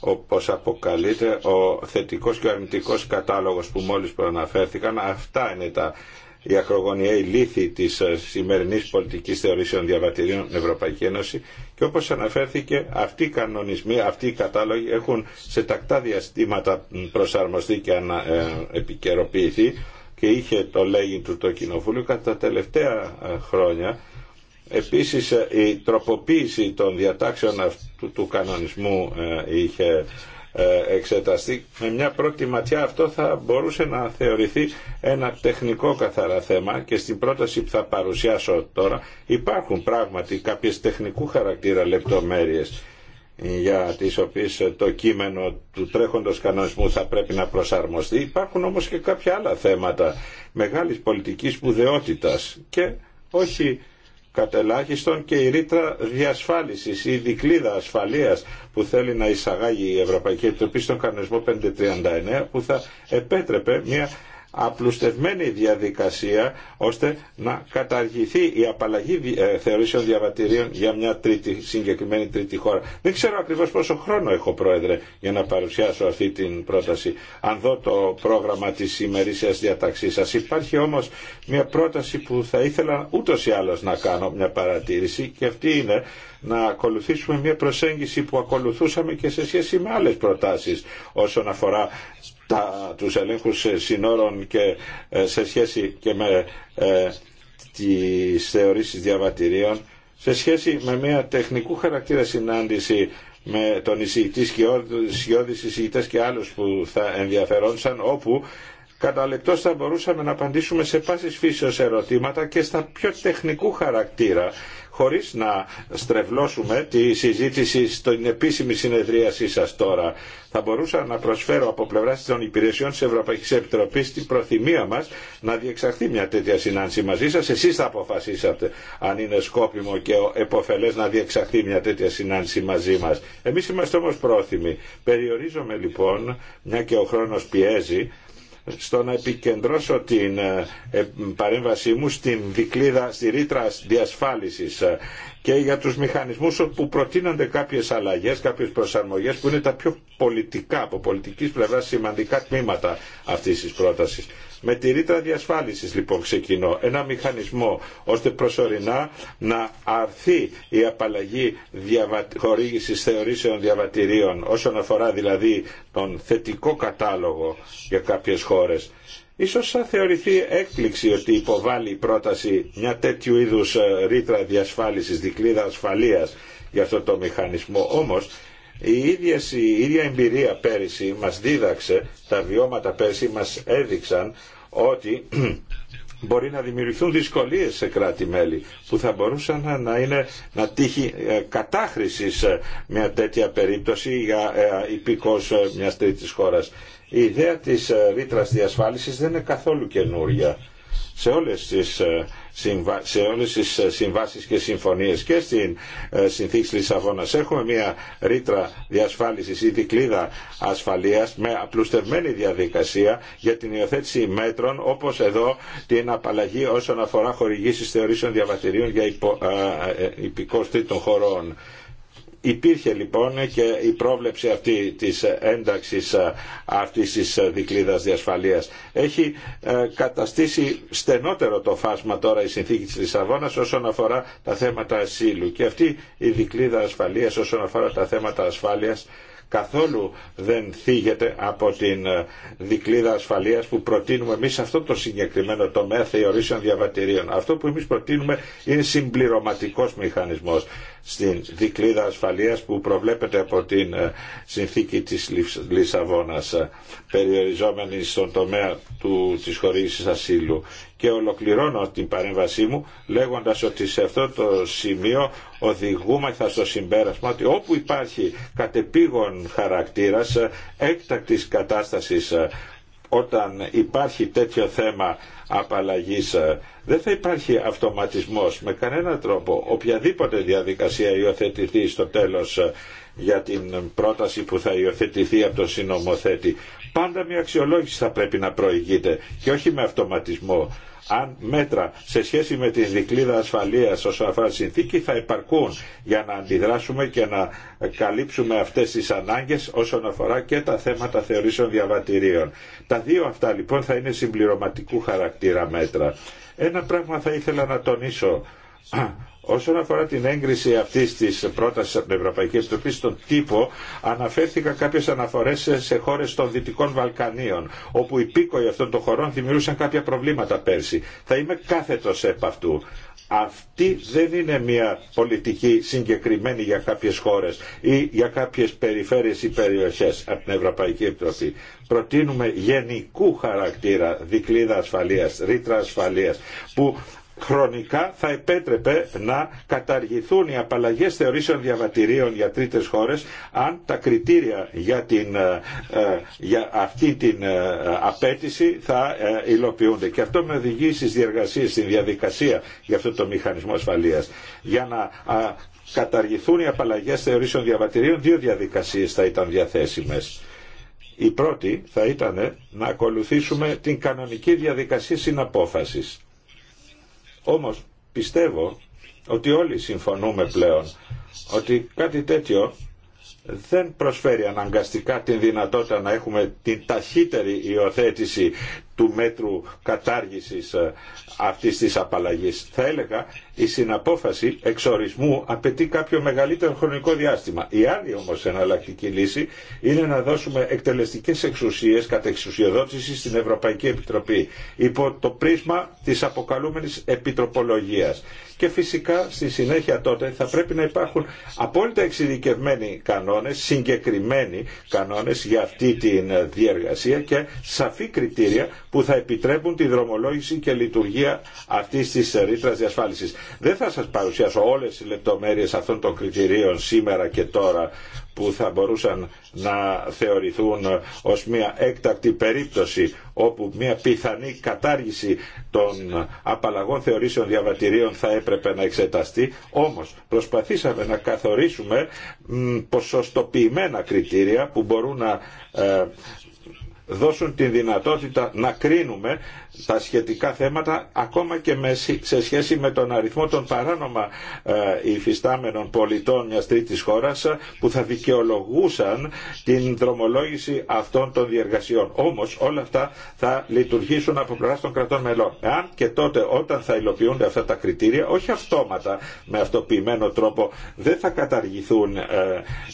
όπως αποκαλείται ο θετικός και ο αρνητικός κατάλογος που μόλις προαναφέρθηκαν. Αυτά είναι τα, η ακρογωνιαίοι λύθη της ε, σημερινής πολιτικής θεωρήσεων διαβατηρίων στην Ευρωπαϊκή Ένωση και όπως αναφέρθηκε αυτοί οι κανονισμοί, αυτοί οι κατάλογοι έχουν σε τακτά διαστήματα προσαρμοστεί και ε, επικαιροποιηθεί και είχε το λέγει του το κοινοβούλιο κατά τα τελευταία ε, χρόνια Επίσης ε, η τροποποίηση των διατάξεων αυτού του κανονισμού ε, είχε εξεταστεί. Με μια πρώτη ματιά αυτό θα μπορούσε να θεωρηθεί ένα τεχνικό καθαρά θέμα και στην πρόταση που θα παρουσιάσω τώρα υπάρχουν πράγματι κάποιες τεχνικού χαρακτήρα λεπτομέρειες για τις οποίες το κείμενο του τρέχοντος κανονισμού θα πρέπει να προσαρμοστεί. Υπάρχουν όμως και κάποια άλλα θέματα μεγάλης πολιτικής σπουδαιότητας και όχι κατελάχιστον και η ρήτρα διασφάλισης ή δικλίδα ασφαλείας που θέλει να εισαγάγει η Ευρωπαϊκή Επιτροπή στον κανονισμό 539 που θα επέτρεπε μια απλουστευμένη διαδικασία ώστε να καταργηθεί η απαλλαγή ε, θεωρήσεων διαβατηρίων για μια τρίτη, συγκεκριμένη τρίτη χώρα. Δεν ξέρω ακριβώς πόσο χρόνο έχω πρόεδρε για να παρουσιάσω αυτή την πρόταση. Αν δω το πρόγραμμα της ημερήσιας διαταξής σας υπάρχει όμως μια πρόταση που θα ήθελα ούτως ή άλλως να κάνω μια παρατήρηση και αυτή είναι να ακολουθήσουμε μια προσέγγιση που ακολουθούσαμε και σε σχέση με άλλες προτάσεις όσον αφορά τα, τους ελέγχους συνόρων και ε, σε σχέση και με ε, τις θεωρήσεις διαβατηρίων, σε σχέση με μια τεχνικού χαρακτήρα συνάντηση με τον εισηγητή Σιώδη, εισηγητές και άλλους που θα ενδιαφερόντουσαν, όπου λεπτός θα μπορούσαμε να απαντήσουμε σε πάσης φύσεως ερωτήματα και στα πιο τεχνικού χαρακτήρα χωρίς να στρεβλώσουμε τη συζήτηση στην επίσημη συνεδρίασή σας τώρα. Θα μπορούσα να προσφέρω από πλευρά των υπηρεσιών της Ευρωπαϊκής Επιτροπής την προθυμία μας να διεξαχθεί μια τέτοια συνάντηση μαζί σας. Εσείς θα αποφασίσατε αν είναι σκόπιμο και εποφελές να διεξαχθεί μια τέτοια συνάντηση μαζί μας. Εμείς είμαστε όμως πρόθυμοι. Περιορίζομαι λοιπόν, μια και ο χρόνος πιέζει, στο να επικεντρώσω την ε, ε, παρέμβασή μου στην δικλίδα, στη ρήτρα διασφάλισης ε, και για τους μηχανισμούς που προτείνονται κάποιες αλλαγές, κάποιες προσαρμογές που είναι τα πιο πολιτικά, από πολιτικής πλευράς σημαντικά τμήματα αυτής της πρότασης. Με τη ρήτρα διασφάλισης λοιπόν ξεκινώ ένα μηχανισμό ώστε προσωρινά να αρθεί η απαλλαγή διαβα... χορήγησης θεωρήσεων διαβατηρίων όσον αφορά δηλαδή τον θετικό κατάλογο για κάποιες χώρες. Ίσως θα θεωρηθεί έκπληξη ότι υποβάλλει η πρόταση μια τέτοιου είδους ε, ρήτρα διασφάλισης, δικλίδα ασφαλείας για αυτό το μηχανισμό. Όμως η ίδια, η εμπειρία πέρυσι μας δίδαξε, τα βιώματα πέρυσι μας έδειξαν ότι [clears throat] μπορεί να δημιουργηθούν δυσκολίες σε κράτη-μέλη που θα μπορούσαν να, είναι, να τύχει ε, κατάχρησης ε, μια τέτοια περίπτωση για ε, υπήκος μιας τρίτης χώρας. Η ιδέα της ρήτρας διασφάλισης δεν είναι καθόλου καινούρια σε όλες τις, ε, σε όλες τις ε, συμβάσεις και συμφωνίες και στην ε, συνθήκη Λισαβόνας έχουμε μια ρήτρα διασφάλισης ή δικλίδα ασφαλείας με απλουστευμένη διαδικασία για την υιοθέτηση μέτρων όπως εδώ την απαλλαγή όσον αφορά χορηγήσεις θεωρήσεων διαβατηρίων για υπο... υπηκός χωρών. Υπήρχε λοιπόν και η πρόβλεψη αυτή της ένταξης ε, αυτής της ε, δικλίδας διασφαλείας. Έχει ε, καταστήσει στενότερο το φάσμα τώρα η συνθήκη της Λισαβόνας όσον αφορά τα θέματα ασύλου. Και αυτή η δικλίδα ασφαλείας όσον αφορά τα θέματα ασφάλειας καθόλου δεν θίγεται από την ε, δικλίδα ασφαλείας που προτείνουμε εμείς σε αυτό το συγκεκριμένο τομέα θεωρήσεων διαβατηρίων. Αυτό που εμείς προτείνουμε είναι συμπληρωματικός μηχανισμός στην δικλίδα ασφαλείας που προβλέπεται από την ε, συνθήκη της Λισαβόνας ε, περιοριζόμενη στον τομέα του, της χορήγησης ασύλου και ολοκληρώνω την παρέμβασή μου λέγοντας ότι σε αυτό το σημείο οδηγούμεθα στο συμπέρασμα ότι όπου υπάρχει κατεπήγον χαρακτήρας έκτακτης κατάστασης ε, όταν υπάρχει τέτοιο θέμα απαλλαγής ε, δεν θα υπάρχει αυτοματισμός με κανένα τρόπο οποιαδήποτε διαδικασία υιοθετηθεί στο τέλος ε, για την πρόταση που θα υιοθετηθεί από τον συνομοθέτη. Πάντα μια αξιολόγηση θα πρέπει να προηγείται και όχι με αυτοματισμό. Αν μέτρα σε σχέση με την δικλίδα ασφαλείας όσον αφορά συνθήκη θα υπαρκούν για να αντιδράσουμε και να καλύψουμε αυτές τις ανάγκες όσον αφορά και τα θέματα θεωρήσεων διαβατηρίων. Τα δύο αυτά λοιπόν θα είναι συμπληρωματικού χαρακτήρα μέτρα. Ένα πράγμα θα ήθελα να τονίσω Όσον αφορά την έγκριση αυτή τη πρόταση από την Ευρωπαϊκή Επιτροπή στον τύπο, αναφέρθηκαν κάποιε αναφορέ σε χώρε των Δυτικών Βαλκανίων, όπου οι πίκοοι αυτών των χωρών δημιούργησαν κάποια προβλήματα πέρσι. Θα είμαι κάθετο επ' αυτού. Αυτή δεν είναι μια πολιτική συγκεκριμένη για κάποιε χώρε ή για κάποιε περιφέρειες ή περιοχέ από την Ευρωπαϊκή Επιτροπή. Προτείνουμε γενικού χαρακτήρα δικλίδα ασφαλεία, ρήτρα ασφαλεία. που χρονικά θα επέτρεπε να καταργηθούν οι απαλλαγές θεωρήσεων διαβατηρίων για τρίτες χώρες αν τα κριτήρια για, την, ε, ε, αυτή την ε, απέτηση θα υλοποιούνται. Και αυτό με οδηγεί στις διεργασίες, στη διαδικασία για αυτό το μηχανισμό ασφαλείας. Για να καταργηθούν οι απαλλαγές θεωρήσεων διαβατηρίων δύο διαδικασίες θα ήταν διαθέσιμες. Η πρώτη θα ήταν να ακολουθήσουμε την κανονική διαδικασία συναπόφασης όμως πιστεύω ότι όλοι συμφωνούμε πλέον ότι κάτι τέτοιο δεν προσφέρει αναγκαστικά την δυνατότητα να έχουμε την ταχύτερη υιοθέτηση του μέτρου κατάργησης ε, αυτής της απαλλαγής. Θα έλεγα η συναπόφαση εξορισμού απαιτεί κάποιο μεγαλύτερο χρονικό διάστημα. Η άλλη όμως εναλλακτική λύση είναι να δώσουμε εκτελεστικές εξουσίες κατά εξουσιοδότηση στην Ευρωπαϊκή Επιτροπή υπό το πρίσμα της αποκαλούμενης επιτροπολογίας. Και φυσικά στη συνέχεια τότε θα πρέπει να υπάρχουν απόλυτα εξειδικευμένοι κανόνες, συγκεκριμένοι κανόνες για αυτή τη διεργασία και σαφή κριτήρια που θα επιτρέπουν τη δρομολόγηση και λειτουργία αυτή τη ρήτρα διασφάλιση. Δεν θα σα παρουσιάσω όλε τι λεπτομέρειε αυτών των κριτηρίων σήμερα και τώρα που θα μπορούσαν να θεωρηθούν ως μια έκτακτη περίπτωση όπου μια πιθανή κατάργηση των απαλλαγών θεωρήσεων διαβατηρίων θα έπρεπε να εξεταστεί. Όμως προσπαθήσαμε να καθορίσουμε ποσοστοποιημένα κριτήρια που μπορούν να ε, δώσουν τη δυνατότητα να κρίνουμε τα σχετικά θέματα ακόμα και σε σχέση με τον αριθμό των παράνομα ε, υφιστάμενων πολιτών μιας τρίτης χώρας ε, που θα δικαιολογούσαν την δρομολόγηση αυτών των διεργασιών. Όμως όλα αυτά θα λειτουργήσουν από πλευρά των κρατών μελών. Αν και τότε όταν θα υλοποιούνται αυτά τα κριτήρια, όχι αυτόματα με αυτοποιημένο τρόπο, δεν θα καταργηθούν, ε,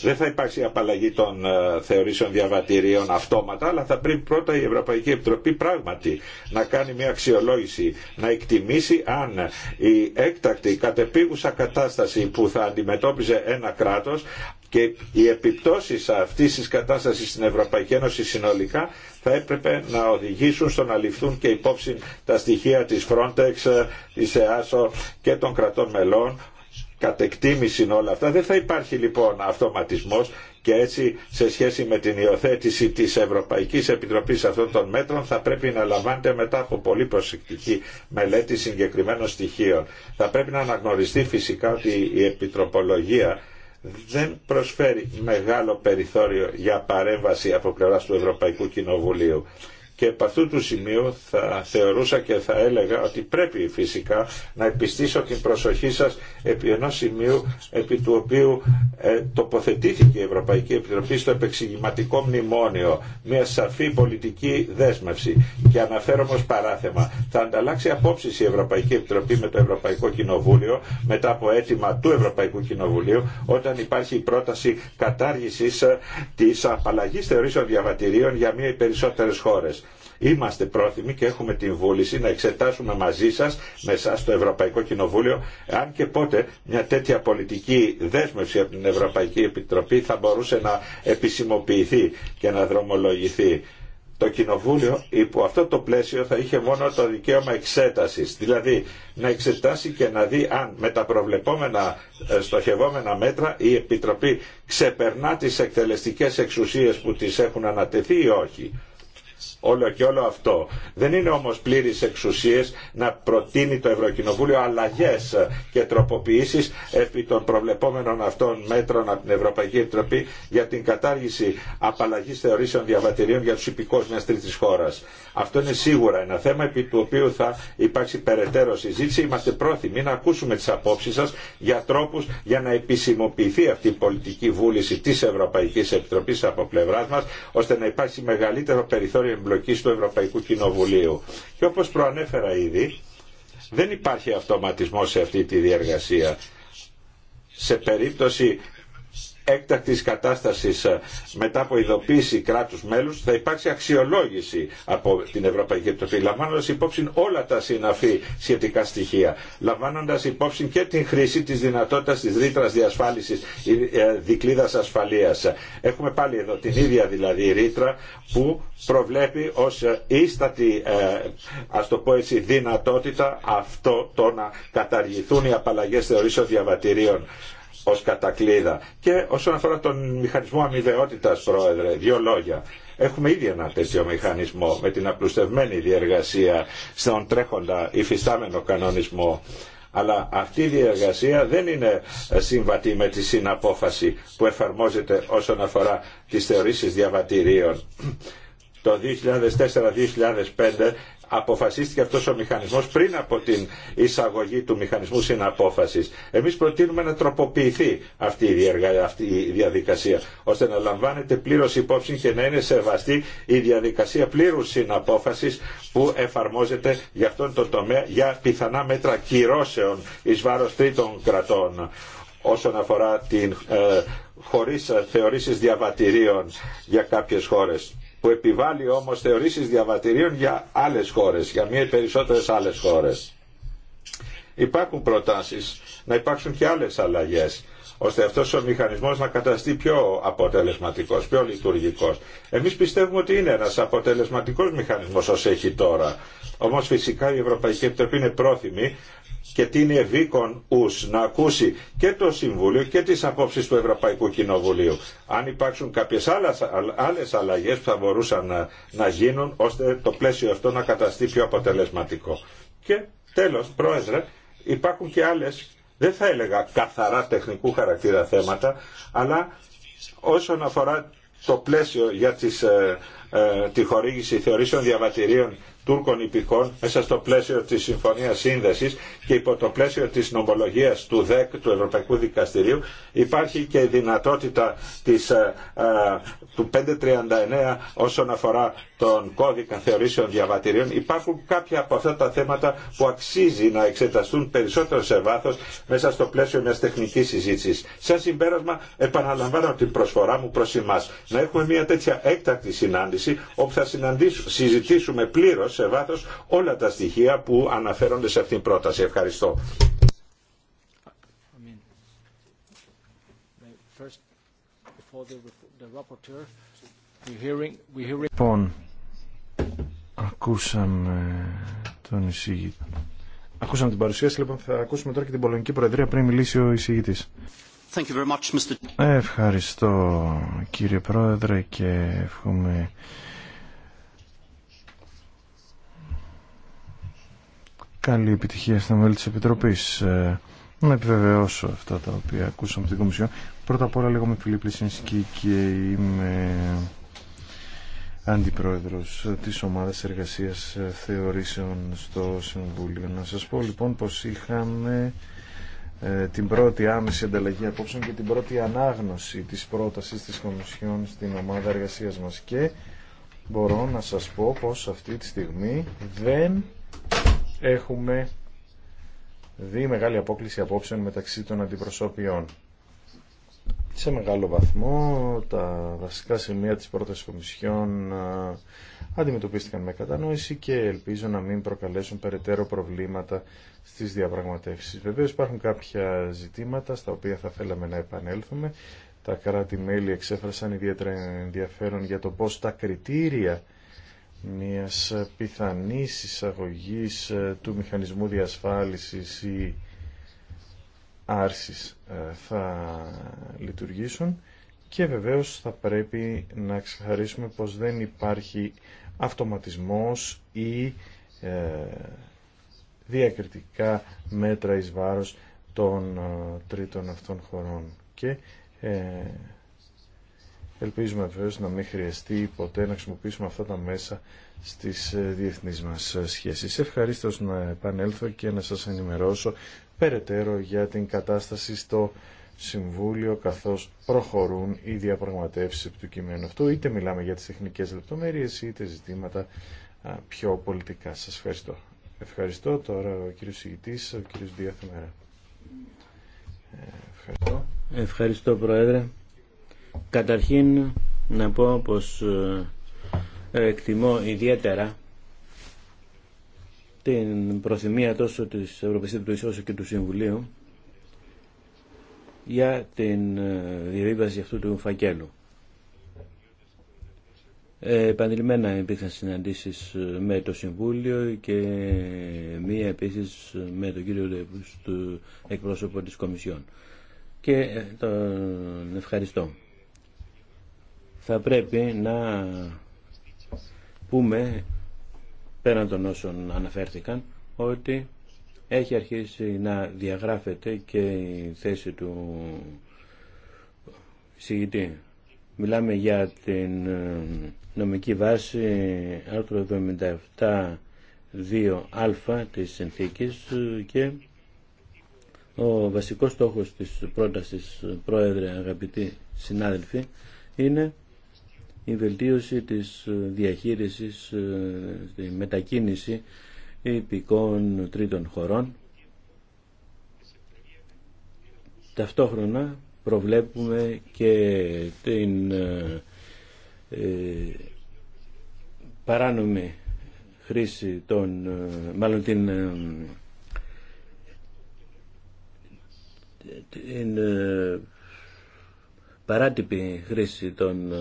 δεν θα υπάρξει απαλλαγή των θεωρήσεων διαβατηρίων αυτόματα, αλλά θα πρέπει πρώτα η Ευρωπαϊκή Επιτροπή πράγματι να κάνει μια αξιολόγηση, να εκτιμήσει αν η έκτακτη κατεπίγουσα κατάσταση που θα αντιμετώπιζε ένα κράτος και οι επιπτώσεις αυτής της κατάστασης στην Ευρωπαϊκή Ένωση συνολικά θα έπρεπε να οδηγήσουν στο να ληφθούν και υπόψη τα στοιχεία της Frontex, της ΕΑΣΟ και των κρατών μελών κατ' όλα αυτά. Δεν θα υπάρχει λοιπόν αυτοματισμός και έτσι σε σχέση με την υιοθέτηση της Ευρωπαϊκής Επιτροπής αυτών των μέτρων θα πρέπει να λαμβάνεται μετά από πολύ προσεκτική μελέτη συγκεκριμένων στοιχείων. Θα πρέπει να αναγνωριστεί φυσικά ότι η επιτροπολογία δεν προσφέρει μεγάλο περιθώριο για παρέμβαση από πλευρά του Ευρωπαϊκού Κοινοβουλίου. Και από αυτού του σημείου θα θεωρούσα και θα έλεγα ότι πρέπει φυσικά να επιστήσω την προσοχή σας επί ενός σημείου επί του οποίου ε, τοποθετήθηκε η Ευρωπαϊκή Επιτροπή στο επεξηγηματικό μνημόνιο. Μια σαφή πολιτική δέσμευση. Και αναφέρομαι ως παράθεμα. Θα ανταλλάξει απόψεις η Ευρωπαϊκή Επιτροπή με το Ευρωπαϊκό Κοινοβούλιο μετά από αίτημα του Ευρωπαϊκού Κοινοβουλίου όταν υπάρχει η πρόταση κατάργησης ε, της απαλλαγής θεωρήσεων διαβατηρίων για μία ή περισσότερες χώρες Είμαστε πρόθυμοι και έχουμε την βούληση να εξετάσουμε μαζί σα, με εσά στο Ευρωπαϊκό Κοινοβούλιο, αν και πότε μια τέτοια πολιτική δέσμευση από την Ευρωπαϊκή Επιτροπή θα μπορούσε να επισημοποιηθεί και να δρομολογηθεί. Το Κοινοβούλιο υπό αυτό το πλαίσιο θα είχε μόνο το δικαίωμα εξέτασης, δηλαδή να εξετάσει και να δει αν με τα προβλεπόμενα ε, στοχευόμενα μέτρα η Επιτροπή ξεπερνά τις εκτελεστικές εξουσίες που της έχουν ανατεθεί ή όχι όλο και όλο αυτό. Δεν είναι όμως πλήρης εξουσίες να προτείνει το Ευρωκοινοβούλιο αλλαγές και τροποποιήσεις επί των προβλεπόμενων αυτών μέτρων από την Ευρωπαϊκή Επιτροπή για την κατάργηση απαλλαγής θεωρήσεων διαβατηρίων για τους υπηκόους μιας τρίτης χώρας. Αυτό είναι σίγουρα ένα θέμα επί του οποίου θα υπάρξει περαιτέρω συζήτηση. Είμαστε πρόθυμοι να ακούσουμε τις απόψεις σας για τρόπους για να επισημοποιηθεί αυτή η πολιτική βούληση της Ευρωπαϊκής Επιτροπής από ώστε να υπάρξει μεγαλύτερο περιθώριο Εμπλοκή του Ευρωπαϊκού Κοινοβουλίου. Και όπως προανέφερα ήδη, δεν υπάρχει αυτοματισμός σε αυτή τη διεργασία. Σε περίπτωση έκτακτης κατάστασης ε, μετά από ειδοποίηση κράτους μέλους θα υπάρξει αξιολόγηση από την Ευρωπαϊκή Επιτροπή λαμβάνοντας υπόψη όλα τα συναφή σχετικά στοιχεία λαμβάνοντας υπόψη και την χρήση της δυνατότητας της ρήτρας διασφάλισης ε, δικλίδας ασφαλείας. Έχουμε πάλι εδώ την ίδια δηλαδή ρήτρα που προβλέπει ως ίστατη ε, ας το πω έτσι δυνατότητα αυτό το να καταργηθούν οι απαλλαγέ θεωρήσεων διαβατηρίων ως κατακλίδα. Και όσον αφορά τον μηχανισμό αμοιβαιότητας, πρόεδρε, δύο λόγια. Έχουμε ήδη ένα τέτοιο μηχανισμό με την απλουστευμένη διεργασία στον τρέχοντα υφιστάμενο κανονισμό. Αλλά αυτή η διεργασία δεν είναι συμβατή με τη συναπόφαση που εφαρμόζεται όσον αφορά τις θεωρήσεις διαβατηρίων το 2004-2005 αποφασίστηκε αυτός ο μηχανισμός πριν από την εισαγωγή του μηχανισμού συναπόφαση. Εμείς προτείνουμε να τροποποιηθεί αυτή η, διαδικασία ώστε να λαμβάνεται πλήρω υπόψη και να είναι σεβαστή η διαδικασία πλήρου συναπόφαση που εφαρμόζεται για αυτόν τον τομέα για πιθανά μέτρα κυρώσεων εις βάρος τρίτων κρατών όσον αφορά την ε, χωρίς θεωρήσεις διαβατηρίων για κάποιες χώρες που επιβάλλει όμως θεωρήσεις διαβατηρίων για άλλες χώρες, για μία ή περισσότερες άλλες χώρες. Υπάρχουν προτάσεις να υπάρξουν και άλλες αλλαγές ώστε αυτός ο μηχανισμός να καταστεί πιο αποτελεσματικός, πιο λειτουργικός. Εμείς πιστεύουμε ότι είναι ένας αποτελεσματικός μηχανισμός όσο έχει τώρα. Όμως φυσικά η Ευρωπαϊκή Επιτροπή είναι πρόθυμη και είναι ευήκον ους να ακούσει και το Συμβούλιο και τις απόψεις του Ευρωπαϊκού Κοινοβουλίου. Αν υπάρξουν κάποιες άλλες αλλαγές που θα μπορούσαν να, γίνουν ώστε το πλαίσιο αυτό να καταστεί πιο αποτελεσματικό. Και τέλος, Πρόεδρε, υπάρχουν και άλλες, δεν θα έλεγα καθαρά τεχνικού χαρακτήρα θέματα, αλλά όσον αφορά το πλαίσιο για ε, ε, τη χορήγηση θεωρήσεων διαβατηρίων Τούρκων υπηκών μέσα στο πλαίσιο της Συμφωνίας Σύνδεσης και υπό το πλαίσιο της νομολογίας του ΔΕΚ, του Ευρωπαϊκού Δικαστηρίου, υπάρχει και η δυνατότητα της, α, ε, ε, του 539 όσον αφορά τον κώδικα θεωρήσεων διαβατηρίων. Υπάρχουν κάποια από αυτά τα θέματα που αξίζει να εξεταστούν περισσότερο σε βάθος μέσα στο πλαίσιο μιας τεχνικής συζήτησης. Σαν συμπέρασμα επαναλαμβάνω την προσφορά μου προς εμάς. Να έχουμε μια τέτοια έκτακτη συνάντηση όπου θα συζητήσουμε πλήρως σε βάθος όλα τα στοιχεία που αναφέρονται σε αυτήν την πρόταση. Ευχαριστώ. Λοιπόν, ακούσαμε τον εισηγητή. Ακούσαμε την παρουσίαση, λοιπόν θα ακούσουμε τώρα και την Πολωνική Προεδρία πριν μιλήσει ο εισηγητής. Ευχαριστώ κύριε Πρόεδρε και εύχομαι καλή επιτυχία στα μέλη της Επιτροπής. Ε, να επιβεβαιώσω αυτά τα οποία ακούσαμε από την Κομισιόν. Πρώτα απ' όλα λέγομαι Φιλίπ Λισινσκή και είμαι αντιπρόεδρος της Ομάδας Εργασίας Θεωρήσεων στο Συμβούλιο. Να σας πω λοιπόν πως είχαμε ε, την πρώτη άμεση ανταλλαγή απόψεων και την πρώτη ανάγνωση της πρότασης της Κομισιόν στην Ομάδα Εργασίας μας και μπορώ να σας πω πως αυτή τη στιγμή δεν έχουμε δει μεγάλη απόκληση απόψεων μεταξύ των αντιπροσώπιών. Σε μεγάλο βαθμό τα βασικά σημεία της πρώτης κομισιόν αντιμετωπίστηκαν με κατανόηση και ελπίζω να μην προκαλέσουν περαιτέρω προβλήματα στις διαπραγματεύσεις. Βεβαίως υπάρχουν κάποια ζητήματα στα οποία θα θέλαμε να επανέλθουμε. Τα κράτη-μέλη εξέφρασαν ιδιαίτερα ενδιαφέρον για το πώς τα κριτήρια μιας πιθανής εισαγωγής ε, του μηχανισμού διασφάλισης ή άρσης ε, θα λειτουργήσουν και βεβαίως θα πρέπει να ξεχαρίσουμε πως δεν υπάρχει αυτοματισμός ή ε, διακριτικά μέτρα εις βάρος των τρίτων αυτών χωρών και Ελπίζουμε βεβαίω να μην χρειαστεί ποτέ να χρησιμοποιήσουμε αυτά τα μέσα στις ε, διεθνείς μας ε, σχέσεις. Ευχαρίστω να επανέλθω και να σας ενημερώσω περαιτέρω για την κατάσταση στο Συμβούλιο καθώς προχωρούν οι διαπραγματεύσεις του κειμένου αυτού. Είτε μιλάμε για τις τεχνικές λεπτομέρειες είτε ζητήματα πιο πολιτικά. Σας ευχαριστώ. Ευχαριστώ τώρα ο κύριος Συγητής, ο κύριος Διαθεμέρα. Ε, ευχαριστώ. Ευχαριστώ Πρόεδρε. Καταρχήν να πω πως ε, εκτιμώ ιδιαίτερα την προθυμία τόσο της Ευρωπαϊκής Επιτροπής όσο και του Συμβουλίου για την ε, διαβίβαση αυτού του φακέλου. Ε, επανειλημμένα υπήρχαν συναντήσεις με το Συμβούλιο και μία επίσης με τον κύριο Λεβούς, του εκπρόσωπο της Κομισιόν. Και τον ευχαριστώ θα πρέπει να πούμε πέραν των όσων αναφέρθηκαν ότι έχει αρχίσει να διαγράφεται και η θέση του συγητή. Μιλάμε για την ε, νομική βάση 2007-2 77.2α της συνθήκης και ο βασικός στόχος της πρότασης, πρόεδρε αγαπητοί συνάδελφοι, είναι η βελτίωση της ε, διαχείρισης, ε, τη μετακίνηση υπηκών τρίτων χωρών. Ταυτόχρονα προβλέπουμε και την ε, παράνομη χρήση των, μάλλον την, την παράτυπη χρήση των ε,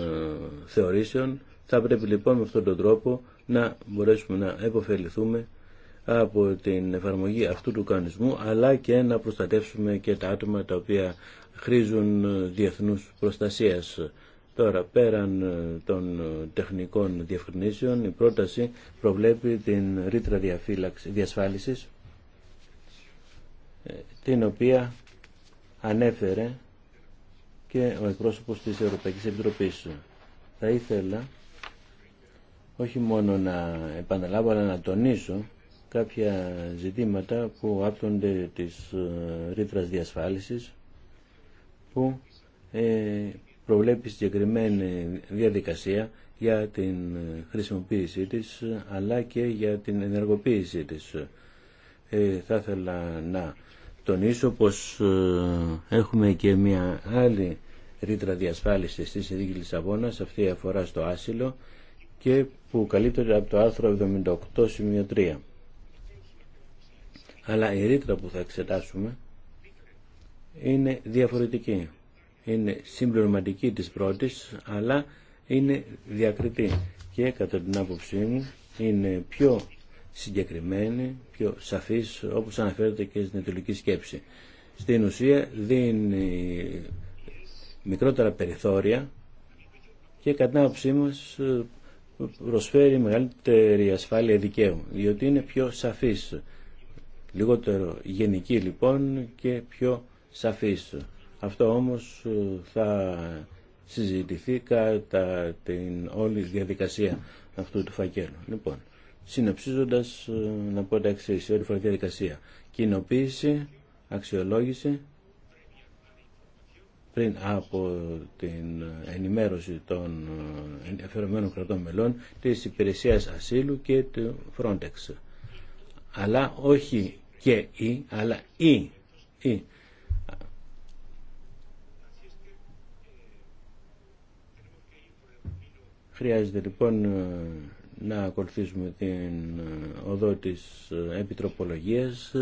θεωρήσεων. Θα πρέπει λοιπόν με αυτόν τον τρόπο να μπορέσουμε να επωφεληθούμε από την εφαρμογή αυτού του κανονισμού αλλά και να προστατεύσουμε και τα άτομα τα οποία χρήζουν ε, διεθνούς προστασίας. Τώρα, πέραν ε, των τεχνικών διευκρινήσεων, η πρόταση προβλέπει την ρήτρα διασφάλισης, την οποία ανέφερε και ο εκπρόσωπος της Ευρωπαϊκής Επιτροπής. Θα ήθελα όχι μόνο να επαναλάβω αλλά να τονίσω κάποια ζητήματα που άπτονται της ε, Ρήτρας διασφάλισης που ε, προβλέπει συγκεκριμένη διαδικασία για την χρησιμοποίησή της αλλά και για την ενεργοποίησή της. Ε, θα ήθελα να τονίσω πως ε, έχουμε και μια άλλη ρήτρα διασφάλισης στη συνθήκη Λισαβόνας, αυτή αφορά στο άσυλο και που καλύπτεται από το άρθρο 78 Αλλά η ρήτρα που θα εξετάσουμε είναι διαφορετική. Είναι συμπληρωματική της πρώτης, αλλά είναι διακριτή. Και κατά την άποψή μου είναι πιο συγκεκριμένη, πιο σαφής, όπως αναφέρεται και στην αιτιολογική σκέψη. Στην ουσία δίνει μικρότερα περιθώρια και κατά άποψή μας προσφέρει μεγαλύτερη ασφάλεια δικαίου, διότι είναι πιο σαφής, λιγότερο γενική λοιπόν και πιο σαφής. Αυτό όμως θα συζητηθεί κατά την όλη διαδικασία αυτού του φακέλου. Λοιπόν, συνοψίζοντα, ε, να πω τα εξή, όλη φορά τη διαδικασία. Κοινοποίηση, αξιολόγηση, πριν από την ενημέρωση των ε, ενδιαφερομένων κρατών μελών της υπηρεσίας ασύλου και του Frontex. Αλλά όχι και ή, αλλά ή. ή. Χρειάζεται λοιπόν ε, να ακολουθήσουμε την ε, οδό της ε, επιτροπολογίας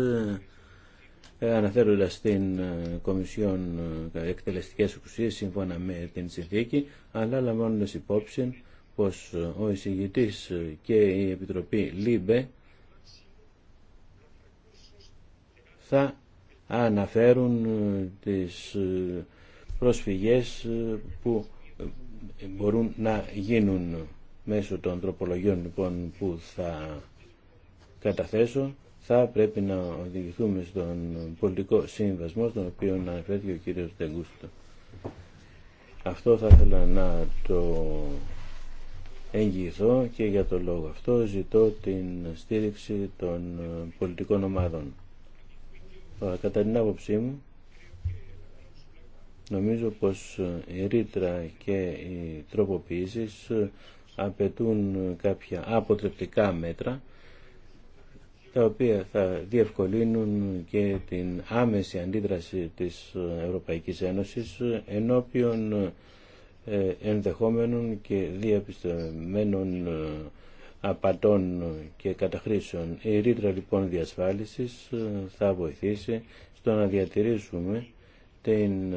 ε, αναφέροντας στην Κομισιόν εκτελεστικές ουσίες σύμφωνα με την συνθήκη αλλά λαμβάνοντας υπόψη πως ο εισηγητής και η Επιτροπή ΛΥΜΠΕ θα αναφέρουν τις προσφυγές που μπορούν να γίνουν Μέσω των τροπολογιών λοιπόν που θα καταθέσω θα πρέπει να οδηγηθούμε στον πολιτικό σύμβασμο στον οποίο αναφέρθηκε ο κύριος Τεγκούστο. Αυτό θα ήθελα να το εγγυηθώ και για το λόγο αυτό ζητώ την στήριξη των πολιτικών ομάδων. Κατά την άποψή μου, νομίζω πως η ρήτρα και οι τροποποιήσεις απαιτούν κάποια αποτρεπτικά μέτρα τα οποία θα διευκολύνουν και την άμεση αντίδραση της Ευρωπαϊκής Ένωσης ενώπιον ε, ενδεχόμενων και διαπιστωμένων ε, απατών και καταχρήσεων. Η ρήτρα λοιπόν διασφάλισης ε, θα βοηθήσει στο να διατηρήσουμε την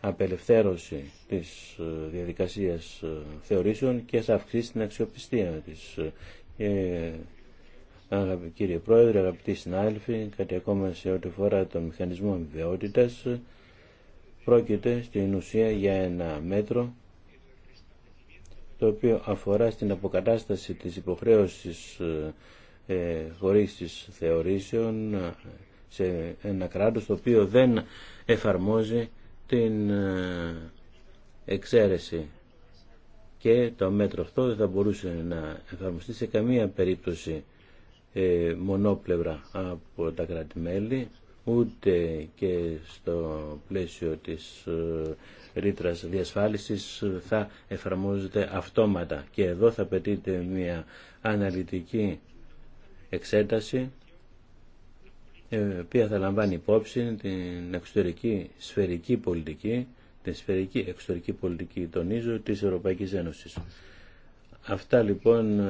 απελευθέρωση της ε, διαδικασίας ε, θεωρήσεων και θα αυξήσει την αξιοπιστία της. Ε, κύριε Πρόεδρε, αγαπητοί συνάδελφοι, κάτι ακόμα σε ό,τι φορά το μηχανισμό αμοιβαιότητας, πρόκειται στην ουσία για ένα μέτρο το οποίο αφορά στην αποκατάσταση της υποχρέωσης ε, χωρίς θεωρήσεων σε ένα κράτος το οποίο δεν εφαρμόζει την ε, εξαίρεση και το μέτρο αυτό δεν θα μπορούσε να εφαρμοστεί σε καμία περίπτωση ε, μονόπλευρα από τα κράτη-μέλη ούτε και στο πλαίσιο της ε, ρήτρα διασφάλισης θα εφαρμόζεται αυτόματα και εδώ θα απαιτείται μια αναλυτική εξέταση η οποία θα λαμβάνει υπόψη την εξωτερική σφαιρική πολιτική, την σφαιρική εξωτερική πολιτική, τονίζω, της Ευρωπαϊκής Ένωσης. Αυτά λοιπόν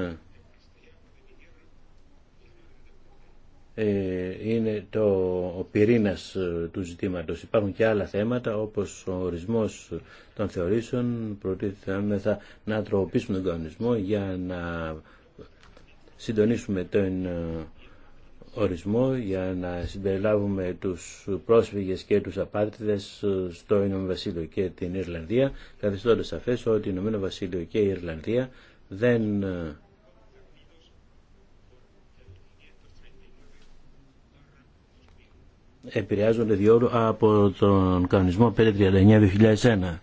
ε, είναι το, ο πυρήνας ε, του ζητήματος. Υπάρχουν και άλλα θέματα όπως ο ορισμός των θεωρήσεων θα να τροποποιήσουμε τον κανονισμό για να συντονίσουμε τον ε, ορισμό για να συμπεριλάβουμε τους πρόσφυγες και τους απάτητες στο Ηνωμένο Βασίλειο και την Ιρλανδία, καθιστώντας σαφές ότι το Ηνωμένο Βασίλειο και η Ιρλανδία δεν ε, επηρεάζονται διόλου από τον κανονισμό 539-2001.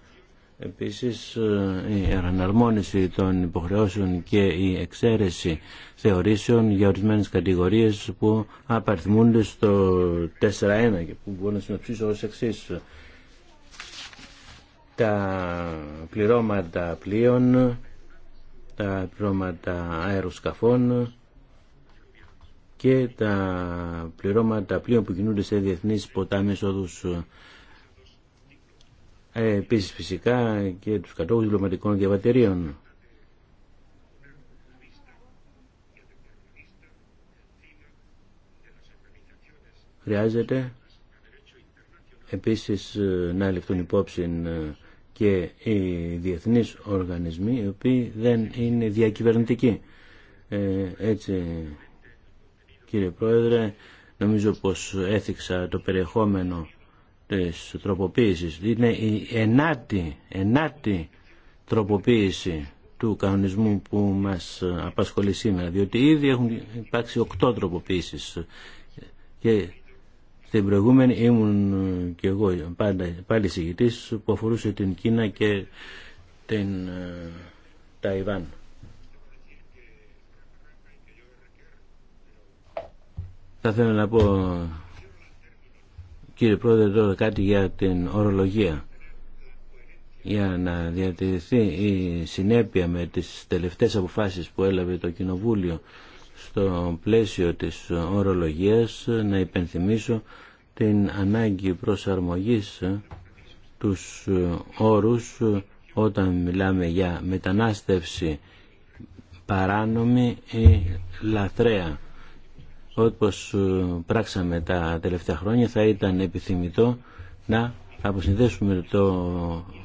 Επίσης ε, η αναρμόνιση των υποχρεώσεων και η εξαίρεση θεωρήσεων για ορισμένες κατηγορίες που απαριθμούνται στο 4.1 και που μπορώ να συνοψίσω ως εξή. Τα πληρώματα πλοίων, τα πληρώματα αεροσκαφών και τα πληρώματα πλοίων που κινούνται σε διεθνείς ποτάμιες όδους ε, επίσης φυσικά και τους κατόχους διπλωματικών διαβατηρίων. Χρειάζεται επίσης να ληφθούν υπόψη ε, και οι διεθνείς οργανισμοί οι οποίοι δεν είναι διακυβερνητικοί. Ε, έτσι κύριε Πρόεδρε νομίζω πως έθιξα το περιεχόμενο της τροποποίησης είναι η ενάτη, τροποποίηση του κανονισμού που μας απασχολεί σήμερα διότι ήδη έχουν υπάρξει οκτώ τροποποίησεις και στην προηγούμενη ήμουν και εγώ πάντα, πάλι συγητής που αφορούσε την Κίνα και την ε, Ταϊβάν. Θα θέλω να πω Κύριε Πρόεδρε, τώρα κάτι για την ορολογία. Για να διατηρηθεί η συνέπεια με τις τελευταίες αποφάσεις που έλαβε το Κοινοβούλιο στο πλαίσιο της ορολογίας, να υπενθυμίσω την ανάγκη προσαρμογής τους όρους όταν μιλάμε για μετανάστευση παράνομη ή λαθρέα όπως ε, πράξαμε τα τελευταία χρόνια θα ήταν επιθυμητό να αποσυνδέσουμε το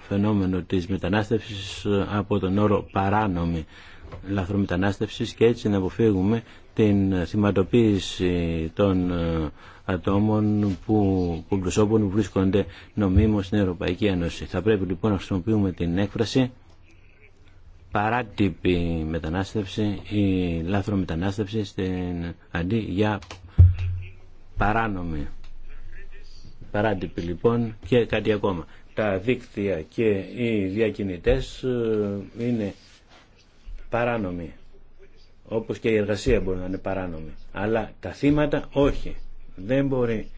φαινόμενο της μετανάστευσης ε, από τον όρο παράνομη λαθρομετανάστευσης και έτσι να αποφύγουμε την θυματοποίηση των ε, ατόμων που, που βρίσκονται νομίμως στην Ευρωπαϊκή Ένωση. Θα πρέπει λοιπόν να χρησιμοποιούμε την έκφραση παράτυπη μετανάστευση ή λάθρο μετανάστευση στην, αντί για παράνομη. Παράτυπη λοιπόν και κάτι ακόμα. Τα δίκτυα και οι διακινητές ε, είναι παράνομοι. Όπως και η εργασία μπορεί να είναι παράνομη. Αλλά τα θύματα όχι. Δεν μπορεί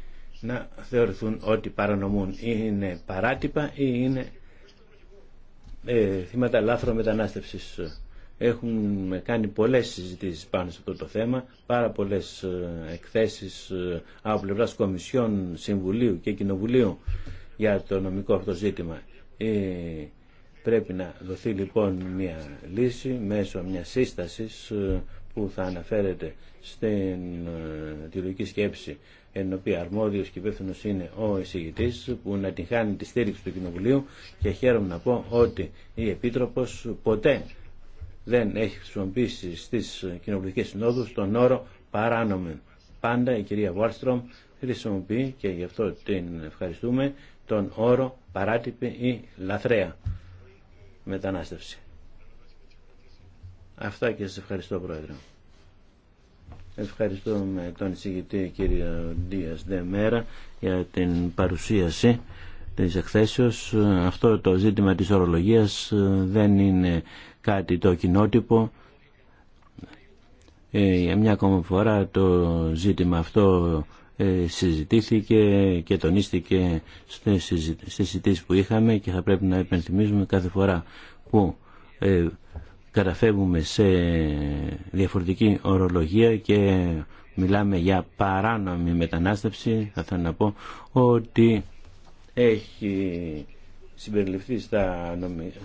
να θεωρηθούν ότι παρανομούν ή είναι παράτυπα ή είναι ε, θύματα λάθρο μετανάστευσης. Ε, έχουμε κάνει πολλές συζητήσεις πάνω σε αυτό το θέμα, πάρα πολλές ε, εκθέσεις ε, από πλευράς Κομισιών, Συμβουλίου και Κοινοβουλίου για το νομικό αυτό ζήτημα. Πρέπει να δοθεί λοιπόν μια λύση μέσω μια σύστασης που θα αναφέρεται στην τη σκέψη εν οποία αρμόδιος και υπεύθυνος είναι ο εισηγητής που να την χάνει τη στήριξη του Κοινοβουλίου και χαίρομαι να πω ότι η Επίτροπος ποτέ δεν έχει χρησιμοποιήσει στις κοινοβουλικές συνόδους τον όρο παράνομη. Πάντα η κυρία Βάλστρομ χρησιμοποιεί και γι' αυτό την ευχαριστούμε τον όρο παράτυπη ή λαθρέα μετανάστευση. Αυτά και σας ευχαριστώ Πρόεδρε. Ευχαριστούμε τον εισηγητή κύριο Ντίας Δεμέρα για την παρουσίαση της εκθέσεως. Αυτό το ζήτημα της ορολογίας ε, δεν είναι κάτι το κοινότυπο. Για ε, μια ακόμα φορά το ζήτημα αυτό ε, συζητήθηκε και τονίστηκε στις συζητήσεις που είχαμε και θα πρέπει να επενθυμίζουμε κάθε φορά που καταφεύγουμε σε διαφορετική ορολογία και μιλάμε για παράνομη μετανάστευση, θα θέλω να πω ότι έχει συμπεριληφθεί στα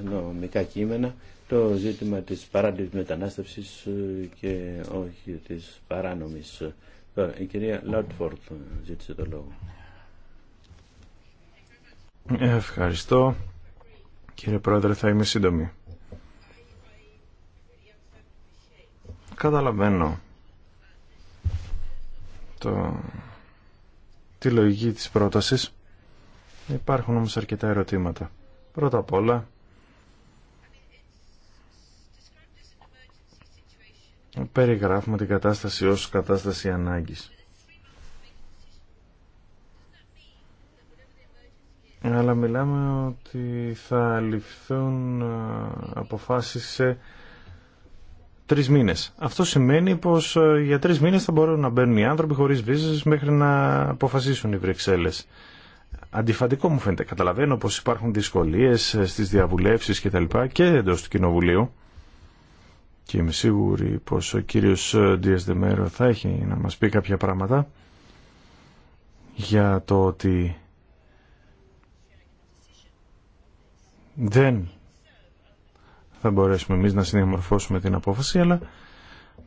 νομικά κείμενα το ζήτημα της παράνομης μετανάστευσης και όχι της παράνομης. Τώρα, η κυρία ζήτησε το λόγο. Ευχαριστώ. Κύριε Πρόεδρε, θα είμαι σύντομη. Καταλαβαίνω το... τη λογική της πρότασης. Υπάρχουν όμως αρκετά ερωτήματα. Πρώτα απ' όλα, περιγράφουμε την κατάσταση ως κατάσταση ανάγκης. Αλλά μιλάμε ότι θα ληφθούν ε, αποφάσεις σε τρει μήνε. Αυτό σημαίνει πω ε, για τρει μήνε θα μπορούν να μπαίνουν οι άνθρωποι χωρί βίζε μέχρι να αποφασίσουν οι Βρυξέλλε. Αντιφαντικό μου φαίνεται. Καταλαβαίνω πω υπάρχουν δυσκολίε ε, στι διαβουλεύσει κτλ. και, και εντό του Κοινοβουλίου. Και είμαι σίγουρη πω ο κύριο Ντία ε, Δεμέρο θα έχει να μα πει κάποια πράγματα για το ότι δεν θα μπορέσουμε εμείς να συνδιαμορφώσουμε την απόφαση, αλλά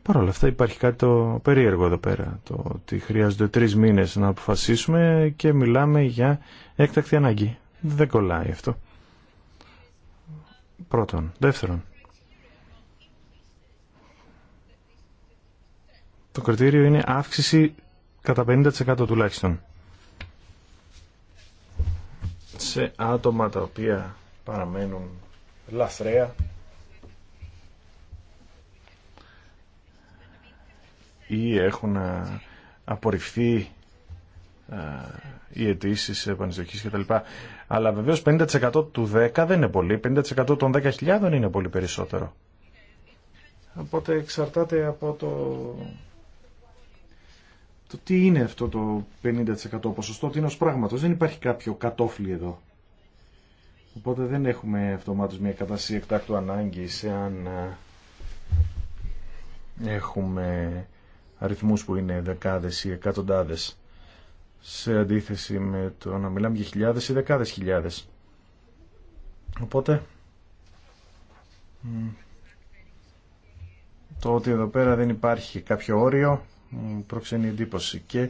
παρόλα αυτά υπάρχει κάτι το περίεργο εδώ πέρα. Το ότι χρειάζονται τρει μήνες να αποφασίσουμε και μιλάμε για έκτακτη ανάγκη. Δεν κολλάει αυτό. Πρώτον. Δεύτερον. Το κριτήριο είναι αύξηση κατά 50% τουλάχιστον. Σε άτομα τα οποία παραμένουν λαθρέα ή έχουν ε, απορριφθεί ε, οι αιτήσει επανεισδοχή κτλ. Αλλά βεβαίω 50% του 10 δεν είναι πολύ, 50% των 10.000 είναι πολύ περισσότερο. Οπότε εξαρτάται από το... το τι είναι αυτό το 50% ποσοστό, τι είναι ως πράγματος. Δεν υπάρχει κάποιο κατόφλι εδώ. Οπότε δεν έχουμε αυτομάτως μια κατάσταση εκτάκτου ανάγκης εάν ε, έχουμε αριθμούς που είναι δεκάδες ή εκατοντάδες σε αντίθεση με το να μιλάμε για χιλιάδες ή δεκάδες χιλιάδες. Οπότε το ότι εδώ πέρα δεν υπάρχει κάποιο όριο προξενεί εντύπωση. Και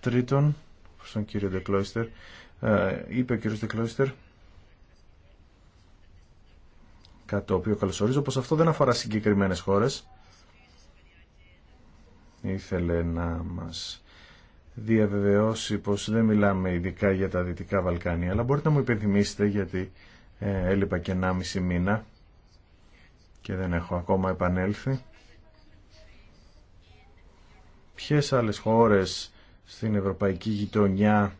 τρίτον, στον κύριο Δεκλόιστερ, είπε ο κύριος Δεκλόιστερ, κάτι το οποίο καλωσορίζω, πως αυτό δεν αφορά συγκεκριμένες χώρες, ήθελε να μας διαβεβαιώσει πως δεν μιλάμε ειδικά για τα Δυτικά Βαλκάνια, αλλά μπορείτε να μου υπενθυμίσετε γιατί ε, έλειπα και μισή μήνα και δεν έχω ακόμα επανέλθει. Ποιες άλλες χώρες στην ευρωπαϊκή γειτονιά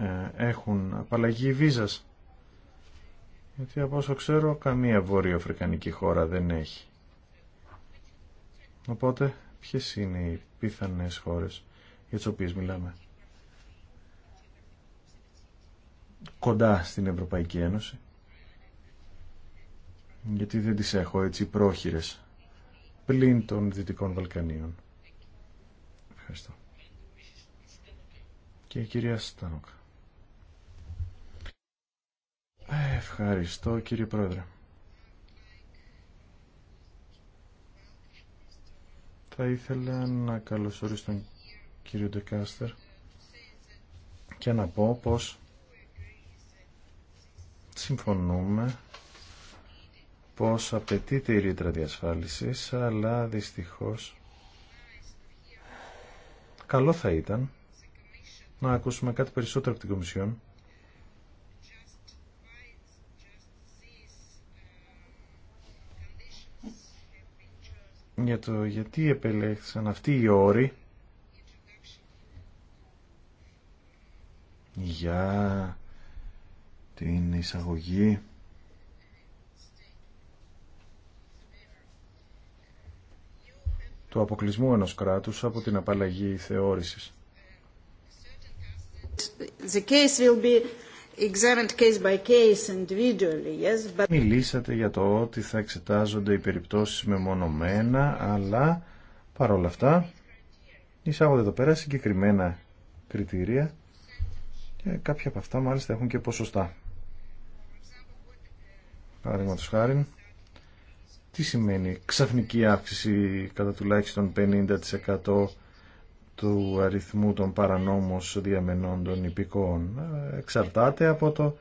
ε, έχουν απαλλαγή βίζας. Γιατί από όσο ξέρω καμία βόρειο-αφρικανική χώρα δεν έχει. Οπότε, ποιε είναι οι πίθανε χώρες για τι οποίε μιλάμε. Κοντά στην Ευρωπαϊκή Ένωση. Γιατί δεν τις έχω έτσι πρόχειρες. Πλην των Δυτικών Βαλκανίων. Ευχαριστώ. Και η κυρία Στάνοκ. Ευχαριστώ κύριε Πρόεδρε. Θα ήθελα να καλωσορίσω τον κύριο Ντεκάστερ και να πω πως συμφωνούμε πως απαιτείται η ρήτρα διασφάλισης, αλλά δυστυχώς καλό θα ήταν να ακούσουμε κάτι περισσότερο από την Κομισιόν για το γιατί επελέχθησαν αυτοί οι όροι για την εισαγωγή του αποκλεισμού ενός κράτους από την απαλλαγή θεώρησης. The case will Μιλήσατε για το ότι θα εξετάζονται οι περιπτώσεις μεμονωμένα, αλλά παρόλα αυτά εισάγονται εδώ πέρα συγκεκριμένα κριτήρια και κάποια από αυτά μάλιστα έχουν και ποσοστά. Παραδείγματος χάρη, τι σημαίνει ξαφνική αύξηση κατά τουλάχιστον 50% του αριθμού των παρανόμως διαμενών των υπηκόων. Ε, εξαρτάται από το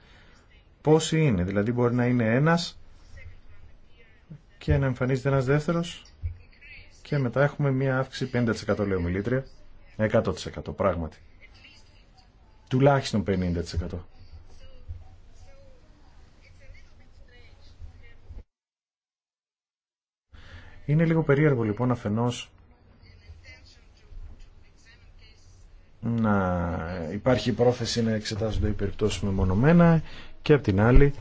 πόσοι είναι. Δηλαδή μπορεί να είναι ένας και να εμφανίζεται ένας δεύτερος και μετά έχουμε μία αύξηση 50% λέω μιλήτρια, 100% πράγματι. Τουλάχιστον 50%. Είναι λίγο περίεργο λοιπόν αφενός να υπάρχει πρόθεση να εξετάζονται οι περιπτώσεις μεμονωμένα και απ' την άλλη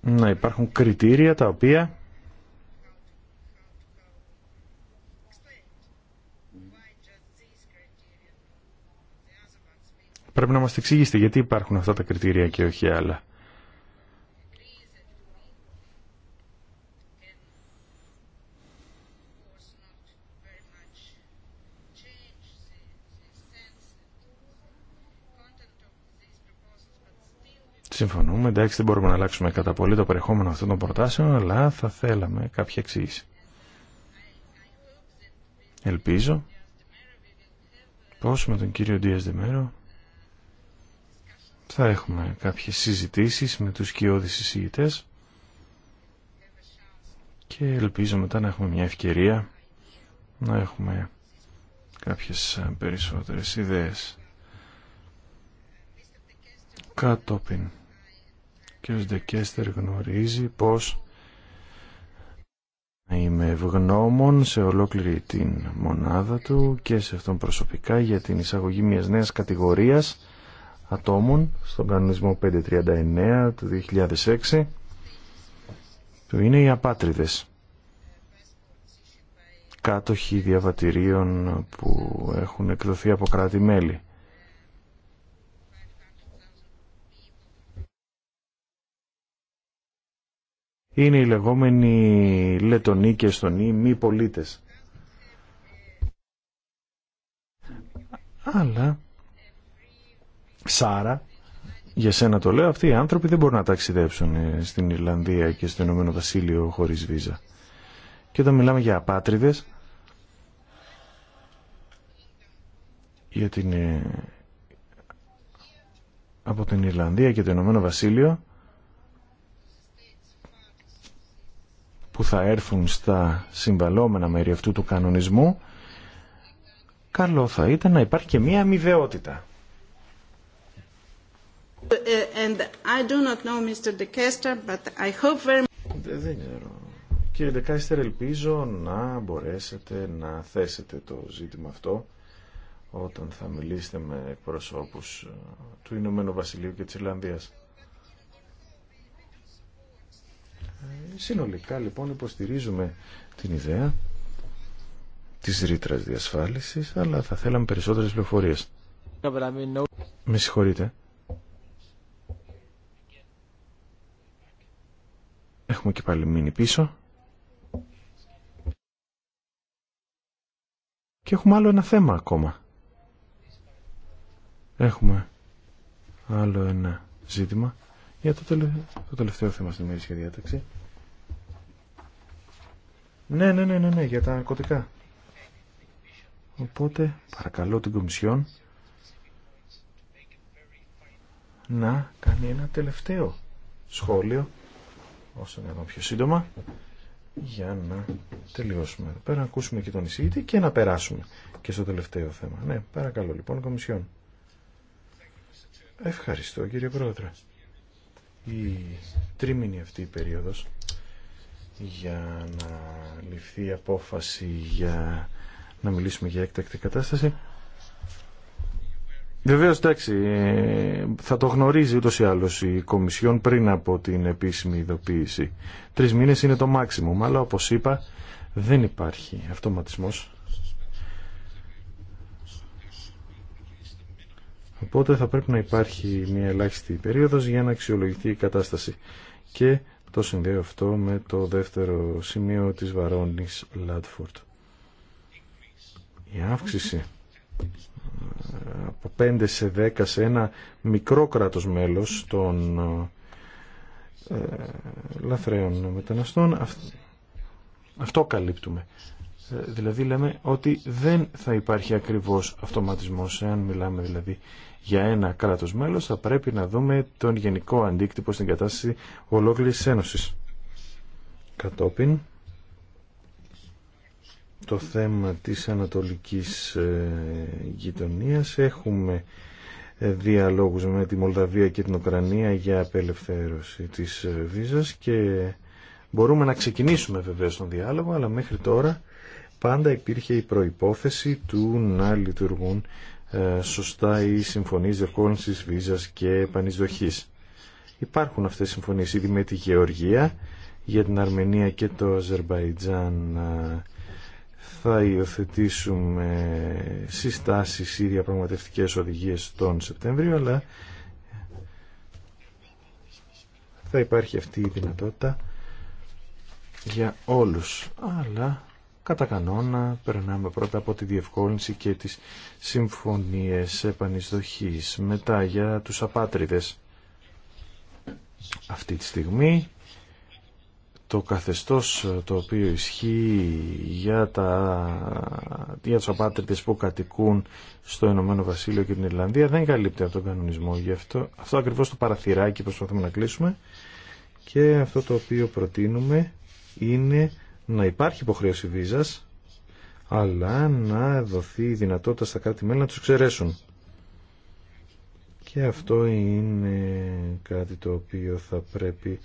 να υπάρχουν κριτήρια τα οποία πρέπει να μας εξηγήσετε γιατί υπάρχουν αυτά τα κριτήρια και όχι άλλα. Συμφωνούμε, εντάξει δεν μπορούμε να αλλάξουμε κατά πολύ το περιεχόμενο αυτών των προτάσεων, αλλά θα θέλαμε κάποια εξήγηση. Ελπίζω πως με τον κύριο Ντίας Δεμέρο θα έχουμε κάποιες συζητήσεις με τους κοιόδης εισηγητές και ελπίζω μετά να έχουμε μια ευκαιρία να έχουμε κάποιες περισσότερες ιδέες κατόπιν κ. Ντεκέστερ γνωρίζει πως είμαι ευγνώμων σε ολόκληρη την μονάδα του και σε αυτόν προσωπικά για την εισαγωγή μιας νέας κατηγορίας ατόμων στον κανονισμό 539 του 2006 που είναι οι απάτριδες κάτοχοι διαβατηρίων που έχουν εκδοθεί από κράτη-μέλη είναι οι λεγόμενοι Λετονοί και Εστονοί μη πολίτες. Αλλά, Σάρα, για σένα το λέω, αυτοί οι άνθρωποι δεν μπορούν να ταξιδέψουν ε, στην Ιρλανδία και στο Ηνωμένο Βασίλειο χωρίς βίζα. Και όταν μιλάμε για απάτριδες, για την, ε, από την Ιρλανδία και το Ηνωμένο Βασίλειο, που θα έρθουν στα συμβαλόμενα μέρη αυτού του κανονισμού, καλό θα ήταν να υπάρχει και μία αμοιβαιότητα. Δεν ξέρω. Κύριε Ντεκάστερ, ελπίζω να μπορέσετε να θέσετε το ζήτημα αυτό όταν θα μιλήσετε με εκπροσώπους ε, του Ηνωμένου Βασιλείου και της Ιρλανδίας. Συνολικά λοιπόν υποστηρίζουμε την ιδέα της ρήτρας διασφάλισης, αλλά θα θέλαμε περισσότερες πληροφορίες. Με συγχωρείτε. Έχουμε και πάλι μείνει πίσω. Και έχουμε άλλο ένα θέμα ακόμα. Έχουμε άλλο ένα ζήτημα. Για το, το τελευταίο θέμα στην ημερήσια διάταξη. Ναι, ναι, ναι, ναι, ναι, για τα ναρκωτικά. Οπότε παρακαλώ την Κομισιόν να κάνει ένα τελευταίο σχόλιο όσο να πιο σύντομα για να τελειώσουμε εδώ πέρα, να ακούσουμε και τον εισηγητή και να περάσουμε και στο τελευταίο θέμα. Ναι, παρακαλώ λοιπόν Κομισιόν. Ευχαριστώ κύριε Πρόεδρε η τρίμηνη αυτή η περίοδος για να ληφθεί απόφαση για να μιλήσουμε για έκτακτη κατάσταση. Βεβαίω, εντάξει, θα το γνωρίζει ούτω ή άλλω η Κομισιόν πριν από την επίσημη ειδοποίηση. Τρει μήνε είναι το μάξιμουμ, αλλά όπω είπα, δεν υπάρχει αυτοματισμός Οπότε θα πρέπει να υπάρχει μια ελάχιστη περίοδος για να αξιολογηθεί η κατάσταση. Και το συνδέω αυτό με το δεύτερο σημείο της Βαρόνης Λάτφορτ. Η αύξηση ε, από 5 σε 10 σε ένα μικρό κράτος μέλος των ε, λαθρέων μεταναστών αυτό καλύπτουμε. Δηλαδή λέμε ότι δεν θα υπάρχει ακριβώς αυτοματισμός. Εάν μιλάμε δηλαδή για ένα κράτος μέλος θα πρέπει να δούμε τον γενικό αντίκτυπο στην κατάσταση ολόκληρης ένωσης. Κατόπιν το θέμα της ανατολικής ε, γειτονίας έχουμε ε, διαλόγους με τη Μολδαβία και την Ουκρανία για απελευθέρωση της ε, βίζας και μπορούμε να ξεκινήσουμε βεβαίως τον διάλογο αλλά μέχρι τώρα πάντα υπήρχε η προϋπόθεση του να λειτουργούν ε, σωστά οι συμφωνίες διευκόλυνσης βίζας και επανεισδοχής. Υπάρχουν αυτές οι συμφωνίες ήδη με τη Γεωργία, για την Αρμενία και το Αζερβαϊτζάν ε, θα υιοθετήσουμε συστάσεις ή διαπραγματευτικές οδηγίες τον Σεπτέμβριο, αλλά θα υπάρχει αυτή η δυνατότητα για όλους. Αλλά Κατά κανόνα περνάμε πρώτα από τη διευκόλυνση και τις συμφωνίες επανεισδοχής. Μετά για τους απάτριδες. Αυτή τη στιγμή το καθεστώς το οποίο ισχύει για, τα, για τους απάτριδες που κατοικούν στο Ηνωμένο Βασίλειο και την Ιρλανδία δεν καλύπτει από τον κανονισμό. Γι αυτό, αυτό ακριβώς το παραθυράκι προσπαθούμε να κλείσουμε και αυτό το οποίο προτείνουμε είναι να υπάρχει υποχρέωση βίζας, αλλά να δοθεί η δυνατότητα στα κράτη-μέλη να τους εξαιρέσουν. Και αυτό είναι κάτι το οποίο θα πρέπει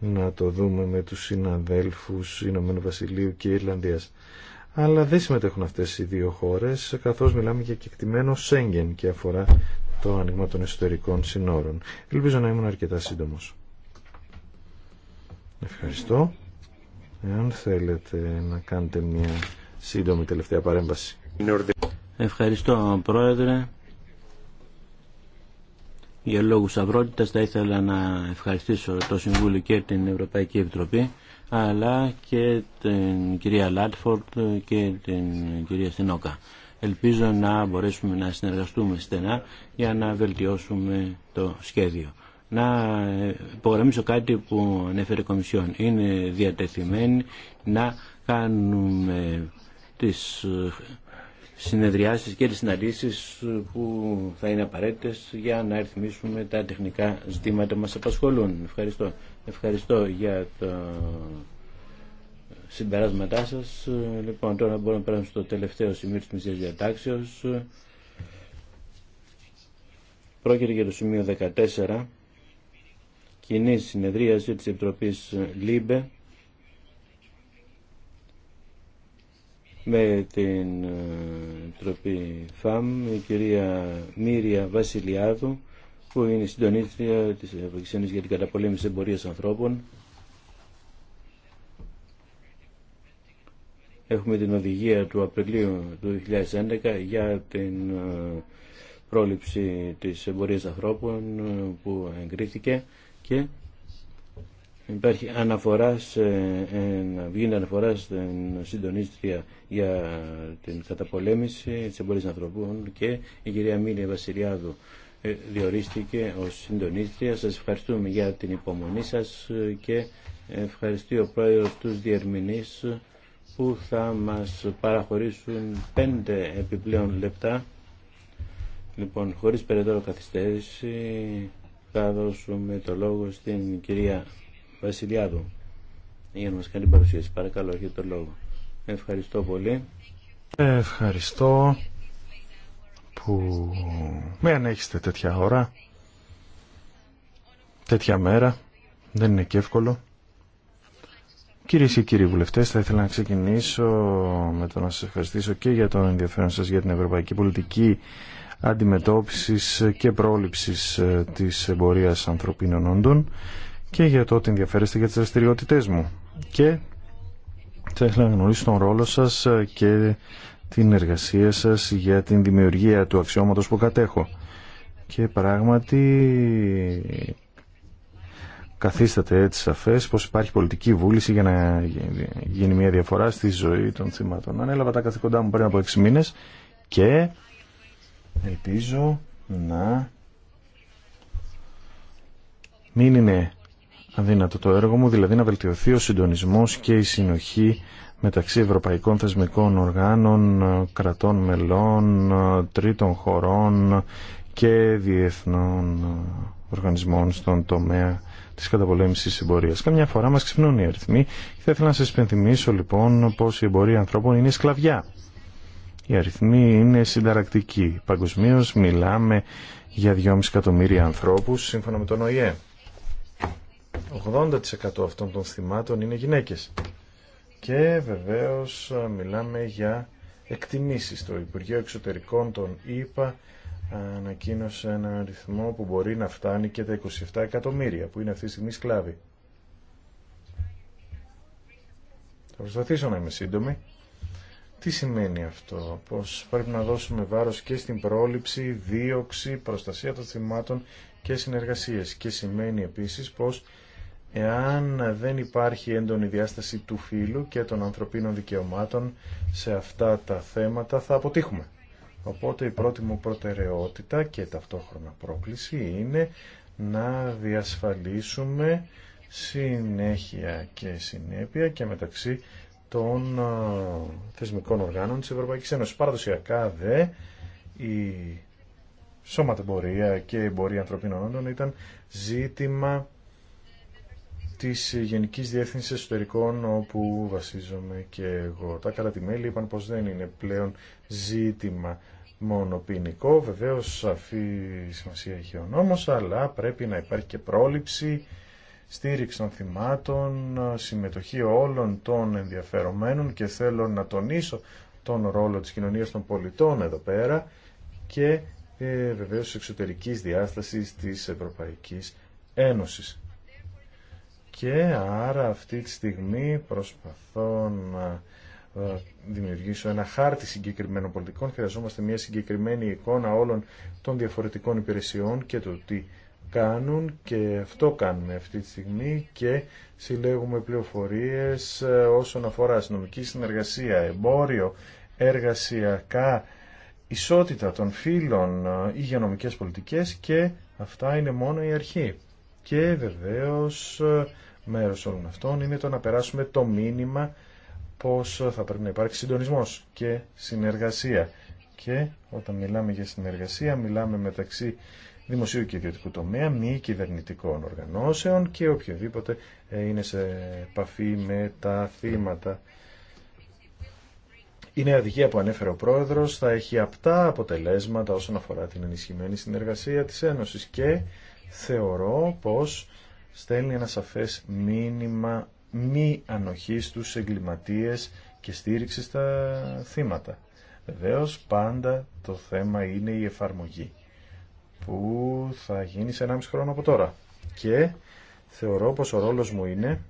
να το δούμε με τους συναδέλφους Ηνωμένου Βασιλείου και Ιρλανδίας. Αλλά δεν συμμετέχουν αυτές οι δύο χώρες, καθώς μιλάμε για κεκτημένο Σέγγεν και αφορά το άνοιγμα των εσωτερικών συνόρων. Ελπίζω να ήμουν αρκετά σύντομος. Ευχαριστώ. Εάν θέλετε να κάνετε μια σύντομη τελευταία παρέμβαση. Ευχαριστώ Πρόεδρε. Για λόγους αυρότητας θα ήθελα να ευχαριστήσω το Συμβούλιο και την Ευρωπαϊκή Επιτροπή αλλά και την κυρία Λάτφορντ και την κυρία Στινόκα. Ελπίζω να μπορέσουμε να συνεργαστούμε στενά για να βελτιώσουμε το σχέδιο να υπογραμμίσω κάτι που ανέφερε η Κομισιόν. Είναι διατεθειμένη να κάνουμε τις συνεδριάσεις και τις συναντήσεις που θα είναι απαραίτητες για να αριθμίσουμε τα τεχνικά ζητήματα που μας απασχολούν. Ευχαριστώ. Ευχαριστώ για τα συμπεράσματά σας. Λοιπόν, τώρα μπορούμε να περάσουμε στο τελευταίο σημείο της Μησίας διατάξεως. Πρόκειται για το σημείο 14 κοινή συνεδρίαση της Επιτροπής ΛΥΜΠΕ με την ε, Επιτροπή ΦΑΜ, η κυρία Μύρια Βασιλιάδου, που είναι συντονίστρια της Ευρωπαϊκής Ένωσης για την καταπολέμηση εμπορίας ανθρώπων. Έχουμε την οδηγία του Απριλίου του 2011 για την ε, πρόληψη της εμπορίας ανθρώπων ε, που εγκρίθηκε και υπάρχει αναφορά σε, βγαίνει αναφορά στην συντονίστρια για την καταπολέμηση της εμπορίας ανθρωπών και η κυρία Μίλια Βασιλιάδου ε, διορίστηκε ως συντονίστρια. Σας ευχαριστούμε για την υπομονή σας και ευχαριστεί ο πρόεδρος τους διερμηνείς που θα μας παραχωρήσουν πέντε επιπλέον λεπτά. Λοιπόν, χωρίς περαιτέρω καθυστέρηση, θα δώσουμε το λόγο στην κυρία Βασιλιάδου για να μας κάνει παρουσίαση. Παρακαλώ, έχετε το λόγο. Ευχαριστώ πολύ. Ευχαριστώ που με ανέχεστε τέτοια ώρα, τέτοια μέρα. Δεν είναι και εύκολο. Κυρίες και κύριοι βουλευτές, θα ήθελα να ξεκινήσω με το να σας ευχαριστήσω και για τον ενδιαφέρον σας για την ευρωπαϊκή πολιτική αντιμετώπισης και πρόληψης ε, της εμπορίας ανθρωπίνων όντων και για το ότι ενδιαφέρεστε για τις δραστηριότητε μου. Και θα ήθελα να γνωρίσω τον ρόλο σας ε, και την εργασία σας για την δημιουργία του αξιώματος που κατέχω. Και πράγματι καθίσταται έτσι σαφές πως υπάρχει πολιτική βούληση για να γίνει μια διαφορά στη ζωή των θυμάτων. Ανέλαβα τα καθήκοντά μου πριν από 6 μήνες και Ελπίζω να μην είναι αδύνατο το έργο μου, δηλαδή να βελτιωθεί ο συντονισμός και η συνοχή μεταξύ ευρωπαϊκών θεσμικών οργάνων, κρατών μελών, τρίτων χωρών και διεθνών οργανισμών στον τομέα τη καταπολέμηση της εμπορία. Καμιά φορά μα ξυπνούν οι αριθμοί θα ήθελα να σα υπενθυμίσω λοιπόν πω η εμπορία ανθρώπων είναι σκλαβιά. Οι αριθμοί είναι συνταρακτικοί. Παγκοσμίω μιλάμε για 2,5 εκατομμύρια ανθρώπους σύμφωνα με τον ΟΗΕ. 80% αυτών των θυμάτων είναι γυναίκες. Και βεβαίως μιλάμε για εκτιμήσεις. Το Υπουργείο Εξωτερικών των ΗΠΑ ανακοίνωσε ένα αριθμό που μπορεί να φτάνει και τα 27 εκατομμύρια που είναι αυτή τη στιγμή σκλάβοι. Θα προσπαθήσω να είμαι σύντομη. Τι σημαίνει αυτό, πως πρέπει να δώσουμε βάρος και στην πρόληψη, δίωξη, προστασία των θυμάτων και συνεργασίες. Και σημαίνει επίσης πως εάν δεν υπάρχει έντονη διάσταση του φύλου και των ανθρωπίνων δικαιωμάτων σε αυτά τα θέματα θα αποτύχουμε. Οπότε η πρώτη μου προτεραιότητα και ταυτόχρονα πρόκληση είναι να διασφαλίσουμε συνέχεια και συνέπεια και μεταξύ των ε, θεσμικών οργάνων της Ευρωπαϊκής Ένωσης. Παραδοσιακά δε η σώματεμπορία και η εμπορία ανθρωπίνων όντων ήταν ζήτημα της Γενικής Διεύθυνσης Εσωτερικών όπου βασίζομαι και εγώ. Τα τη μελη είπαν πως δεν είναι πλέον ζήτημα μόνο ποινικό, βεβαίως σαφή σημασία έχει ο νόμος, αλλά πρέπει να υπάρχει και πρόληψη στήριξη των θυμάτων, συμμετοχή όλων των ενδιαφερομένων και θέλω να τονίσω τον ρόλο της κοινωνίας των πολιτών εδώ πέρα και ε, βεβαίως εξωτερικής διάστασης της Ευρωπαϊκής Ένωσης. Και άρα αυτή τη στιγμή προσπαθώ να ε, δημιουργήσω ένα χάρτη συγκεκριμένων πολιτικών. Χρειαζόμαστε μια συγκεκριμένη εικόνα όλων των διαφορετικών υπηρεσιών και το τι κάνουν και αυτό κάνουμε αυτή τη στιγμή και συλλέγουμε πληροφορίες ε, όσον αφορά αστυνομική συνεργασία, εμπόριο, εργασιακά, ισότητα των φύλων, ε, υγειονομικές πολιτικές και αυτά είναι μόνο η αρχή. Και βεβαίως ε, μέρος όλων αυτών είναι το να περάσουμε το μήνυμα πως θα πρέπει να υπάρξει συντονισμός και συνεργασία. Και όταν μιλάμε για συνεργασία μιλάμε μεταξύ δημοσίου και ιδιωτικού τομέα, μη κυβερνητικών οργανώσεων και οποιοδήποτε ε, είναι σε επαφή με τα θύματα. Η νέα οδηγία που ανέφερε ο Πρόεδρος θα έχει απτά αποτελέσματα όσον αφορά την ενισχυμένη συνεργασία της Ένωσης και θεωρώ πως στέλνει ένα σαφές μήνυμα μη ανοχή τους εγκληματίες και στήριξη στα θύματα. Βεβαίω πάντα το θέμα είναι η εφαρμογή που θα γίνει σε 1,5 χρόνο από τώρα. Και θεωρώ πως ο ρόλος μου είναι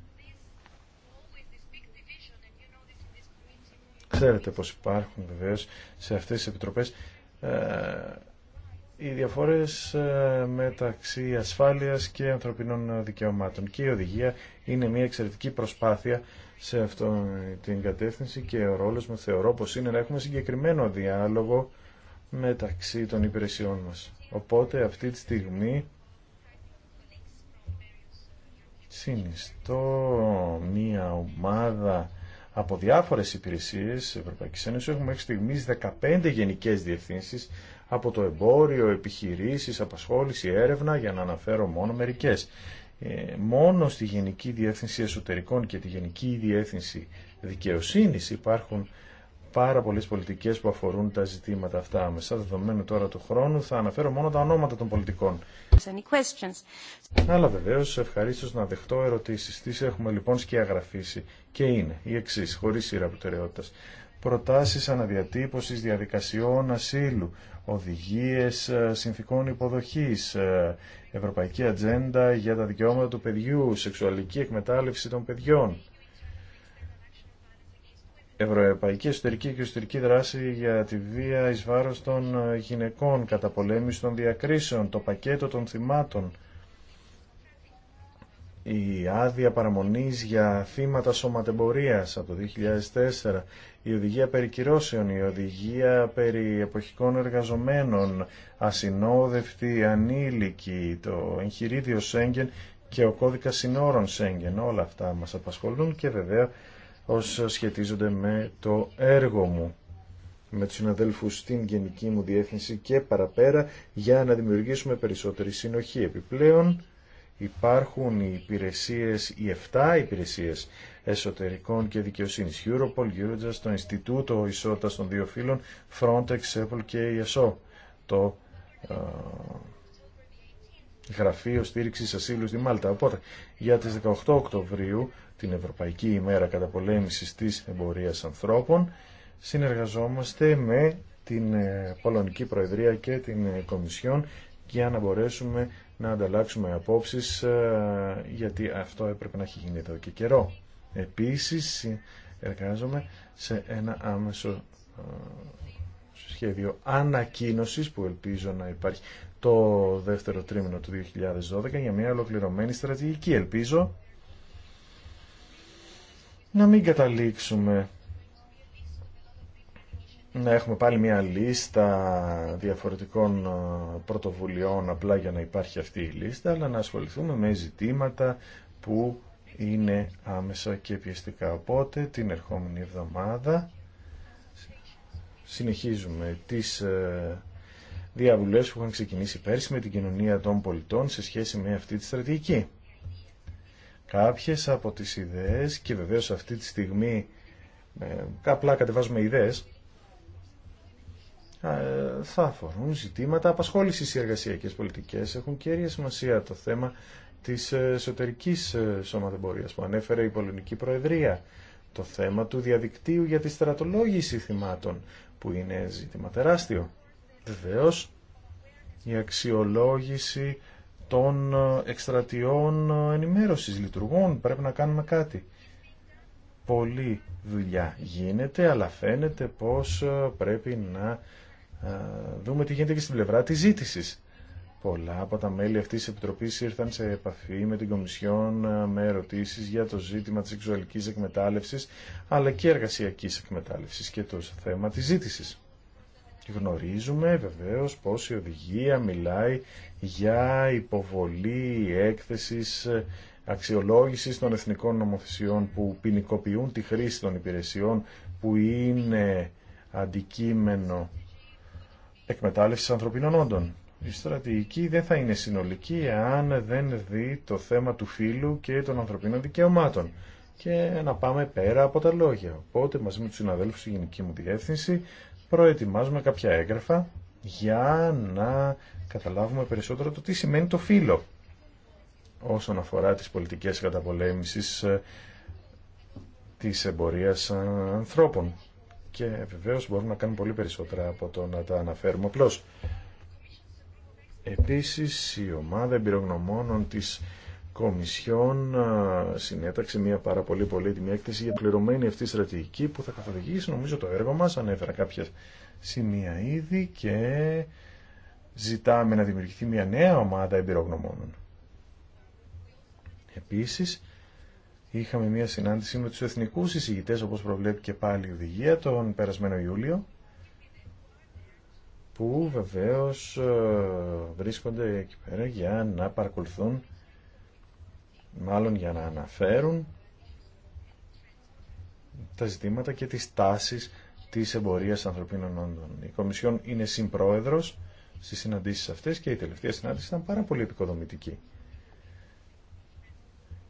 Ξέρετε πως υπάρχουν βεβαίως σε αυτές τις επιτροπές ε, οι διαφορές ε, μεταξύ ασφάλειας και ανθρωπινών δικαιωμάτων και η οδηγία είναι μια εξαιρετική προσπάθεια σε αυτή την κατεύθυνση και ο ρόλος μου θεωρώ πως είναι να έχουμε συγκεκριμένο διάλογο μεταξύ των υπηρεσιών μας. Οπότε αυτή τη στιγμή συνιστώ μία ομάδα από διάφορες υπηρεσίες Ευρωπαϊκής Ένωσης. Έχουμε μέχρι στιγμής 15 γενικές διευθύνσεις από το εμπόριο, επιχειρήσεις, απασχόληση, έρευνα, για να αναφέρω μόνο μερικές. Ε, μόνο στη Γενική Διεύθυνση Εσωτερικών και τη Γενική Διεύθυνση Δικαιοσύνης υπάρχουν πάρα πολλές πολιτικές που αφορούν τα ζητήματα αυτά άμεσα. Δεδομένου τώρα του χρόνου θα αναφέρω μόνο τα ονόματα των πολιτικών. Αλλά βεβαίω ευχαρίστω να δεχτώ ερωτήσει, Τι έχουμε λοιπόν σκιαγραφίσει και είναι οι εξή, χωρίς σειρά προτεραιότητα. Προτάσει αναδιατύπωσης διαδικασιών ασύλου, οδηγίε ε, συνθήκων υποδοχής, ε, ευρωπαϊκή ατζέντα για τα δικαιώματα του παιδιού, σεξουαλική εκμετάλλευση των παιδιών. Ευρωπαϊκή εσωτερική και εσωτερική δράση για τη βία εις βάρος των ε, γυναικών, καταπολέμηση των διακρίσεων, το πακέτο των θυμάτων, η άδεια παραμονής για θύματα σωματεμπορίας από το 2004, η οδηγία περί κυρώσεων, η οδηγία περί εποχικών εργαζομένων, ασυνόδευτη, ανήλικη, το εγχειρίδιο Σέγγεν και ο κώδικας συνόρων Σέγγεν. Όλα αυτά μας απασχολούν και βέβαια όσα σχετίζονται με το έργο μου με τους συναδέλφους στην γενική μου διεύθυνση και παραπέρα για να δημιουργήσουμε περισσότερη συνοχή. Επιπλέον υπάρχουν οι υπηρεσίες, οι 7 υπηρεσίες εσωτερικών και δικαιοσύνης, Europol, Eurojust, το Ινστιτούτο Ισότητας των Δύο Φύλων, Frontex, Apple και ESO, το ε, Γραφείο Στήριξης Ασύλου στη Μάλτα. Οπότε, για τις 18 Οκτωβρίου την Ευρωπαϊκή ημέρα καταπολέμησης της εμπορίας ανθρώπων συνεργαζόμαστε με την ε, Πολωνική Προεδρία και την ε, Κομισιόν για να μπορέσουμε να ανταλλάξουμε απόψεις ε, γιατί αυτό έπρεπε να έχει γίνει εδώ και καιρό. Επίσης εργάζομαι σε ένα άμεσο σχέδιο ανακοίνωσης που ελπίζω να υπάρχει το δεύτερο τρίμηνο του 2012 για μια ολοκληρωμένη στρατηγική. Ελπίζω να μην καταλήξουμε να έχουμε πάλι μια λίστα διαφορετικών πρωτοβουλειών απλά για να υπάρχει αυτή η λίστα, αλλά να ασχοληθούμε με ζητήματα που είναι άμεσα και πιεστικά. Οπότε την ερχόμενη εβδομάδα συνεχίζουμε τις ε, διαβουλές που είχαν ξεκινήσει πέρσι με την κοινωνία των πολιτών σε σχέση με αυτή τη στρατηγική κάποιες από τις ιδέες και βεβαίως αυτή τη στιγμή ε, απλά κατεβάζουμε ιδέες ε, θα αφορούν ζητήματα απασχόλησης οι εργασιακές πολιτικές. Έχουν κέρια σημασία το θέμα της εσωτερικής ε, σωματεμπορίας που ανέφερε η Πολωνική Προεδρία. Το θέμα του διαδικτύου για τη στρατολόγηση θυμάτων που είναι ζήτημα τεράστιο. Βεβαίως η αξιολόγηση των ε, εκστρατιών ε, ενημέρωσης λειτουργών. Πρέπει να κάνουμε κάτι. Πολύ δουλειά γίνεται, αλλά φαίνεται πως ε, πρέπει να δούμε τι γίνεται και στην πλευρά της ζήτησης. Πολλά από τα μέλη αυτής της Επιτροπής ήρθαν σε επαφή με την Κομισιόν με ερωτήσεις για το ζήτημα της σεξουαλικής εκμετάλλευσης αλλά και εργασιακής εκμετάλλευσης και το θέμα της ζήτησης. Γνωρίζουμε βεβαίως πως η οδηγία μιλάει για υποβολή έκθεσης αξιολόγησης των εθνικών νομοθεσιών που ποινικοποιούν τη χρήση των υπηρεσιών που είναι αντικείμενο εκμετάλλευσης ανθρωπίνων όντων. Η στρατηγική δεν θα είναι συνολική αν δεν δει το θέμα του φύλου και των ανθρωπίνων δικαιωμάτων και να πάμε πέρα από τα λόγια. Οπότε μαζί με τους συναδέλφους στη Γενική μου Διεύθυνση προετοιμάζουμε κάποια έγγραφα για να καταλάβουμε περισσότερο το τι σημαίνει το φύλλο όσον αφορά τις πολιτικές καταπολέμησης ε, της εμπορίας ε, ανθρώπων. Και βεβαίως μπορούμε να κάνουμε πολύ περισσότερα από το να τα αναφέρουμε απλώς. Επίσης, η ομάδα εμπειρογνωμόνων της Κομισιόν συνέταξε μια πάρα πολύ πολύτιμη έκθεση για την πληρωμένη αυτή στρατηγική που θα καθοδηγήσει νομίζω το έργο μας, ανέφερα κάποια σημεία ήδη και ζητάμε να δημιουργηθεί μια νέα ομάδα εμπειρογνωμόνων. Επίσης, είχαμε μια συνάντηση με τους εθνικούς εισηγητές, όπως προβλέπει και πάλι η οδηγία, τον περασμένο Ιούλιο, που βεβαίως ε, βρίσκονται εκεί πέρα για να παρακολουθούν μάλλον για να αναφέρουν τα ζητήματα και τις τάσεις της εμπορίας ανθρωπίνων όντων. Η Κομισιόν είναι συμπρόεδρος στις συναντήσεις αυτές και η τελευταία συνάντηση ήταν πάρα πολύ επικοδομητική.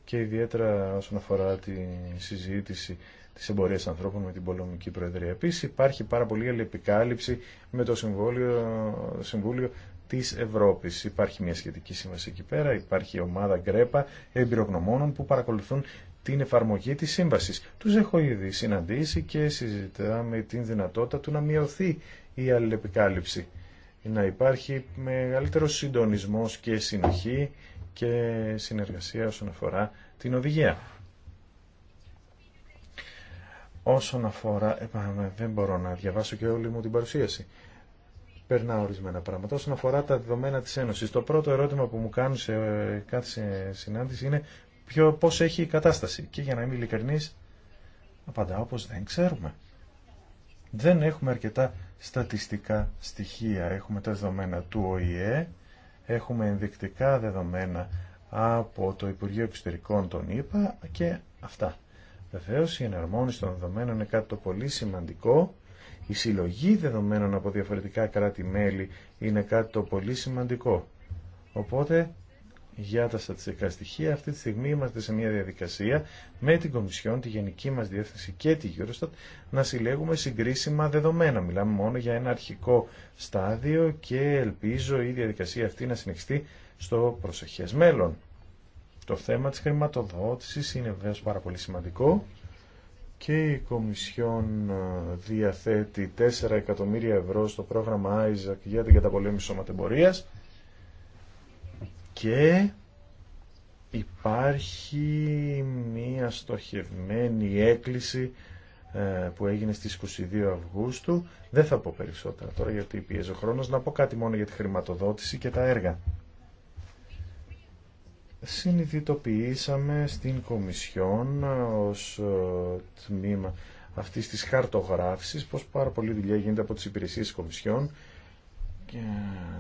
Και ιδιαίτερα όσον αφορά τη συζήτηση της εμπορίας ανθρώπων με την Πολωνική Προεδρία. Επίση. υπάρχει πάρα πολύ αλληλεπικάλυψη με το Συμβούλιο, Συμβούλιο Τη Ευρώπης. Υπάρχει μια σχετική σύμβαση εκεί πέρα, υπάρχει ομάδα γκρέπα εμπειρογνωμόνων που παρακολουθούν την εφαρμογή της σύμβασης. Τους έχω ήδη συναντήσει και συζητάμε την δυνατότητα του να μειωθεί η αλληλεπικάλυψη. Να υπάρχει μεγαλύτερο συντονισμός και συνοχή και συνεργασία όσον αφορά την οδηγία. Όσον αφορά, δεν μπορώ να διαβάσω και όλη μου την παρουσίαση περνά ορισμένα πράγματα. Όσον αφορά τα δεδομένα της Ένωσης, το πρώτο ερώτημα που μου κάνουν σε κάθε συνάντηση είναι ποιο, πώς έχει η κατάσταση. Και για να είμαι ειλικρινής, απαντάω πως δεν ξέρουμε. Δεν έχουμε αρκετά στατιστικά στοιχεία. Έχουμε τα δεδομένα του ΟΗΕ, έχουμε ενδεικτικά δεδομένα από το Υπουργείο Εξωτερικών των ΗΠΑ και αυτά. Βεβαίω η ενερμόνιση των δεδομένων είναι κάτι το πολύ σημαντικό η συλλογή δεδομένων από διαφορετικά κράτη-μέλη είναι κάτι το πολύ σημαντικό. Οπότε, για τα στατιστικά στοιχεία, αυτή τη στιγμή είμαστε σε μια διαδικασία με την Κομισιόν, τη Γενική μας Διεύθυνση και τη Eurostat να συλλέγουμε συγκρίσιμα δεδομένα. Μιλάμε μόνο για ένα αρχικό στάδιο και ελπίζω η διαδικασία αυτή να συνεχιστεί στο προσεχές μέλλον. Το θέμα της χρηματοδότησης είναι βέβαια πάρα πολύ σημαντικό και η Κομισιόν ε, διαθέτει 4 εκατομμύρια ευρώ στο πρόγραμμα ΆΙΖΑΚ για την καταπολέμηση σωματεμπορίας και υπάρχει μία στοχευμένη έκκληση ε, που έγινε στις 22 Αυγούστου. Δεν θα πω περισσότερα τώρα γιατί πιέζει ο χρόνος. Να πω κάτι μόνο για τη χρηματοδότηση και τα έργα συνειδητοποιήσαμε στην Κομισιόν ε, ως ε, τμήμα αυτής της χαρτογράφησης πως πάρα πολλή δουλειά γίνεται από τις υπηρεσίες της Κομισιόν και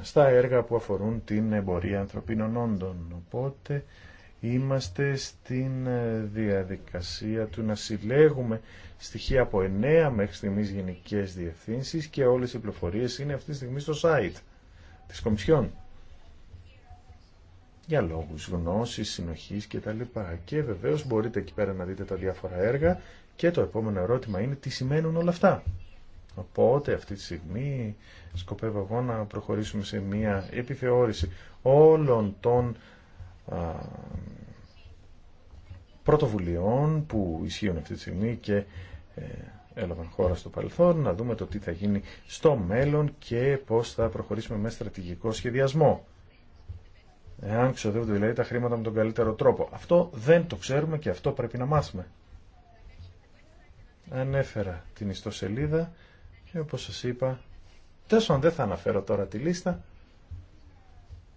στα έργα που αφορούν την εμπορία ανθρωπίνων όντων. Οπότε είμαστε στην ε, διαδικασία του να συλλέγουμε στοιχεία από 9 μέχρι στιγμής γενικές διευθύνσεις και όλες οι πληροφορίες είναι αυτή τη στιγμή στο site της Κομισιόν για λόγους γνώσης, συνοχής κτλ. Και βεβαίως μπορείτε εκεί πέρα να δείτε τα διάφορα έργα και το επόμενο ερώτημα είναι τι σημαίνουν όλα αυτά. Οπότε αυτή τη στιγμή σκοπεύω εγώ να προχωρήσουμε σε μια επιθεώρηση όλων των α, πρωτοβουλειών που ισχύουν αυτή τη στιγμή και ε, έλαβαν χώρα στο παρελθόν, να δούμε το τι θα γίνει στο μέλλον και πώς θα προχωρήσουμε με στρατηγικό σχεδιασμό. Εάν ξοδεύονται δηλαδή τα χρήματα με τον καλύτερο τρόπο. Αυτό δεν το ξέρουμε και αυτό πρέπει να μάθουμε. Ανέφερα την ιστοσελίδα και όπως σας είπα, αν δεν θα αναφέρω τώρα τη λίστα,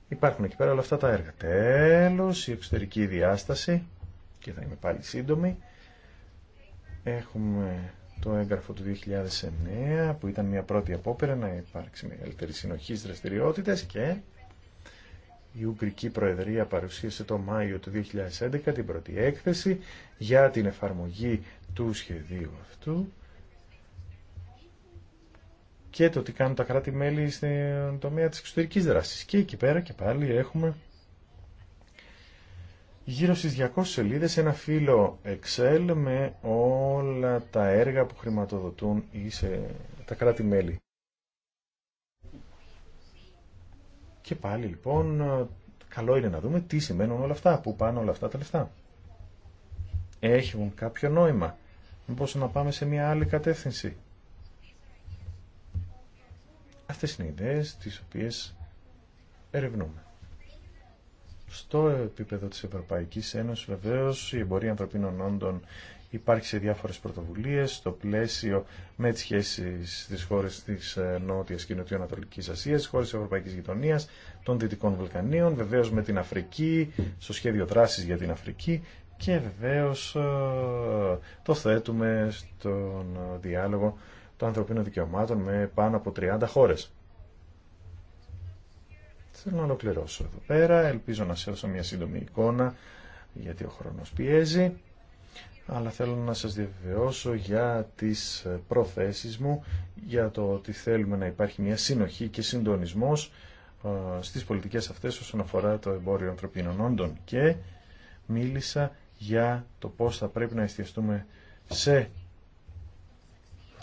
υπάρχουν εκεί πέρα όλα αυτά τα έργα. Τέλος, η εξωτερική διάσταση, και θα είμαι πάλι σύντομη, έχουμε το έγγραφο του 2009 που ήταν μια πρώτη απόπειρα να υπάρξει μεγαλύτερη συνοχή στις δραστηριότητες και η Ουγγρική Προεδρία παρουσίασε το Μάιο του 2011 την πρώτη έκθεση για την εφαρμογή του σχεδίου αυτού και το τι κάνουν τα κράτη-μέλη στην τομέα της εξωτερικής δράσης. Και εκεί πέρα και πάλι έχουμε γύρω στις 200 σελίδες ένα φύλλο Excel με όλα τα έργα που χρηματοδοτούν σε τα κράτη-μέλη. Και πάλι λοιπόν καλό είναι να δούμε τι σημαίνουν όλα αυτά, πού πάνε όλα αυτά τα λεφτά. Έχουν κάποιο νόημα. Μήπως να πάμε σε μια άλλη κατεύθυνση. Αυτές είναι οι ιδέες τις οποίες ερευνούμε. Στο επίπεδο της Ευρωπαϊκής Ένωσης βεβαίως η εμπορία ανθρωπίνων όντων υπάρχει σε διάφορες πρωτοβουλίες στο πλαίσιο με τις σχέσεις της χώρες της ε, Νότιας και Νοτιοανατολικής Ασίας, χώρες της Ευρωπαϊκής Γειτονίας, των Δυτικών Βαλκανίων, βεβαίως με την Αφρική, στο σχέδιο δράσης για την Αφρική και βεβαίως ε, το θέτουμε στον διάλογο των ανθρωπίνων δικαιωμάτων με πάνω από 30 χώρες. Θέλω να ολοκληρώσω εδώ πέρα, ελπίζω να σας έδωσα μια σύντομη εικόνα γιατί ο χρόνος πιέζει αλλά θέλω να σας διαβεβαιώσω για τις προθέσεις μου, για το ότι θέλουμε να υπάρχει μια συνοχή και συντονισμός ε, στις πολιτικές αυτές όσον αφορά το εμπόριο ανθρωπίνων όντων και μίλησα για το πώς θα πρέπει να εστιαστούμε σε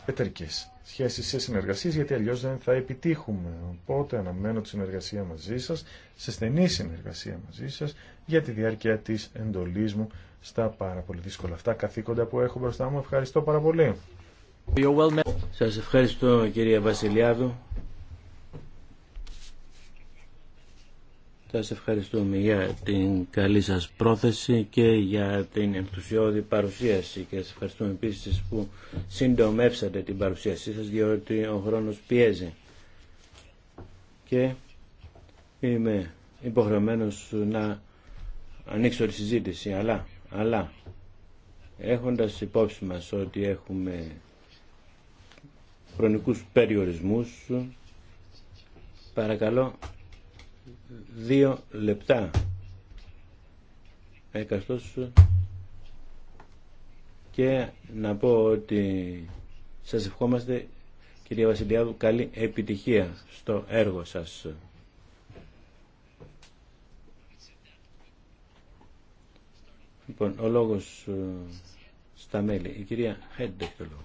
εταιρικές σχέσεις, σε συνεργασίες, γιατί αλλιώς δεν θα επιτύχουμε. Οπότε αναμένω τη συνεργασία μαζί σας, σε στενή συνεργασία μαζί σας, για τη διάρκεια της εντολής μου στα πάρα πολύ δύσκολα αυτά καθήκοντα που έχω μπροστά μου. Ευχαριστώ πάρα πολύ. Σας ευχαριστώ κυρία Βασιλιάδου. Σας ευχαριστούμε για την καλή σας πρόθεση και για την ενθουσιώδη παρουσίαση και σας ευχαριστούμε επίσης που συντομεύσατε την παρουσίασή σας διότι ο χρόνος πιέζει. Και είμαι υποχρεωμένος να ανοίξω τη συζήτηση αλλά αλλά έχοντας υπόψη μας ότι έχουμε χρονικούς περιορισμούς παρακαλώ δύο λεπτά έκαστος και να πω ότι σας ευχόμαστε κυρία Βασιλιάδου καλή επιτυχία στο έργο σας. Λοιπόν, ο λόγος ε, στα μέλη. Η κυρία Χέντε. το λόγο.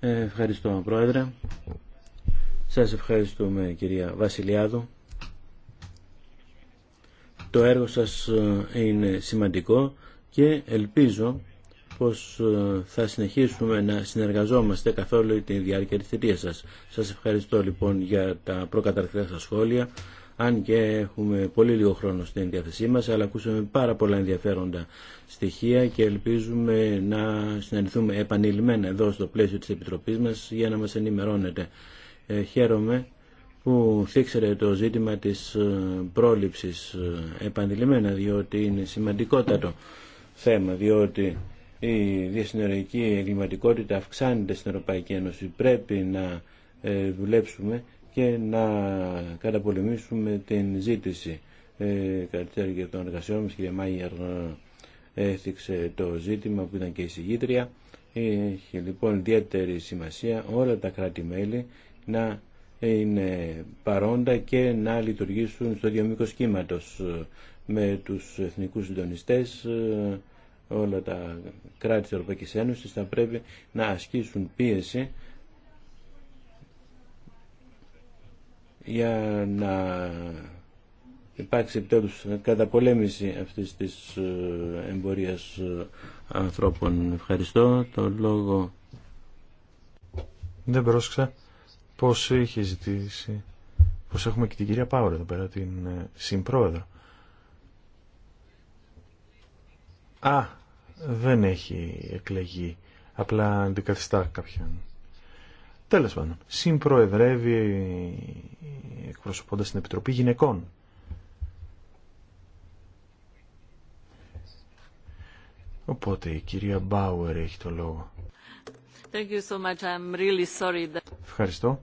Ε, ευχαριστώ, Πρόεδρε. Σας ευχαριστούμε, κυρία Βασιλιάδου. Το έργο σας ε, είναι σημαντικό και ελπίζω πως θα συνεχίσουμε να συνεργαζόμαστε καθόλου τη διάρκεια της θητείας σας. Σας ευχαριστώ λοιπόν για τα προκαταρκτικά σας σχόλια αν και έχουμε πολύ λίγο χρόνο στην διάθεσή μας, αλλά ακούσαμε πάρα πολλά ενδιαφέροντα στοιχεία και ελπίζουμε να συναντηθούμε επανειλημμένα εδώ στο πλαίσιο της Επιτροπής μας για να μας ενημερώνετε. Ε, χαίρομαι που θίξερε το ζήτημα της ε, πρόληψης ε, επανειλημμένα, διότι είναι σημαντικότατο θέμα, διότι η διασυνοριακή εγκληματικότητα αυξάνεται στην Ευρωπαϊκή Ένωση. Πρέπει να δουλέψουμε και να καταπολεμήσουμε την ζήτηση. Ε, κατά τη διάρκεια των εργασιών μας, κυρία Μάγερ έθιξε το ζήτημα που ήταν και η συγγήτρια. Έχει λοιπόν ιδιαίτερη σημασία όλα τα κράτη-μέλη να είναι παρόντα και να λειτουργήσουν στο μήκο κύματο με τους εθνικούς συντονιστέ όλα τα κράτη της Ευρωπαϊκή Ένωσης θα πρέπει να ασκήσουν πίεση για να υπάρξει επιτέλους καταπολέμηση αυτής της ε, εμπορίας ε, ανθρώπων. Ευχαριστώ. Το λόγο... Δεν πρόσεξα πώς είχε ζητήσει, πώς έχουμε και την κυρία Πάουρα εδώ πέρα, την ε, συμπρόεδρο. Α, δεν έχει εκλεγεί. Απλά αντικαθιστά κάποιον. Τέλος πάντων, συμπροεδρεύει εκπροσωπώντα την Επιτροπή Γυναικών. Οπότε η κυρία Μπάουερ έχει το λόγο. Thank you so much. I'm really sorry that... Ευχαριστώ.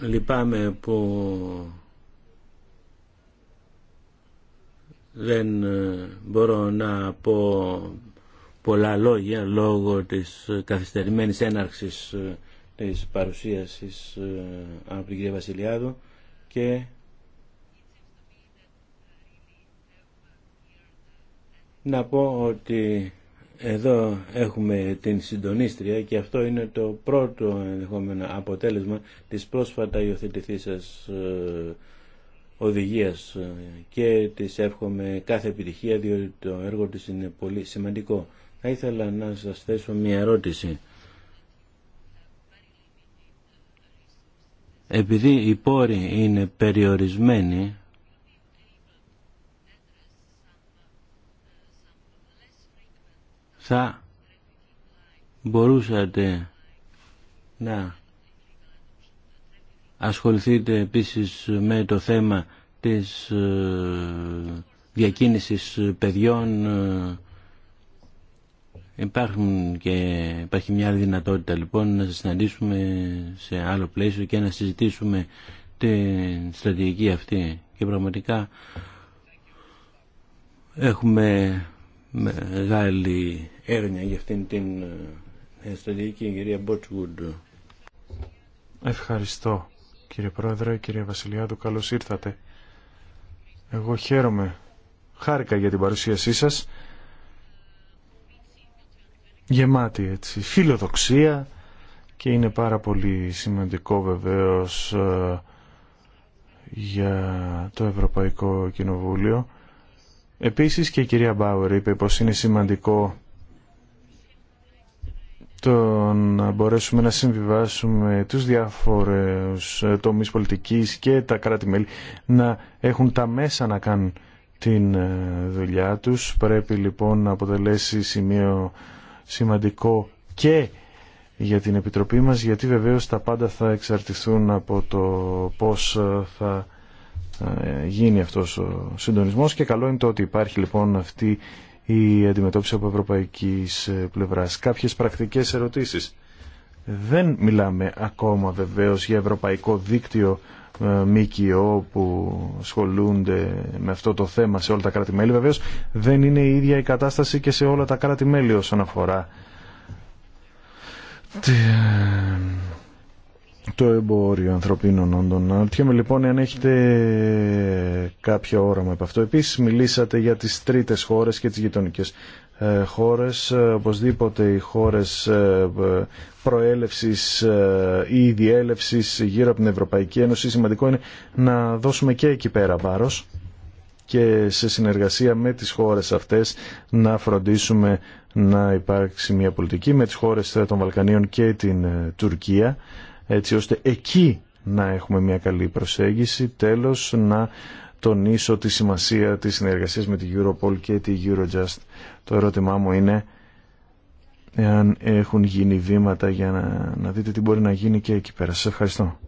Λυπάμαι που δεν ε, μπορώ να πω πολλά λόγια λόγω της καθυστερημένης έναρξης ε, της παρουσίασης ε, από την κυρία Βασιλιάδου και να πω ότι εδώ έχουμε την συντονίστρια και αυτό είναι το πρώτο ενδεχόμενο αποτέλεσμα της πρόσφατα υιοθετηθής ε, οδηγίας και της εύχομαι κάθε επιτυχία διότι το έργο της είναι πολύ σημαντικό. Θα ήθελα να σας θέσω μια ερώτηση. Επειδή οι πόροι είναι περιορισμένοι, θα μπορούσατε να ασχοληθείτε επίσης με το θέμα της ε, διακίνησης παιδιών ε, Υπάρχουν και, υπάρχει μια άλλη δυνατότητα λοιπόν να σας συναντήσουμε σε άλλο πλαίσιο και να συζητήσουμε την στρατηγική αυτή και πραγματικά έχουμε μεγάλη έρευνα για αυτήν την ε, στρατηγική κυρία Μπότσουγουντ. Ευχαριστώ κύριε Πρόεδρε, κύριε Βασιλιάδου, καλώς ήρθατε. Εγώ χαίρομαι, χάρηκα για την παρουσίασή σας γεμάτη έτσι, φιλοδοξία και είναι πάρα πολύ σημαντικό βεβαίως ε, για το Ευρωπαϊκό Κοινοβούλιο. Επίσης και η κυρία Μπάουερ είπε πως είναι σημαντικό το να μπορέσουμε να συμβιβάσουμε τους διάφορους ε, τομείς πολιτικής και τα κράτη-μέλη να έχουν τα μέσα να κάνουν την ε, δουλειά τους. Πρέπει λοιπόν να αποτελέσει σημείο σημαντικό και για την Επιτροπή μας γιατί βεβαίως τα πάντα θα εξαρτηθούν από το πώς ε, θα ε, γίνει αυτός ο συντονισμός και καλό είναι το ότι υπάρχει λοιπόν αυτή η αντιμετώπιση από ευρωπαϊκής ε, πλευράς. Κάποιες πρακτικές ερωτήσεις. Δεν μιλάμε ακόμα βεβαίως για ευρωπαϊκό δίκτυο ε, ΜΚΟ που ασχολούνται με αυτό το θέμα σε όλα τα κράτη-μέλη. Βεβαίως δεν είναι η ίδια η κατάσταση και σε όλα τα κράτη-μέλη όσον αφορά το εμπόριο ανθρωπίνων όντων. Αναρωτιέμαι λοιπόν αν έχετε κάποιο όραμα από αυτό. Επίση, μιλήσατε για τις τρίτες χώρε και τι γειτονικέ. Ε, χώρες, ε, οπωσδήποτε οι χώρες ε, προέλευσης ή διέλευσης γύρω από την Ευρωπαϊκή Ένωση. Σημαντικό είναι να δώσουμε και εκεί πέρα βάρος και σε συνεργασία με τις χώρες αυτές να φροντίσουμε να υπάρξει μια πολιτική με τις χώρες των Βαλκανίων και την Τουρκία έτσι ώστε εκεί να έχουμε μια καλή προσέγγιση τέλος να τονίσω τη σημασία της συνεργασίας με τη Europol και τη Eurojust. Το ερώτημά μου είναι εάν έχουν γίνει βήματα για να, να δείτε τι μπορεί να γίνει και εκεί πέρα. Σας ευχαριστώ.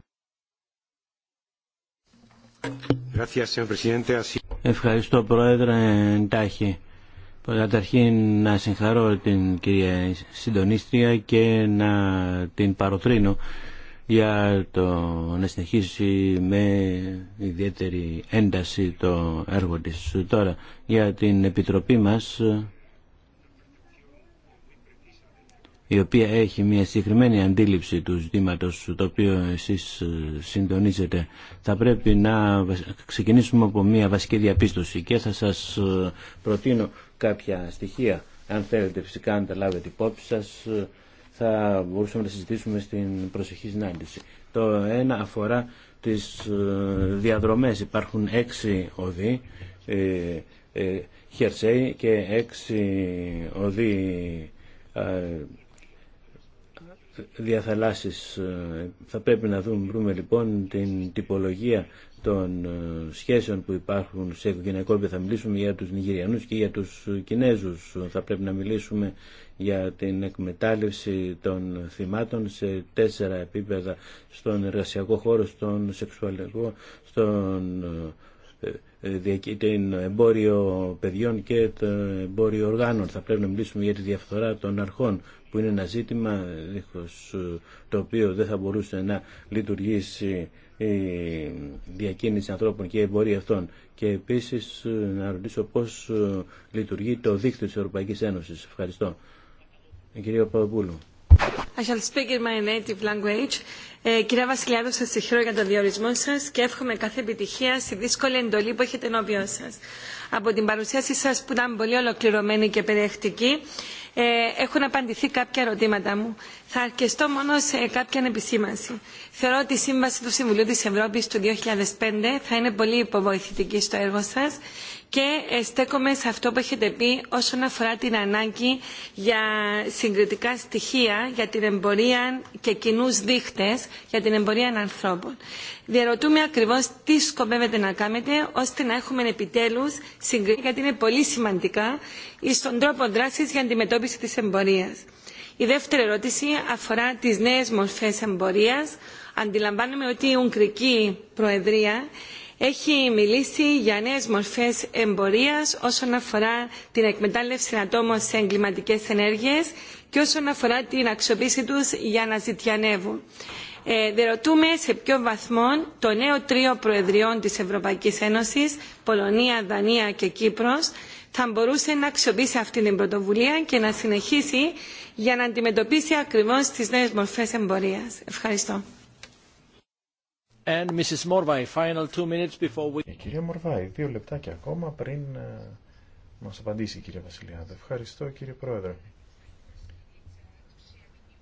Ευχαριστώ Πρόεδρε Ντάχη. Καταρχήν να συγχαρώ την κυρία συντονίστρια και να την παροτρύνω για το να συνεχίσει με ιδιαίτερη ένταση το έργο της τώρα για την Επιτροπή μας η οποία έχει μια συγκεκριμένη αντίληψη του ζητήματος το οποίο εσείς συντονίζετε θα πρέπει να ξεκινήσουμε από μια βασική διαπίστωση και θα σας προτείνω κάποια στοιχεία αν θέλετε φυσικά να τα λάβετε υπόψη σας θα μπορούσαμε να συζητήσουμε στην προσεχή συνάντηση. Το ένα αφορά τις ε, διαδρομές. Υπάρχουν έξι οδοί, ε, ε, χερσαίοι και έξι οδοί διαθαλάσσεις. Θα πρέπει να δούμε, βρούμε λοιπόν την τυπολογία των σχέσεων που υπάρχουν σε οικογενειακό επίπεδο θα μιλήσουμε για τους Νιγηριανούς και για τους Κινέζους θα πρέπει να μιλήσουμε για την εκμετάλλευση των θυμάτων σε τέσσερα επίπεδα στον εργασιακό χώρο, στον σεξουαλικό, στον ε, ε, την εμπόριο παιδιών και το εμπόριο οργάνων. Θα πρέπει να μιλήσουμε για τη διαφθορά των αρχών που είναι ένα ζήτημα δίχως, το οποίο δεν θα μπορούσε να λειτουργήσει η διακίνηση ανθρώπων και η εμπορία αυτών. Και επίσης να ρωτήσω πώς λειτουργεί το δίκτυο της Ευρωπαϊκής Ένωσης. Ευχαριστώ κυρία Παπαπούλου. I shall speak in my native language. Ε, κυρία Βασιλιάδου, σας για τον διορισμό σας και εύχομαι κάθε επιτυχία στη δύσκολη εντολή που έχετε ενώπιον σα. Από την παρουσίασή σας που ήταν πολύ ολοκληρωμένη και περιεκτική, ε, έχουν απαντηθεί κάποια ερωτήματα μου. Θα αρκεστώ μόνο σε κάποια επισήμανση. Θεωρώ ότι η Σύμβαση του Συμβουλίου της Ευρώπης του 2005 θα είναι πολύ υποβοηθητική στο έργο σας και ε, στέκομαι σε αυτό που έχετε πει όσον αφορά την ανάγκη για συγκριτικά στοιχεία για την εμπορία και κοινού δείχτες για την εμπορία ανθρώπων. Διαρωτούμε ακριβώς τι σκοπεύετε να κάνετε ώστε να έχουμε επιτέλους συγκριτικά γιατί είναι πολύ σημαντικά στον τρόπο δράσης για αντιμετώπιση της εμπορίας. Η δεύτερη ερώτηση αφορά τις νέες μορφές εμπορίας. Αντιλαμβάνομαι ότι η Ουγγρική Προεδρία έχει μιλήσει για νέες μορφές εμπορίας όσον αφορά την εκμετάλλευση ατόμων σε εγκληματικές ενέργειες και όσον αφορά την αξιοποίηση τους για να ζητιανεύουν. Ε, ρωτούμε σε ποιο βαθμό το νέο τρίο προεδριών της Ευρωπαϊκής Ένωσης, Πολωνία, Δανία και Κύπρος, θα μπορούσε να αξιοποιήσει αυτή την πρωτοβουλία και να συνεχίσει για να αντιμετωπίσει ακριβώς τις νέες μορφές εμπορίας. Ευχαριστώ. And Η ε, κυρία Μορβάη, δύο λεπτάκια ακόμα πριν ε, μας απαντήσει η κυρία Βασιλιάδη. Ευχαριστώ κύριε Πρόεδρε.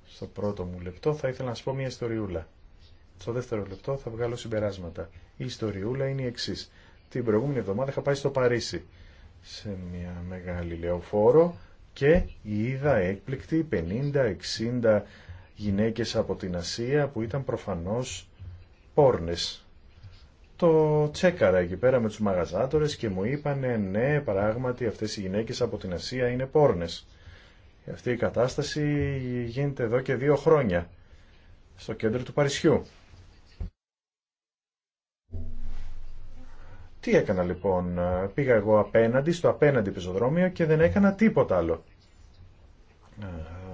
Στο πρώτο μου λεπτό θα ήθελα να σας πω μια ιστοριούλα. Στο δεύτερο λεπτό θα βγάλω συμπεράσματα. Η ιστοριούλα είναι η εξή. Την προηγούμενη εβδομάδα είχα πάει στο Παρίσι σε μια μεγάλη λεωφόρο και είδα έκπληκτη 50-60 γυναίκες από την Ασία που ήταν προφανώς πόρνες. Το τσέκαρα εκεί πέρα με τους μαγαζάτορες και μου είπανε ναι πράγματι αυτές οι γυναίκες από την Ασία είναι πόρνες. Αυτή η κατάσταση γίνεται εδώ και δύο χρόνια στο κέντρο του Παρισιού. Τι έκανα λοιπόν, πήγα εγώ απέναντι στο απέναντι πεζοδρόμιο και δεν έκανα τίποτα άλλο.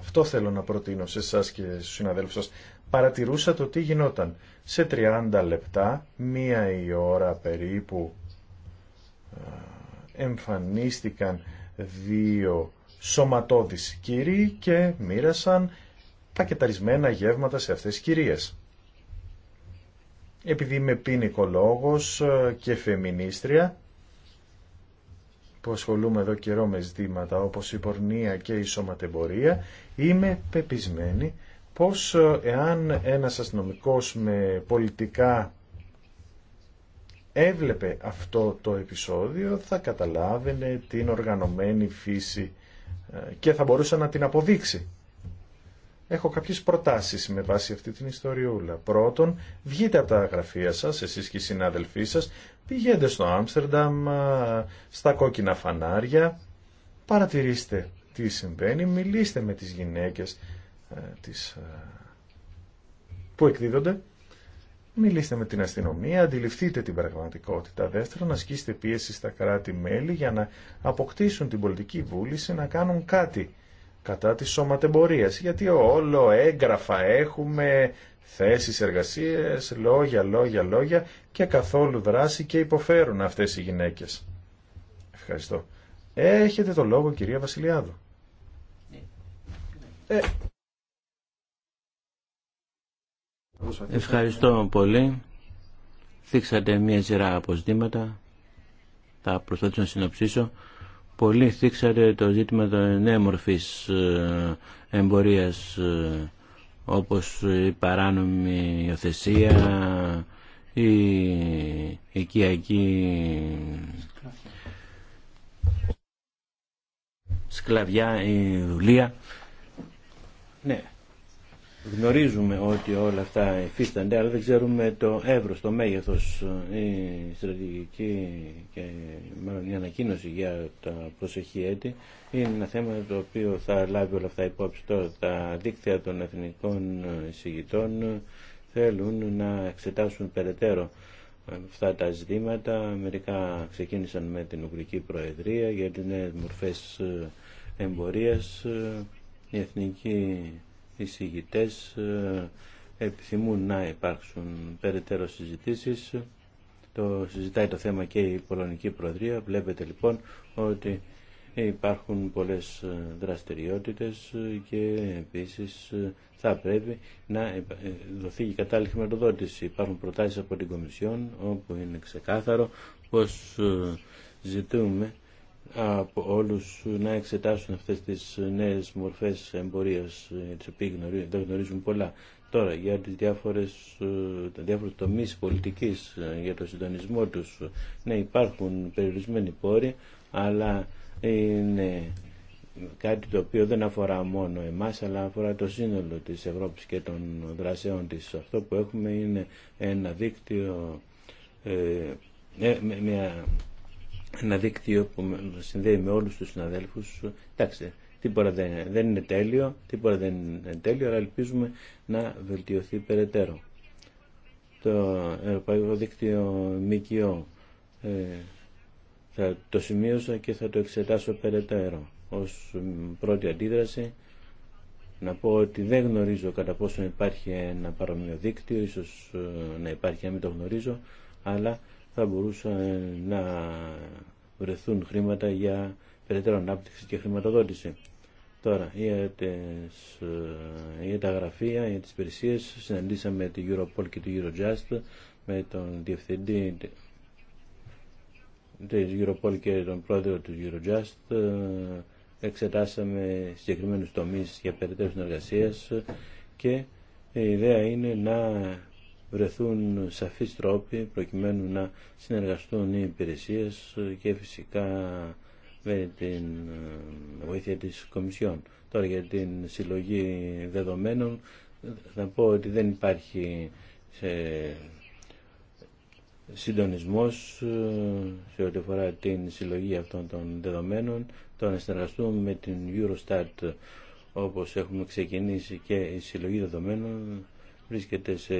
Αυτό θέλω να προτείνω σε εσά και στους συναδέλφους σας. Παρατηρούσα το τι γινόταν. Σε 30 λεπτά, μία η ώρα περίπου, εμφανίστηκαν δύο σωματώδεις κύριοι και μοίρασαν πακεταρισμένα γεύματα σε αυτές τις κυρίες. Επειδή είμαι ποινικολόγος ε, και φεμινίστρια, που ασχολούμαι εδώ καιρό με ζητήματα όπως η πορνεία και η σωματεμπορία, είμαι πεπισμένη πως ε, εάν ένας αστυνομικός με πολιτικά έβλεπε αυτό το επεισόδιο θα καταλάβαινε την οργανωμένη φύση ε, και θα μπορούσε να την αποδείξει. Έχω κάποιες προτάσεις με βάση αυτή την ιστοριούλα. Πρώτον, βγείτε από τα γραφεία σας, εσείς και οι συνάδελφοί σας, Πηγαίνετε στο Άμστερνταμ, στα κόκκινα φανάρια, παρατηρήστε τι συμβαίνει, μιλήστε με τις γυναίκες ε, ε, που εκδίδονται, μιλήστε με την αστυνομία, αντιληφθείτε την πραγματικότητα. Δεύτερον, ασκήστε πίεση στα κράτη-μέλη για να αποκτήσουν την πολιτική βούληση να κάνουν κάτι κατά της σωματεμπορίας. Γιατί όλο έγγραφα έχουμε, θέσεις εργασίες, λόγια, λόγια, λόγια και καθόλου δράση και υποφέρουν αυτές οι γυναίκες. Ευχαριστώ. Έχετε το λόγο κυρία Βασιλιάδου. Ε. Ευχαριστώ πολύ. Θίξατε μία σειρά αποστήματα. Θα προσπαθήσω να συνοψίσω πολύ θίξατε το ζήτημα των νέων μορφής ε, εμπορίας ε, όπως η παράνομη υιοθεσία, η οικιακή σκλαβιά, η δουλεία. Ναι, Γνωρίζουμε ότι όλα αυτά υφίστανται, αλλά δεν ξέρουμε το εύρος, το μέγεθος, ε, η στρατηγική και μάλλον η ανακοίνωση για τα προσεχή έτη είναι ένα θέμα το οποίο θα λάβει όλα αυτά υπόψη τώρα. Τα δίκτυα των εθνικών εισηγητών θέλουν να εξετάσουν περαιτέρω αυτά τα ζητήματα. Μερικά ξεκίνησαν με την Ουγγρική Προεδρία για τις μορφές εμπορίας. Η Εθνική οι εισηγητές ε, επιθυμούν να υπάρξουν περαιτέρω συζητήσεις. Το συζητάει το θέμα και η Πολωνική Προεδρία. Βλέπετε λοιπόν ότι υπάρχουν πολλές ε, δραστηριότητες και επίσης ε, θα πρέπει να δοθεί η κατάλληλη χρηματοδότηση. Υπάρχουν προτάσεις από την Κομισιόν όπου είναι ξεκάθαρο πως ζητούμε από όλους να εξετάσουν αυτές τις νέες μορφές εμπορίας, τις οποίες δεν γνωρίζουν πολλά. Τώρα, για τις διάφορες, ε, τα τομείς πολιτικής, ε, για το συντονισμό τους, ναι, υπάρχουν περιορισμένοι πόροι, αλλά είναι κάτι το οποίο δεν αφορά μόνο εμάς αλλά αφορά το σύνολο της Ευρώπης και των δρασεών της. Αυτό που έχουμε είναι ένα δίκτυο, ε, μια ένα δίκτυο που συνδέει με όλους τους συναδέλφους. Εντάξει, τίποτα δεν, δεν είναι τέλειο, τίποτα δεν είναι τέλειο, αλλά ελπίζουμε να βελτιωθεί περαιτέρω. Το Ευρωπαϊκό Δίκτυο ΜΚΟ ε, θα το σημείωσα και θα το εξετάσω περαιτέρω. Ως πρώτη αντίδραση να πω ότι δεν γνωρίζω κατά πόσο υπάρχει ένα παρομοιοδίκτυο, ίσως ε, να υπάρχει αν μην το γνωρίζω, αλλά θα μπορούσαν να βρεθούν χρήματα για περαιτέρω ανάπτυξη και χρηματοδότηση. Τώρα, για, τις, τα γραφεία, για τις υπηρεσίε, συναντήσαμε τη Europol και τη Eurojust με τον διευθυντή της Europol και τον πρόεδρο του Eurojust. Εξετάσαμε συγκεκριμένους τομείς για περαιτέρω συνεργασίες και η ιδέα είναι να βρεθούν σαφείς τρόποι προκειμένου να συνεργαστούν οι υπηρεσίες και φυσικά με την ε, βοήθεια της Κομισιόν. Τώρα για την συλλογή δεδομένων θα πω ότι δεν υπάρχει σε συντονισμός ε, σε ό,τι αφορά την συλλογή αυτών των δεδομένων, το να συνεργαστούμε με την Eurostat όπως έχουμε ξεκινήσει και η συλλογή δεδομένων βρίσκεται σε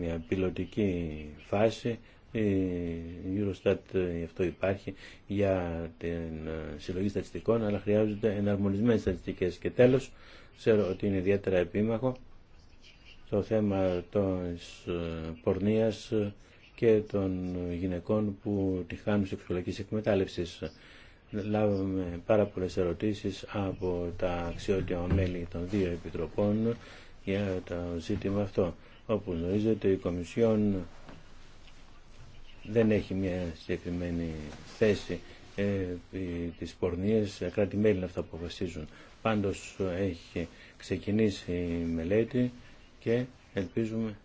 μια πιλωτική φάση. Η Eurostat γι' ε, αυτό υπάρχει για την ε, συλλογή στατιστικών, αλλά χρειάζονται εναρμονισμένες στατιστικές. Και τέλος, ξέρω ότι είναι ιδιαίτερα επίμαχο το θέμα της ε, πορνείας και των γυναικών που τη χάνουν σεξουαλικής εκμετάλλευσης. Λάβαμε πάρα πολλές ερωτήσεις από τα αξιότιμα μέλη των δύο επιτροπών για το ζήτημα αυτό. Όπου γνωρίζετε η Κομισιόν δεν έχει μια συγκεκριμένη θέση ε, της πορνείας, κράτη-μέλη είναι αυτά που αποφασίζουν. Πάντως έχει ξεκινήσει η μελέτη και ελπίζουμε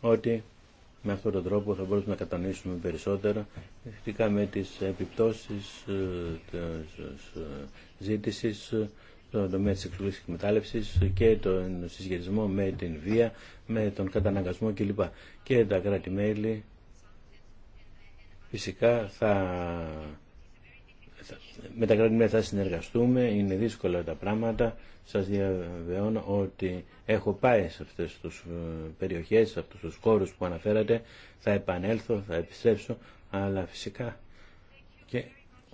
ότι με αυτόν τον τρόπο θα μπορούμε να κατανοήσουμε περισσότερα σχετικά με τις επιπτώσεις ε, της ε, ζήτησης το τομέα της και εκμετάλλευσης και τον συσχετισμό με την βία, με τον καταναγκασμό κλπ. Και τα κράτη-μέλη φυσικά θα... Με τα κράτη-μέλη θα συνεργαστούμε, είναι δύσκολα τα πράγματα. Σας διαβεβαιώνω ότι έχω πάει σε αυτές τις ε, περιοχές, σε αυτούς τους χώρους που αναφέρατε. Θα επανέλθω, θα επιστρέψω, αλλά φυσικά και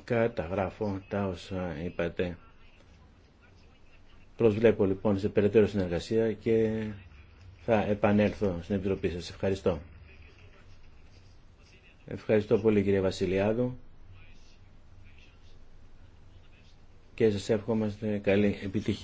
καταγράφω τα όσα είπατε Προσβλέπω λοιπόν σε περαιτέρω συνεργασία και θα επανέλθω στην Επιτροπή σας. Ευχαριστώ. Ευχαριστώ πολύ κύριε Βασιλιάδου και σας εύχομαστε καλή επιτυχία.